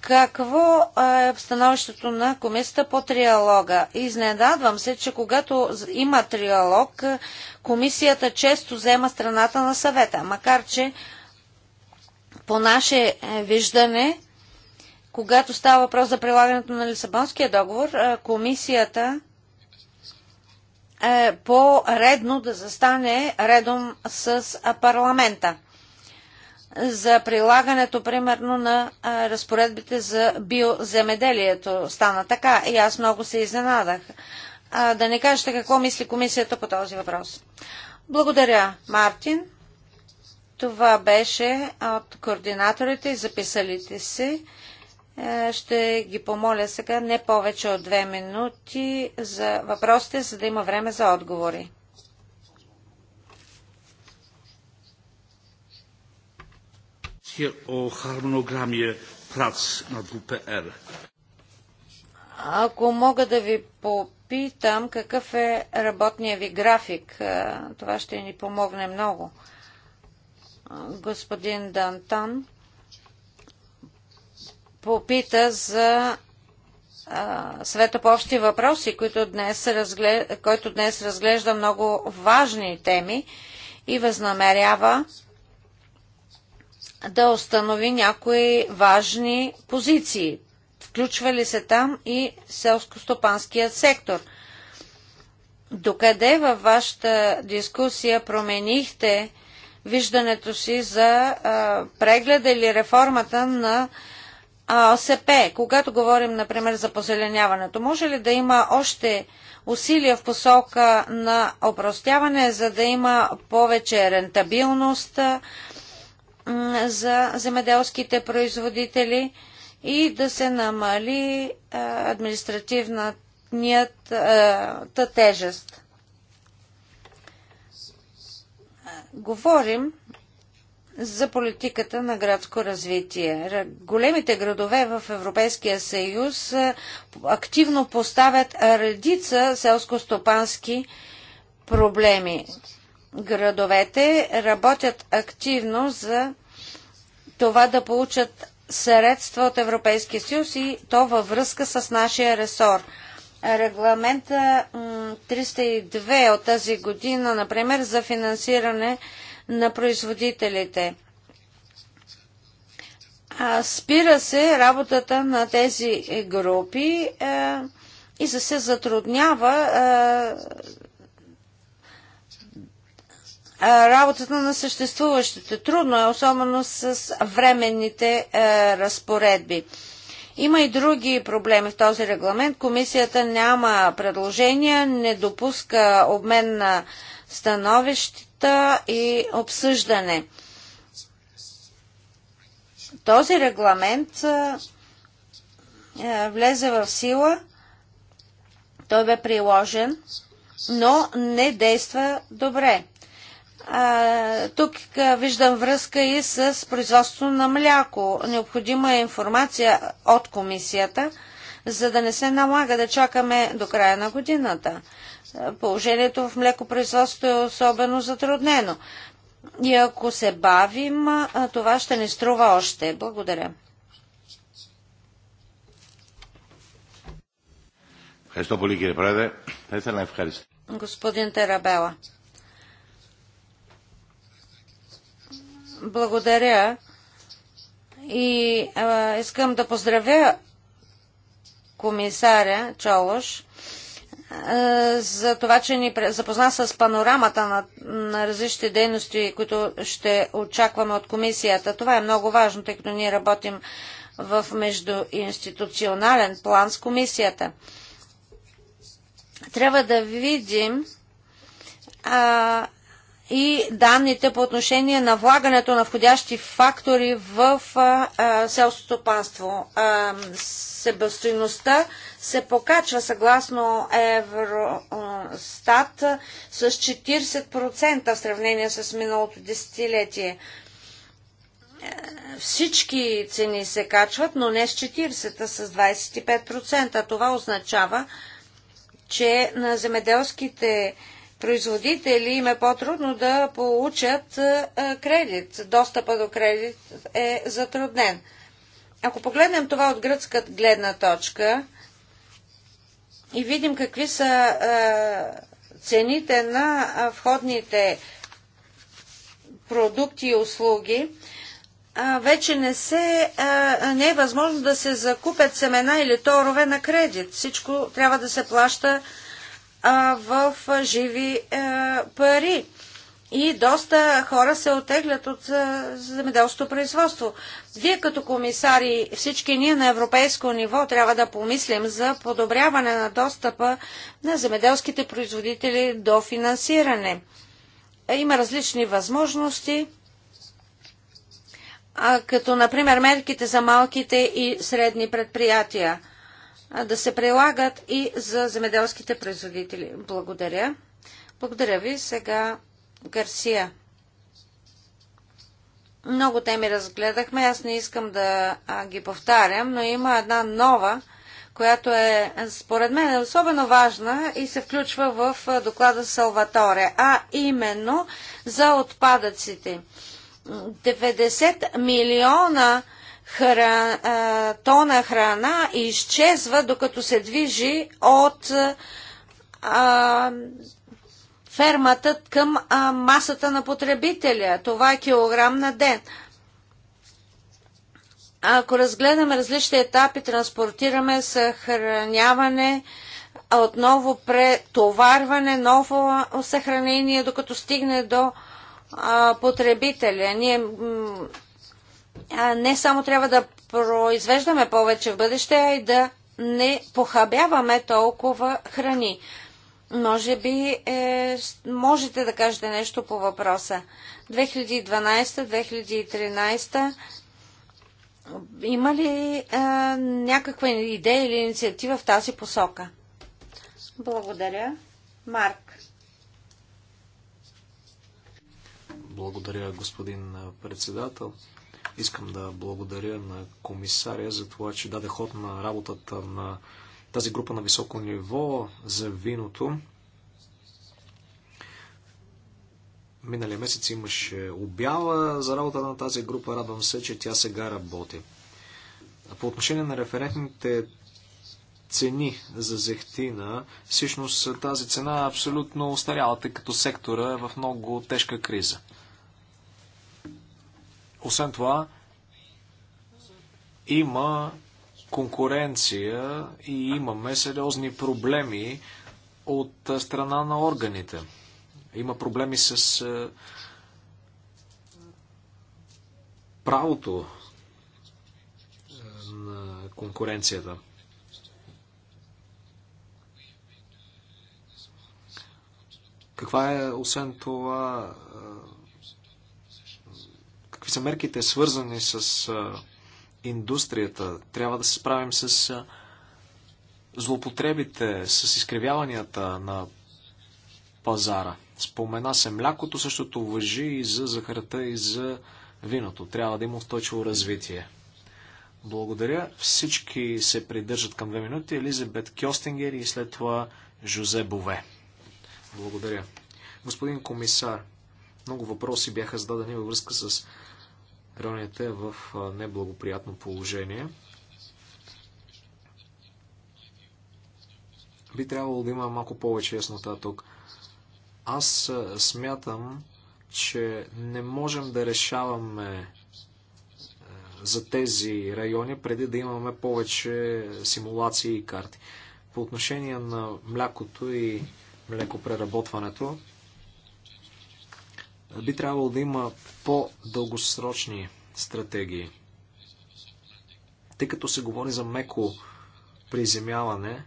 Какво е становището на комисията по триалога? Изненадвам се, че когато има триалог, комисията често взема страната на съвета, макар че по наше е, виждане, когато става въпрос за прилагането на Лисабонския договор, комисията е по-редно да застане редом с парламента за прилагането, примерно, на разпоредбите за биоземеделието. Стана така и аз много се изненадах. А, да не кажете какво мисли комисията по този въпрос. Благодаря, Мартин. Това беше от координаторите и записалите се. Е, ще ги помоля сега не повече от две минути за въпросите, за да има време за отговори.
informację o harmonogramie
prac nad WPR.
Ако мога да ви попитам какъв е работният ви график, е, това ще ни помогне много. Господин Дантан попита за е, Света по общи въпроси, които днес разглежда, който днес разглежда много важни теми и възнамерява да установи някои важни позиции. Включва ли се там и селско-стопанският сектор? Докъде във вашата дискусия променихте виждането си за а, прегледа или реформата на ОСП, когато говорим, например, за позеленяването, може ли да има още усилия в посока на опростяване, за да има повече рентабилност за земеделските производители и да се намали административната тежест. Говорим за политиката на градско развитие. Големите градове в Европейския съюз активно поставят редица селско-стопански проблеми градовете работят активно за това да получат средства от Европейския съюз и то във връзка с нашия ресор. Регламента 302 от тази година, например, за финансиране на производителите. Спира се работата на тези групи е, и се затруднява е, работата на съществуващите. Трудно е, особено с временните е, разпоредби. Има и други проблеми в този регламент. Комисията няма предложения, не допуска обмен на становищата и обсъждане. Този регламент е, е, влезе в сила, той бе приложен, но не действа добре. А, тук виждам връзка и с производство на мляко. Необходима е информация от комисията, за да не се налага да чакаме до края на годината. Положението в млекопроизводството е особено затруднено. И ако се бавим, това ще ни струва още. Благодаря. Господин Терабела. Благодаря и а, искам да поздравя комисаря Чолош за това, че ни запозна с панорамата на, на различните дейности, които ще очакваме от комисията. Това е много важно, тъй като ние работим в междуинституционален план с комисията. Трябва да видим а, и данните по отношение на влагането на входящи фактори в селското стопанство. Себестойността се покачва съгласно Евростат с 40% в сравнение с миналото десетилетие. Всички цени се качват, но не с 40, а с 25%. Това означава, че на земеделските производители им е по-трудно да получат кредит. Достъпа до кредит е затруднен. Ако погледнем това от гръцка гледна точка и видим какви са цените на входните продукти и услуги, вече не, се, не е възможно да се закупят семена или торове на кредит. Всичко трябва да се плаща в живи е, пари. И доста хора се отеглят от е, земеделското производство. Вие като комисари, всички ние на европейско ниво трябва да помислим за подобряване на достъпа на земеделските производители до финансиране. Е, има различни възможности като например мерките за малките и средни предприятия да се прилагат и за земеделските производители. Благодаря. Благодаря ви. Сега Гарсия. Много теми разгледахме. Аз не искам да ги повтарям, но има една нова, която е според мен е особено важна и се включва в доклада Салваторе, а именно за отпадъците. 90 милиона хра... тона храна изчезва, докато се движи от а, фермата към а, масата на потребителя. Това е килограм на ден. Ако разгледаме различни етапи, транспортираме, съхраняване, отново претоварване, ново съхранение, докато стигне до а, потребителя. Ние не само трябва да произвеждаме повече в бъдеще, а и да не похабяваме толкова храни. Може би е, можете да кажете нещо по въпроса. 2012-2013 има ли е, някаква идея или инициатива в тази посока? Благодаря. Марк.
Благодаря, господин председател. Искам да благодаря на комисаря за това, че даде ход на работата на тази група на високо ниво за виното. Миналия месец имаше обява за работа на тази група. Радвам се, че тя сега работи. По отношение на референтните цени за зехтина, всъщност тази цена е абсолютно устаряла, тъй като сектора е в много тежка криза. Освен това, има конкуренция и имаме сериозни проблеми от страна на органите. Има проблеми с правото на конкуренцията. Каква е, освен това, Какви са мерките свързани с индустрията? Трябва да се справим с злоупотребите, с изкривяванията на пазара. Спомена се млякото, същото въжи и за захарата и за виното. Трябва да има устойчиво развитие. Благодаря. Всички се придържат към две минути. Елизабет Кьостингер и след това Жозе Бове. Благодаря. Господин комисар, много въпроси бяха зададени във връзка с районите в неблагоприятно положение. Би трябвало да има малко повече яснота тук. Аз смятам, че не можем да решаваме за тези райони, преди да имаме повече симулации и карти. По отношение на млякото и млекопреработването, би трябвало да има по-дългосрочни стратегии. Тъй като се говори за меко приземяване,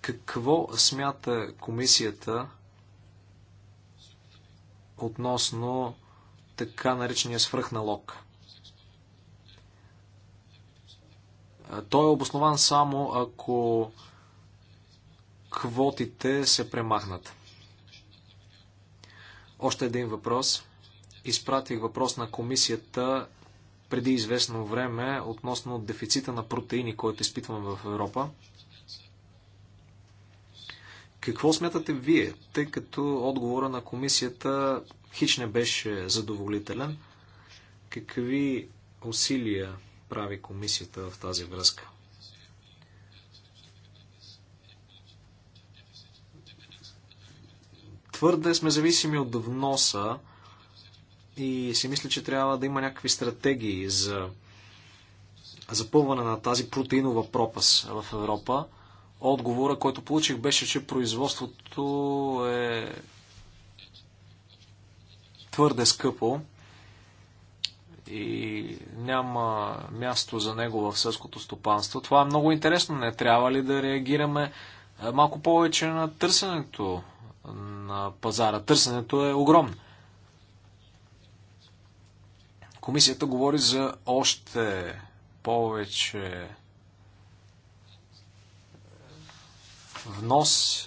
какво смята комисията относно така наречения свръхналог? Той е обоснован само ако квотите се премахнат. Още един въпрос. Изпратих въпрос на комисията преди известно време относно дефицита на протеини, който изпитваме в Европа. Какво смятате вие, тъй като отговора на комисията хич не беше задоволителен? Какви усилия прави комисията в тази връзка? Твърде сме зависими от вноса и си мисля, че трябва да има някакви стратегии за запълване на тази протеинова пропас в Европа. Отговора, който получих, беше, че производството е твърде скъпо и няма място за него в сълското стопанство. Това е много интересно. Не трябва ли да реагираме е, малко повече на търсенето на пазара. Търсенето е огромно. Комисията говори за още повече внос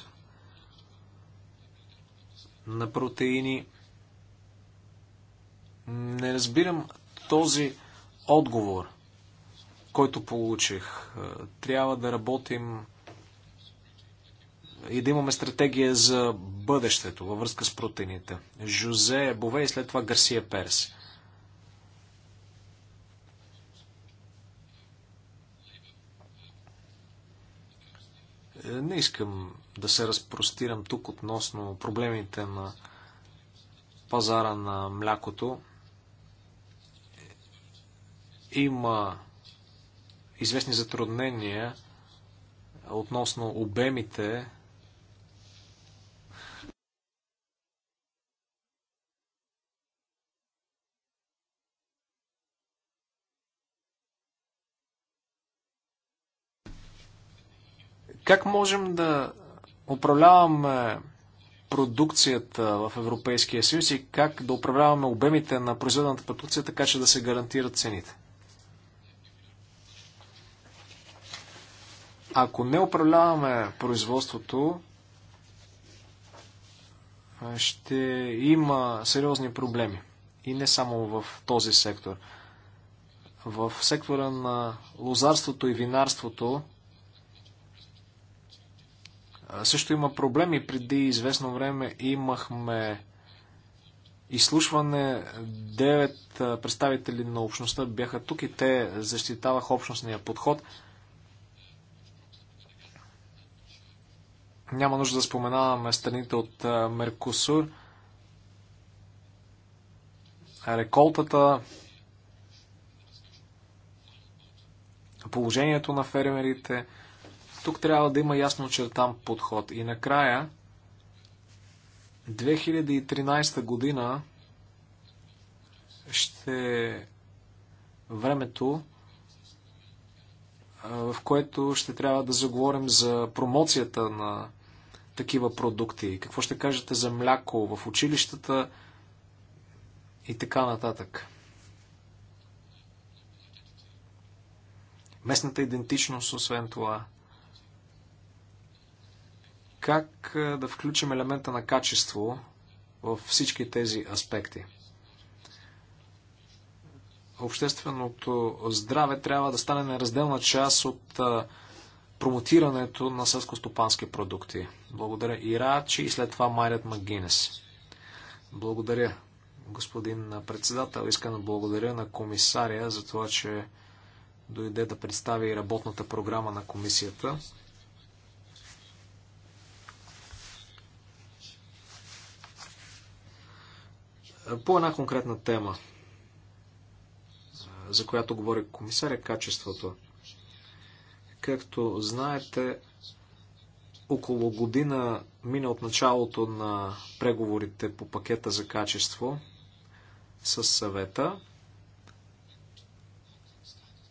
на протеини. Не разбирам този отговор, който получих. Трябва да работим и да имаме стратегия за бъдещето във връзка с протеините. Жозе Бове и след това Гарсия Перес. Не искам да се разпростирам тук относно проблемите на пазара на млякото. Има известни затруднения относно обемите Как можем да управляваме продукцията в Европейския съюз и как да управляваме обемите на произведената продукция, така че да се гарантират цените? Ако не управляваме производството, ще има сериозни проблеми. И не само в този сектор. В сектора на лозарството и винарството също има проблеми. Преди известно време имахме изслушване. Девет представители на общността бяха тук и те защитаваха общностния подход. Няма нужда да споменаваме страните от Меркусур. Реколтата, положението на фермерите – тук трябва да има ясно очертан подход. И накрая, 2013 година ще времето, в което ще трябва да заговорим за промоцията на такива продукти. Какво ще кажете за мляко в училищата и така нататък. Местната идентичност, освен това как да включим елемента на качество във всички тези аспекти. Общественото здраве трябва да стане неразделна част от промотирането на сълскостопански продукти. Благодаря Ирачи и след това Майрят Магинес. Благодаря, господин председател. Искам да благодаря на комисария за това, че дойде да представи работната програма на комисията. По една конкретна тема, за която говори комисаря, качеството. Както знаете, около година мина от началото на преговорите по пакета за качество с съвета.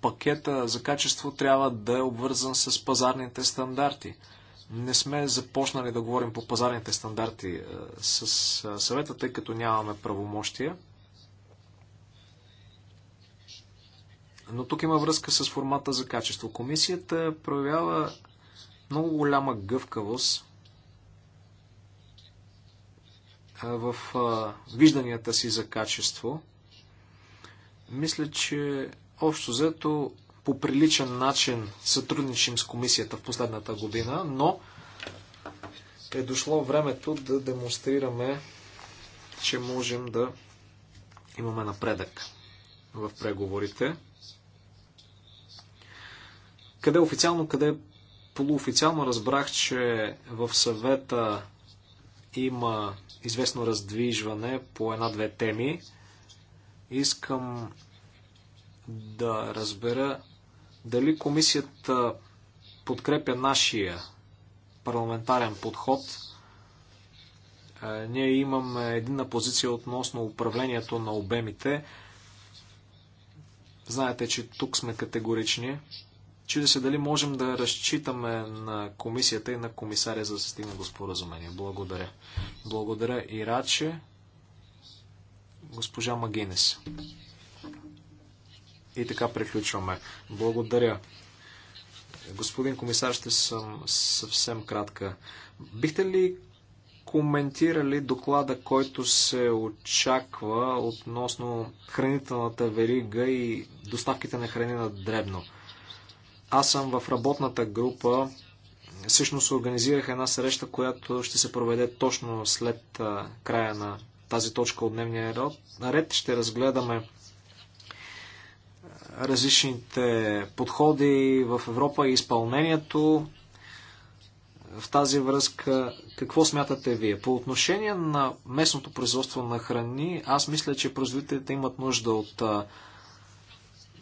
Пакета за качество трябва да е обвързан с пазарните стандарти – не сме започнали да говорим по пазарните стандарти е, с е, съвета, тъй като нямаме правомощия. Но тук има връзка с формата за качество. Комисията проявява много голяма гъвкавост е, в вижданията си за качество. Мисля, че общо взето по приличен начин сътрудничим с комисията в последната година, но е дошло времето да демонстрираме, че можем да имаме напредък в преговорите. Къде официално, къде полуофициално разбрах, че в съвета има известно раздвижване по една-две теми. Искам да разбера дали комисията подкрепя нашия парламентарен подход. Е, ние имаме една позиция относно управлението на обемите. Знаете, че тук сме категорични. Чуди се дали можем да разчитаме на комисията и на комисаря за да се стигне до споразумение. Благодаря. Благодаря Ираче. Госпожа Магинес. И така приключваме. Благодаря. Господин комисар, ще съм съвсем кратка. Бихте ли коментирали доклада, който се очаква относно хранителната верига и доставките на храни на дребно? Аз съм в работната група. Всъщност организирах една среща, която ще се проведе точно след края на тази точка от дневния ред. Ще разгледаме различните подходи в Европа и изпълнението в тази връзка, какво смятате вие? По отношение на местното производство на храни, аз мисля, че производителите имат нужда от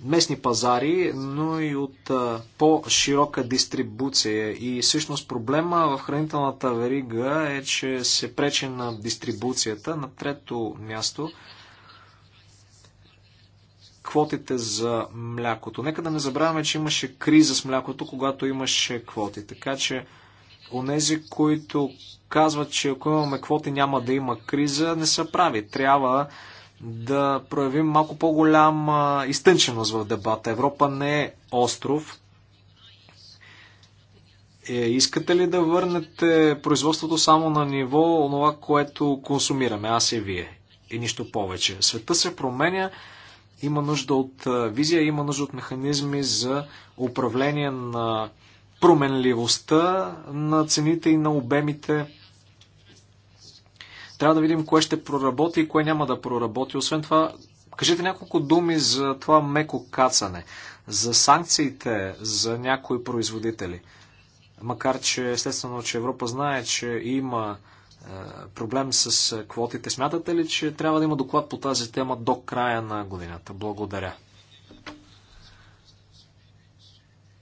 местни пазари, но и от по-широка дистрибуция. И всъщност проблема в хранителната верига е, че се пречи на дистрибуцията. На трето място квотите за млякото. Нека да не забравяме, че имаше криза с млякото, когато имаше квоти. Така че онези, които казват, че ако имаме квоти няма да има криза, не са прави. Трябва да проявим малко по-голяма изтънченост в дебата. Европа не е остров. Е, искате ли да върнете производството само на ниво онова, което консумираме, аз и вие? И нищо повече. Света се променя има нужда от визия, има нужда от механизми за управление на променливостта на цените и на обемите. Трябва да видим кое ще проработи и кое няма да проработи. Освен това, кажете няколко думи за това меко кацане, за санкциите за някои производители. Макар че, естествено, че Европа знае, че има е, проблем с е, квотите. Смятате ли, че трябва да има доклад по тази тема до края на годината? Благодаря.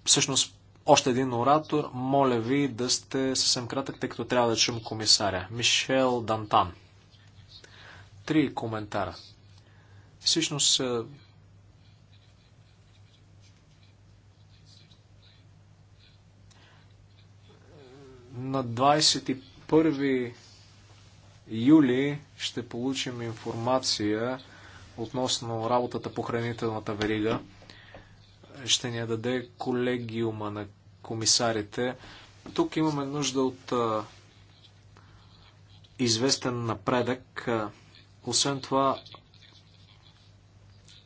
Всъщност, още един оратор. Моля ви да сте съвсем кратък, тъй като трябва да чуем комисаря. Мишел Дантан. Три коментара. Всъщност, е, на 21 първи юли ще получим информация относно работата по хранителната верига. Ще ни я даде колегиума на комисарите. Тук имаме нужда от известен напредък. Освен това,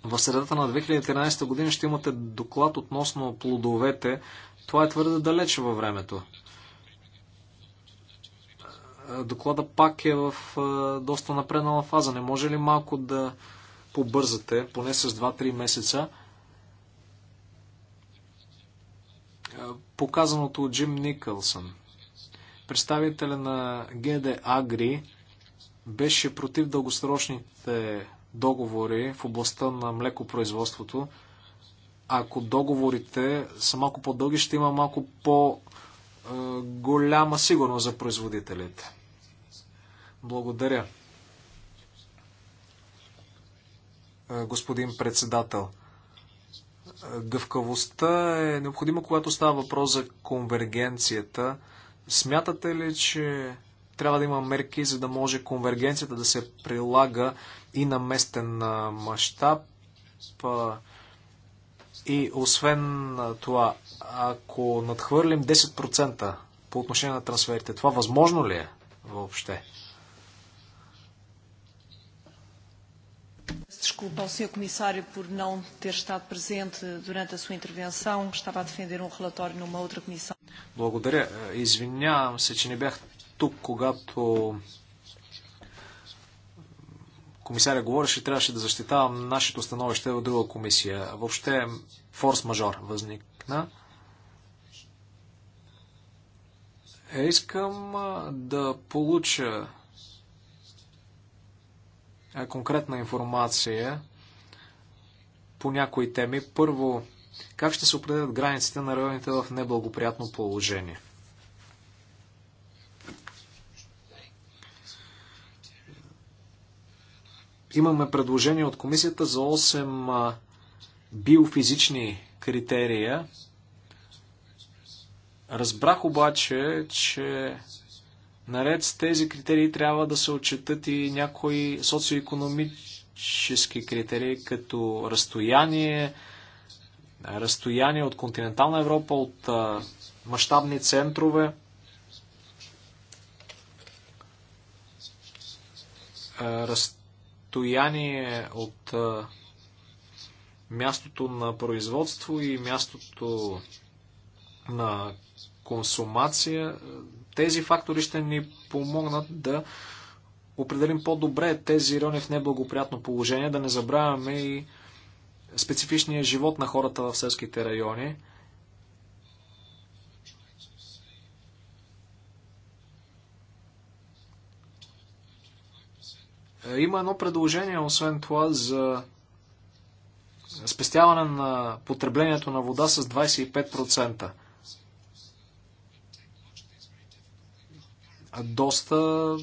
в средата на 2013 година ще имате доклад относно плодовете. Това е твърде далеч във времето. Доклада пак е в доста напреднала фаза. Не може ли малко да побързате, поне с 2-3 месеца? Показаното от Джим Никълсън, представителя на ГД Агри, беше против дългосрочните договори в областта на млекопроизводството. Ако договорите са малко по-дълги, ще има малко по- голяма сигурност за производителите. Благодаря. Господин председател, гъвкавостта е необходима, когато става въпрос за конвергенцията. Смятате ли, че трябва да има мерки, за да може конвергенцията да се прилага и на местен мащаб? И освен това, ако надхвърлим 10% по отношение на трансферите, това възможно ли е въобще?
Desculpa ao Sr. Comissário por não ter estado presente durante a sua intervenção. Estava a defender um relatório numa outra comissão.
Благодаря. Извинявам се, че не бях тук, когато комисаря говореше, трябваше да защитавам нашето становище от друга комисия. Въобще форс-мажор възникна. Е, искам да получа е конкретна информация по някои теми. Първо, как ще се определят границите на районите в неблагоприятно положение? Имаме предложение от комисията за 8 биофизични критерия. Разбрах обаче, че Наред с тези критерии трябва да се отчетат и някои социоекономически критерии, като разстояние, разстояние от континентална Европа, от мащабни центрове. разстояние от мястото на производство и мястото на консумация. Тези фактори ще ни помогнат да определим по-добре тези райони в неблагоприятно положение, да не забравяме и специфичния живот на хората в селските райони. Има едно предложение, освен това, за спестяване на потреблението на вода с 25%. доста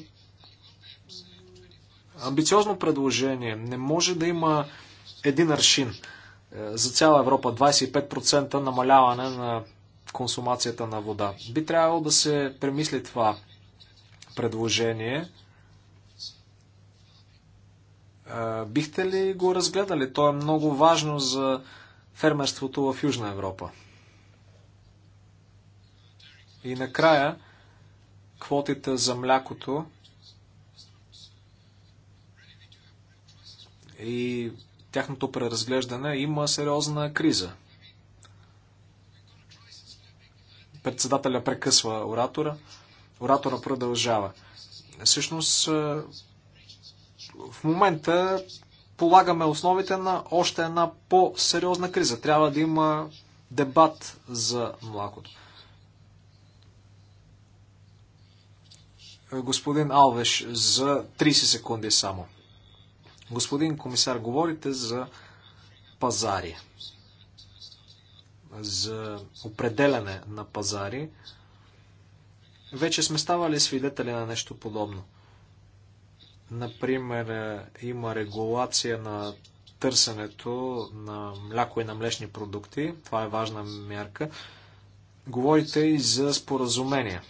амбициозно предложение. Не може да има един аршин е, за цяла Европа 25% намаляване на консумацията на вода. Би трябвало да се премисли това предложение. Е, бихте ли го разгледали? То е много важно за фермерството в Южна Европа. И накрая, квотите за млякото и тяхното преразглеждане, има сериозна криза. Председателя прекъсва оратора. Оратора продължава. Всъщност, е, в момента полагаме основите на още една по-сериозна криза. Трябва да има дебат за млякото. господин Алвеш за 30 секунди само. Господин комисар, говорите за пазари, за определяне на пазари. Вече сме ставали свидетели на нещо подобно. Например, е, има регулация на търсенето на мляко и на млечни продукти. Това е важна мярка. Говорите и за споразумения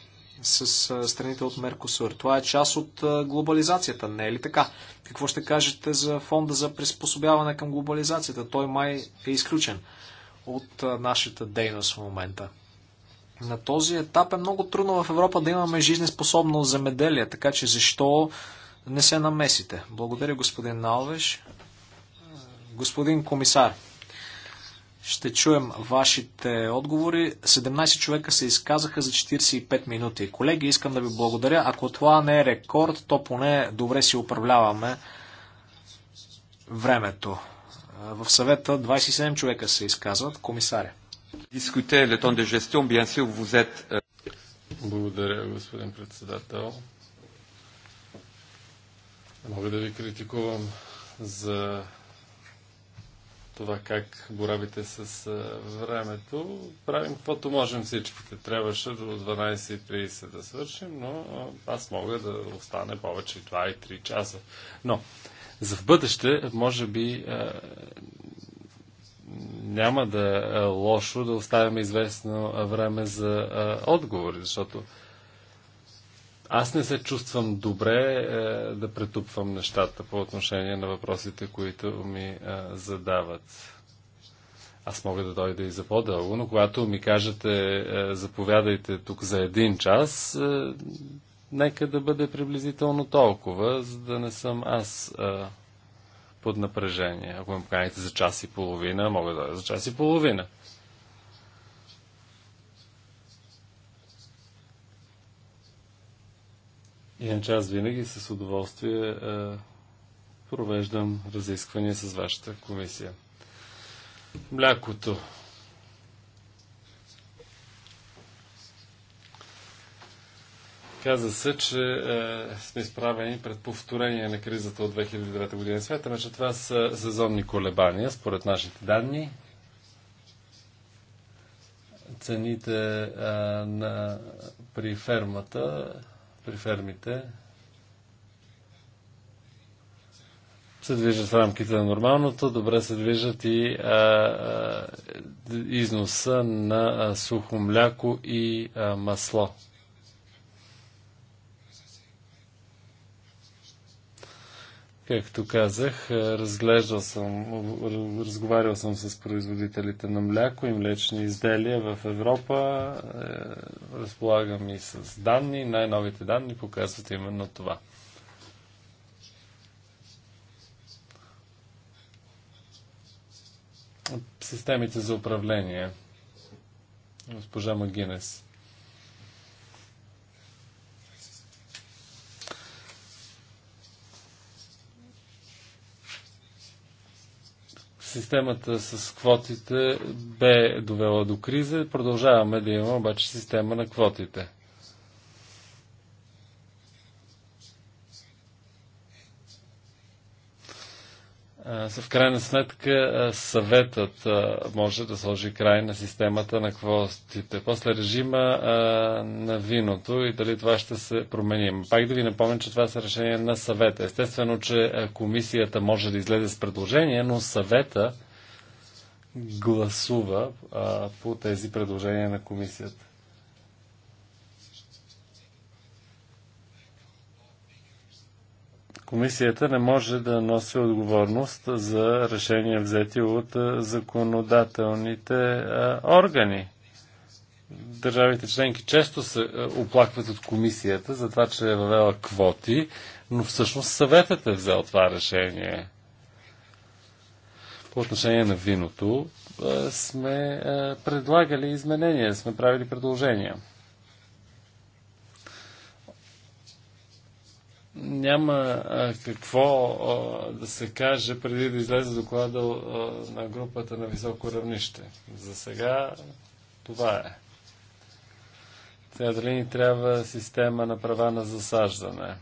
с страните от Меркосур. Това е част от глобализацията, не е ли така? Какво ще кажете за фонда за приспособяване към глобализацията? Той май е изключен от нашата дейност в момента. На този етап е много трудно в Европа да имаме жизнеспособно земеделие, така че защо не се намесите? Благодаря, господин Налвеш. Господин комисар. Ще чуем вашите отговори. 17 човека се изказаха за 45 минути. Колеги, искам да ви благодаря. Ако това не е рекорд, то поне добре си управляваме времето. В съвета 27 човека се изказват. Комисаря.
Е euh. Благодаря, господин председател. Мога да ви критикувам за това как боравите с времето. Правим каквото можем всичките. Трябваше до 12.30 да свършим, но аз мога да остане повече и 2 и 3 часа. Но за в бъдеще, може би, няма да е лошо да оставяме известно време за отговори, защото аз не се чувствам добре е, да претупвам нещата по отношение на въпросите, които ми е, задават. Аз мога да дойда и за по-дълго, но когато ми кажете е, заповядайте тук за един час, е, нека да бъде приблизително толкова, за да не съм аз е, под напрежение. Ако ме поканите за час и половина, мога да дойда за час и половина. Иначе аз винаги с удоволствие е, провеждам разисквания с вашата комисия. Млякото. Каза се, че е, сме изправени пред повторение на кризата от 2009 година. Смятаме, че това са сезонни колебания, според нашите данни. Цените е, на, при фермата при фермите се движат в рамките на нормалното, добре се движат и а, а, износа на а, сухо мляко и а, масло. Както казах, е, разглеждал съм, е, разговарял съм с производителите на мляко и млечни изделия в Европа. Е, разполагам и с данни. Най-новите данни показват именно това. Системите за управление. Госпожа Магинес. Системата с квотите бе довела до криза. Продължаваме да имаме обаче система на квотите. в крайна сметка съветът може да сложи край на системата на квостите. После режима на виното и дали това ще се промени. Пак да ви напомня, че това са решение на съвета. Естествено, че комисията може да излезе с предложение, но съвета гласува по тези предложения на комисията. Комисията не може да носи отговорност за решения взети от законодателните органи. Държавите членки често се оплакват от комисията за това, че е въвела квоти, но всъщност съветът е взел това решение. По отношение на виното сме предлагали изменения, сме правили предложения. няма а, какво а, да се каже преди да излезе доклада а, на групата на високо равнище. За сега това е. Сега дали ни трябва система на права на засаждане?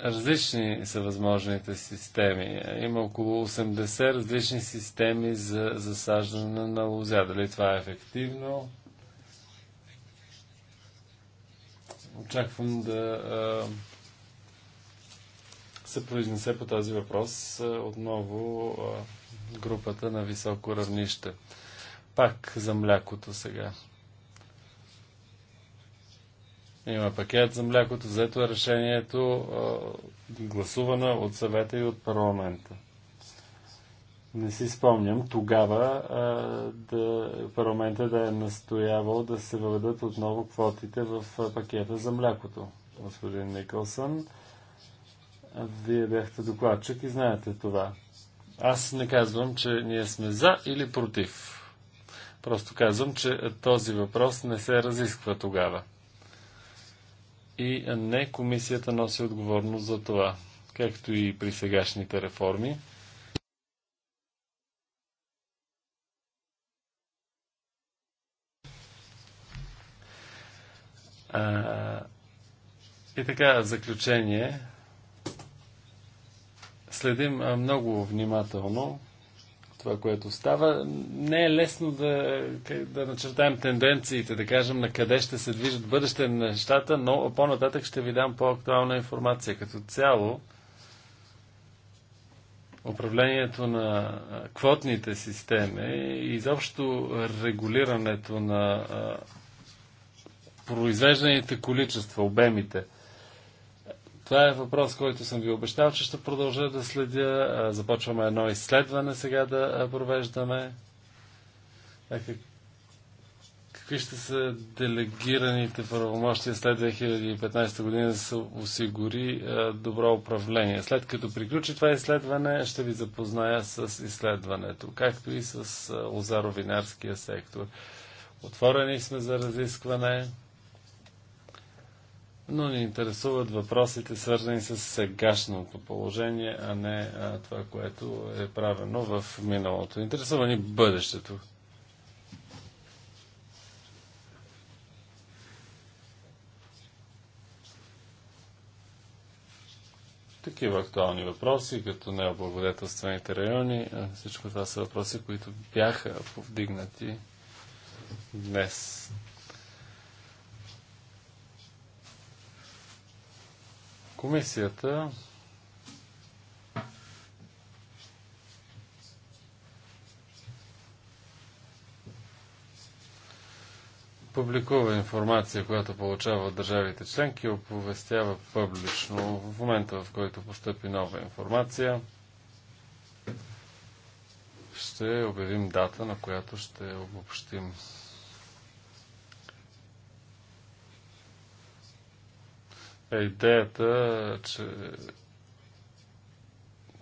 Различни са възможните системи. Има около 80 различни системи за засаждане на лозя. Дали това е ефективно? очаквам да се произнесе по този въпрос отново групата на високо равнище. Пак за млякото сега. Има пакет за млякото, взето е решението, гласувано от съвета и от парламента. Не си спомням тогава а, да, парламента да е настоявал да се въведат отново квотите в пакета за млякото. Господин Николсън. вие бяхте докладчик и знаете това. Аз не казвам, че ние сме за или против. Просто казвам, че този въпрос не се разисква тогава. И не комисията носи отговорност за това, както и при сегашните реформи А, и така, в заключение, следим много внимателно това, което става. Не е лесно да, да начертаем тенденциите, да кажем на къде ще се движат бъдеще нещата, но по-нататък ще ви дам по-актуална информация. Като цяло, управлението на квотните системи и изобщо регулирането на произвежданите количества, обемите. Това е въпрос, който съм ви обещал, че ще продължа да следя. Започваме едно изследване сега да провеждаме. Какви ще са делегираните правомощия след 2015 година да се осигури добро управление? След като приключи това изследване, ще ви запозная с изследването, както и с лозаровинарския сектор. Отворени сме за разискване но ни интересуват въпросите, свързани с сегашното положение, а не а, това, което е правено в миналото. Интересува ни бъдещето. такива актуални въпроси, като необлагодетелствените райони. Всичко това са въпроси, които бяха повдигнати днес. Комисията публикува информация, която получава от държавите членки и оповестява публично в момента, в който поступи нова информация. Ще обявим дата, на която ще обобщим А е идеята, че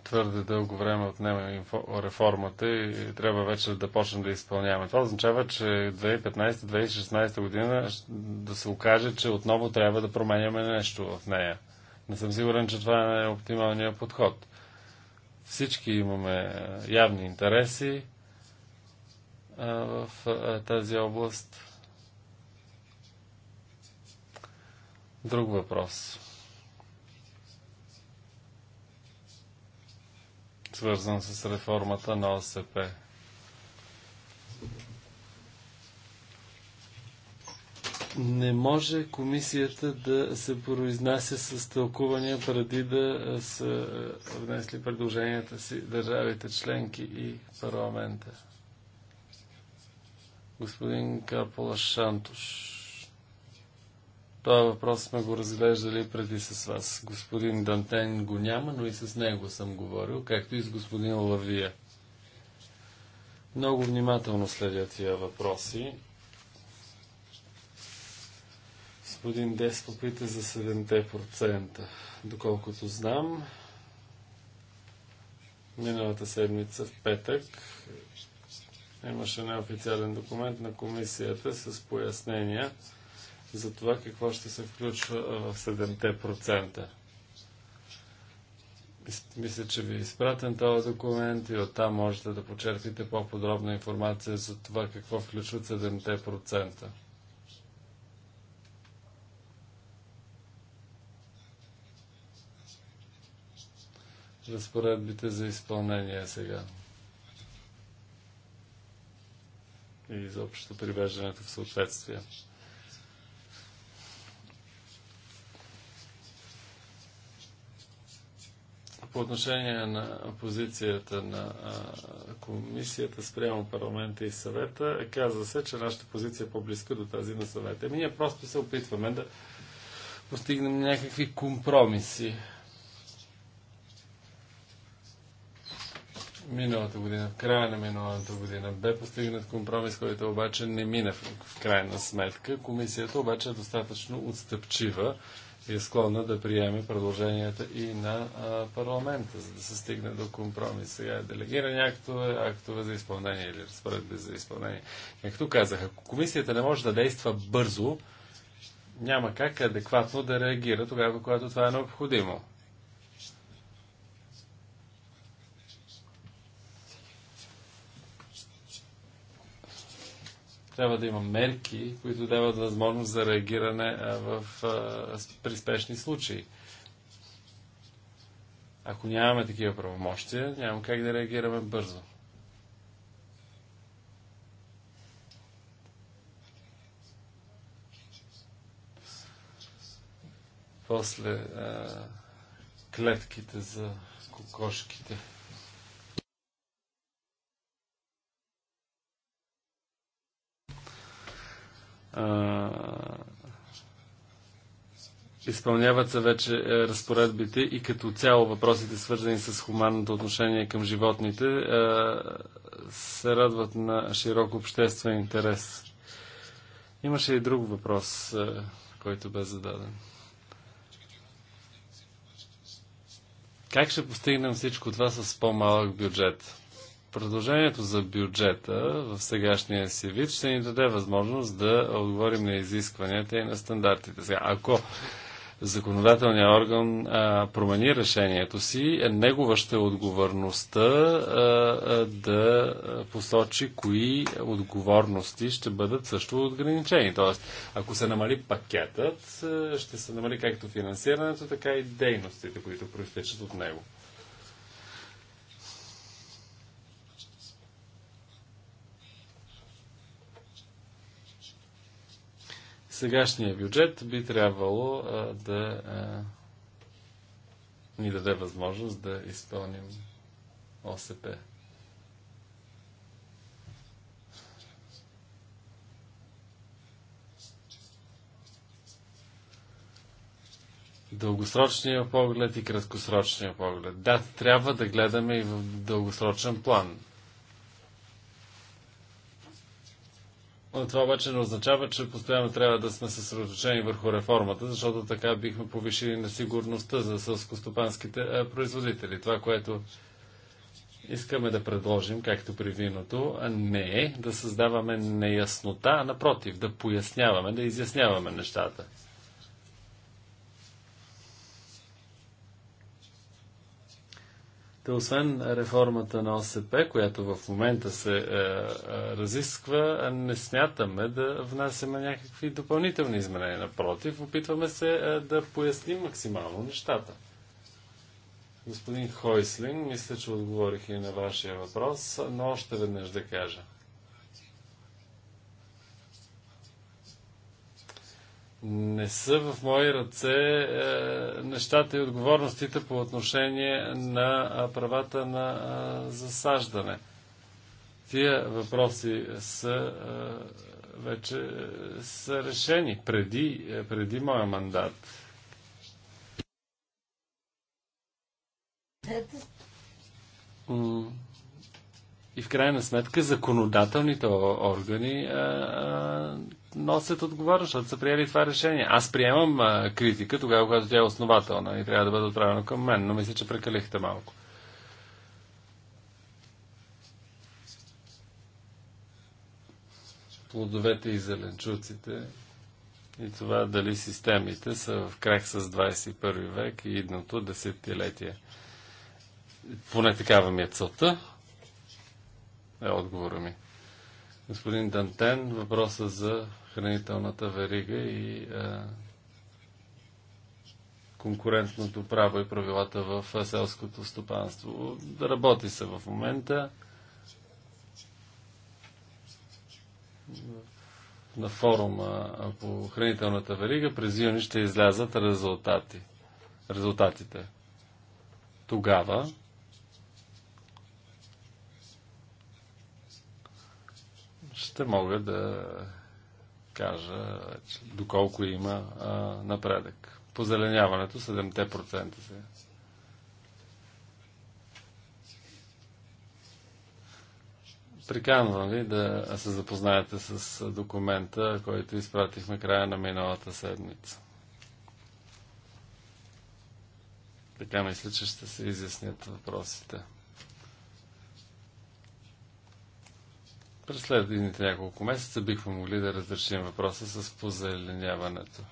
твърде дълго време отнема реформата и трябва вече да почнем да изпълняваме. Това означава, че 2015-2016 година да се окаже, че отново трябва да променяме нещо в нея. Не съм сигурен, че това е оптималният подход. Всички имаме явни интереси в тази област. Друг въпрос. Свързан с реформата на ОСП. не може комисията да се произнася с тълкувания преди да са внесли предложенията си държавите членки и парламента. Господин Капола Шантуш. Това въпрос сме го разглеждали преди с вас. Господин Дантен го няма, но и с него съм говорил, както и с господин Лавия. Много внимателно следя тия въпроси. Господин Дес попита за 7%. Доколкото знам, миналата седмица в петък имаше неофициален документ на комисията с пояснения за това какво ще се включва в 7%. Мисля, че ви е изпратен този документ и оттам можете да почерпите по-подробна информация за това какво включват 7%. разпоредбите за изпълнение сега. И изобщо привеждането в съответствие. по отношение на позицията на комисията спрямо парламента и съвета, казва се, че нашата позиция е по-близка до тази на съвета. Ами ние просто се опитваме да постигнем някакви компромиси. Миналата година, в края на миналата година, бе постигнат компромис, който обаче не мина в крайна сметка. Комисията обаче е достатъчно отстъпчива е склонна да приеме предложенията и на а, парламента, за да се стигне до компромис. Сега е делегирани актове, актове за изпълнение или разпоредби за изпълнение. Както казах, ако комисията не може да действа бързо, няма как адекватно да реагира тогава, когато това е необходимо. Трябва да има мерки, които дават възможност за реагиране в, при спешни случаи. Ако нямаме такива правомощия, няма как да реагираме бързо. После а, клетките за кокошките. изпълняват се вече е, разпоредбите и като цяло въпросите, свързани с хуманното отношение към животните, е, се радват на широк обществен интерес. Имаше и друг въпрос, е, който бе зададен. Как ще постигнем всичко това с по-малък бюджет? Продължението за бюджета в сегашния си вид ще ни даде възможност да отговорим на изискванията и на стандартите. Сега, ако законодателният орган а, промени решението си, негова ще е отговорността а, а, да посочи кои отговорности ще бъдат също ограничени. Тоест, ако се намали пакетът, ще се намали както финансирането, така и дейностите, които проистичат от него. сегашния бюджет би трябвало а, да а, ни даде възможност да изпълним ОСП. Дългосрочния поглед и краткосрочния поглед. Да, трябва да гледаме и в дългосрочен план. Но това обаче не означава, че постоянно трябва да сме съсредоточени върху реформата, защото така бихме повишили несигурността за сълскостопанските производители. Това, което искаме да предложим, както при виното, не е да създаваме неяснота, а напротив, да поясняваме, да изясняваме нещата. Те, освен реформата на ОСП, която в момента се е, е, разисква, не смятаме да внасяме някакви допълнителни изменения. Напротив, опитваме се е, да поясним максимално нещата. Господин Хойслин, мисля, че отговорих и на вашия въпрос, но още веднъж да кажа. не са в мои ръце е, нещата и отговорностите по отношение на правата на е, засаждане. Тия въпроси са е, вече е, са решени преди, е, преди моя мандат. И в крайна сметка законодателните органи а, а, носят отговорност, защото са приели това решение. Аз приемам а, критика тогава, когато тя е основателна и трябва да бъде отправена към мен, но мисля, че прекалихте малко. Плодовете и зеленчуците и това дали системите са в крах с 21 век и едното десетилетие. Поне такава ми е целта. Е отговора ми. Господин Дантен, въпроса за хранителната верига и е, конкурентното право и правилата в е, селското стопанство. Работи се в момента. На форума по хранителната верига през юни ще излязат резултати. резултатите. Тогава ще мога да кажа че, доколко има а, напредък. Позеленяването 7% сега. Приканвам ви да се запознаете с документа, който изпратихме края на миналата седмица. Така мисля, че ще се изяснят въпросите. През следните няколко месеца бихме могли да разрешим въпроса с позеленяването.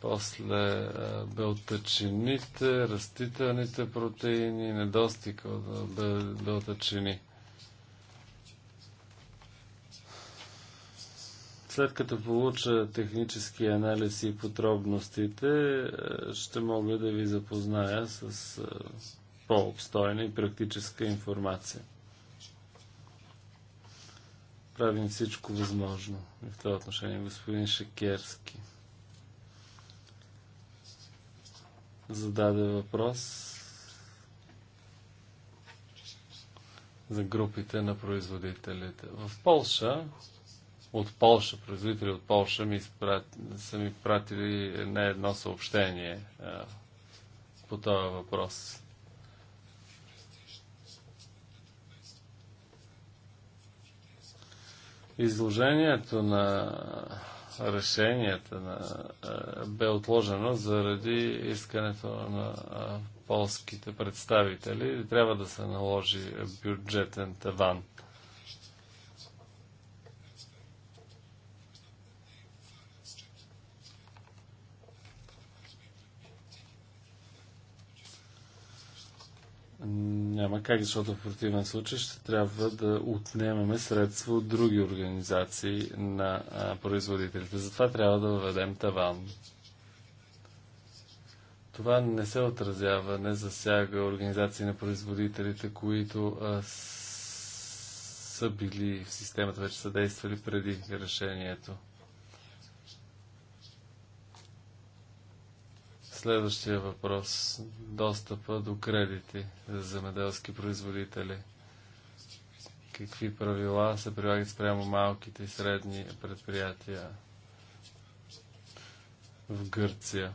После белтъчините, растителните протеини, недостиг от белтъчини. След като получа технически анализ и подробностите, ще мога да ви запозная с по-обстойна и практическа информация правим всичко възможно и в това отношение. Господин Шекерски зададе въпрос за групите на производителите. В Полша, от Полша, производители от Полша ми изпрат, са ми пратили не едно съобщение а, по този въпрос. Изложението на решенията на, е, бе отложено заради искането на е, полските представители. Трябва да се наложи бюджетен таван. Няма как, защото в противен случай ще трябва да отнемаме средства от други организации на а, производителите. Затова трябва да въведем таван. Това не се отразява, не засяга организации на производителите, които а, са били в системата, вече са действали преди решението. Следващия въпрос. Достъпа до кредити за земеделски производители. Какви правила се прилагат спрямо малките и средни предприятия в Гърция?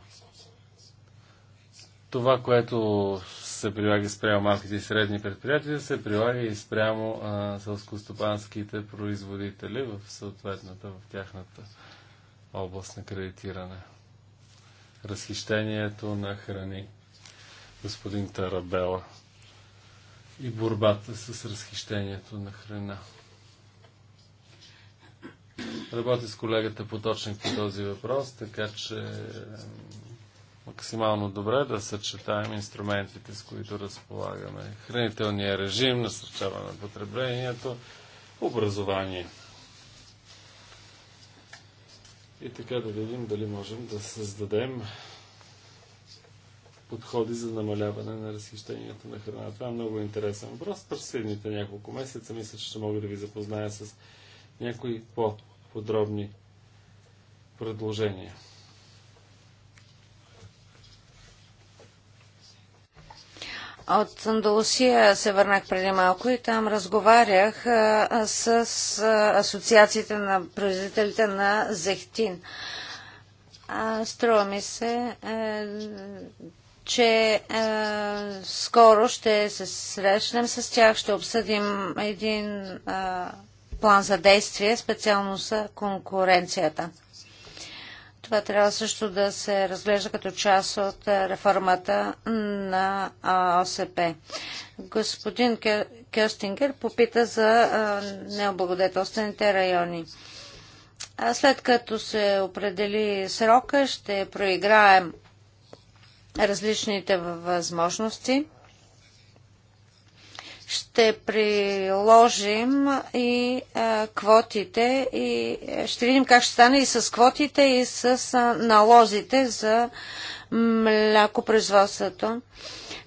Това, което се прилага спрямо малките и средни предприятия, се прилага и спрямо сълскостопанските производители в съответната, в тяхната област на кредитиране разхищението на храни. Господин Тарабела. И борбата с разхищението на храна. Работя с колегата Поточник по този въпрос, така че максимално добре да съчетаем инструментите, с които разполагаме. Хранителния режим, насърчаване на потреблението, образование – и така да видим дали можем да създадем подходи за намаляване на разхищението на храна. Това е много интересен въпрос. През следните няколко месеца мисля, че ще мога да ви запозная с някои по-подробни предложения.
От Андалусия се върнах преди малко и там разговарях с Асоциацията асоциациите на производителите на зехтин. струва ми се, е, че е, скоро ще се срещнем с тях, ще обсъдим един план за действие специално за конкуренцията. Това трябва също да се разглежда като част от реформата на ОСП. Господин Кюстингер попита за необлагодетелствените райони. След като се определи срока, ще проиграем различните възможности ще приложим и а, квотите и ще видим как ще стане и с квотите и с а, налозите за млякопроизводството.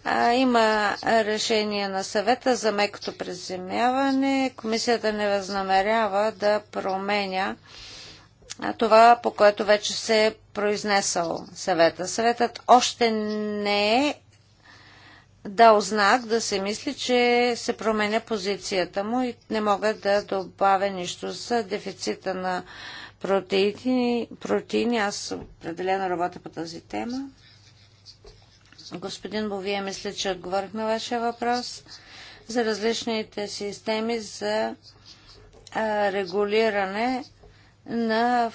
А, има решение на съвета за мекото приземяване. Комисията не възнамерява да променя това, по което вече се е произнесъл съвета. Съветът още не е дал знак да се мисли, че се променя позицията му и не мога да добавя нищо за дефицита на протеини. протеини. Аз определено работя по тази тема. Господин Бовие, мисля, че отговорих на вашия въпрос за различните системи за регулиране на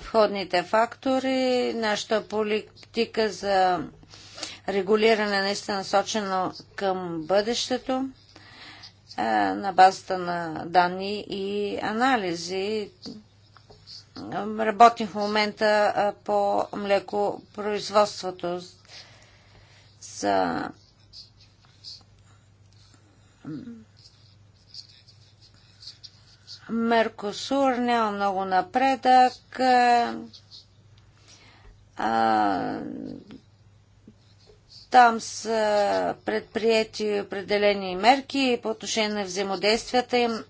входните фактори, нашата политика за регулиране наистина насочено към бъдещето на базата на данни и анализи. Работим в момента по млекопроизводството за Меркосур няма много напредък. А, там са предприяти определени мерки по отношение на взаимодействията им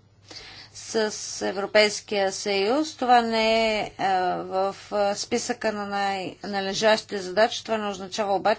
с Европейския съюз. Това не е в списъка на най-належащите задачи. Това не означава обаче,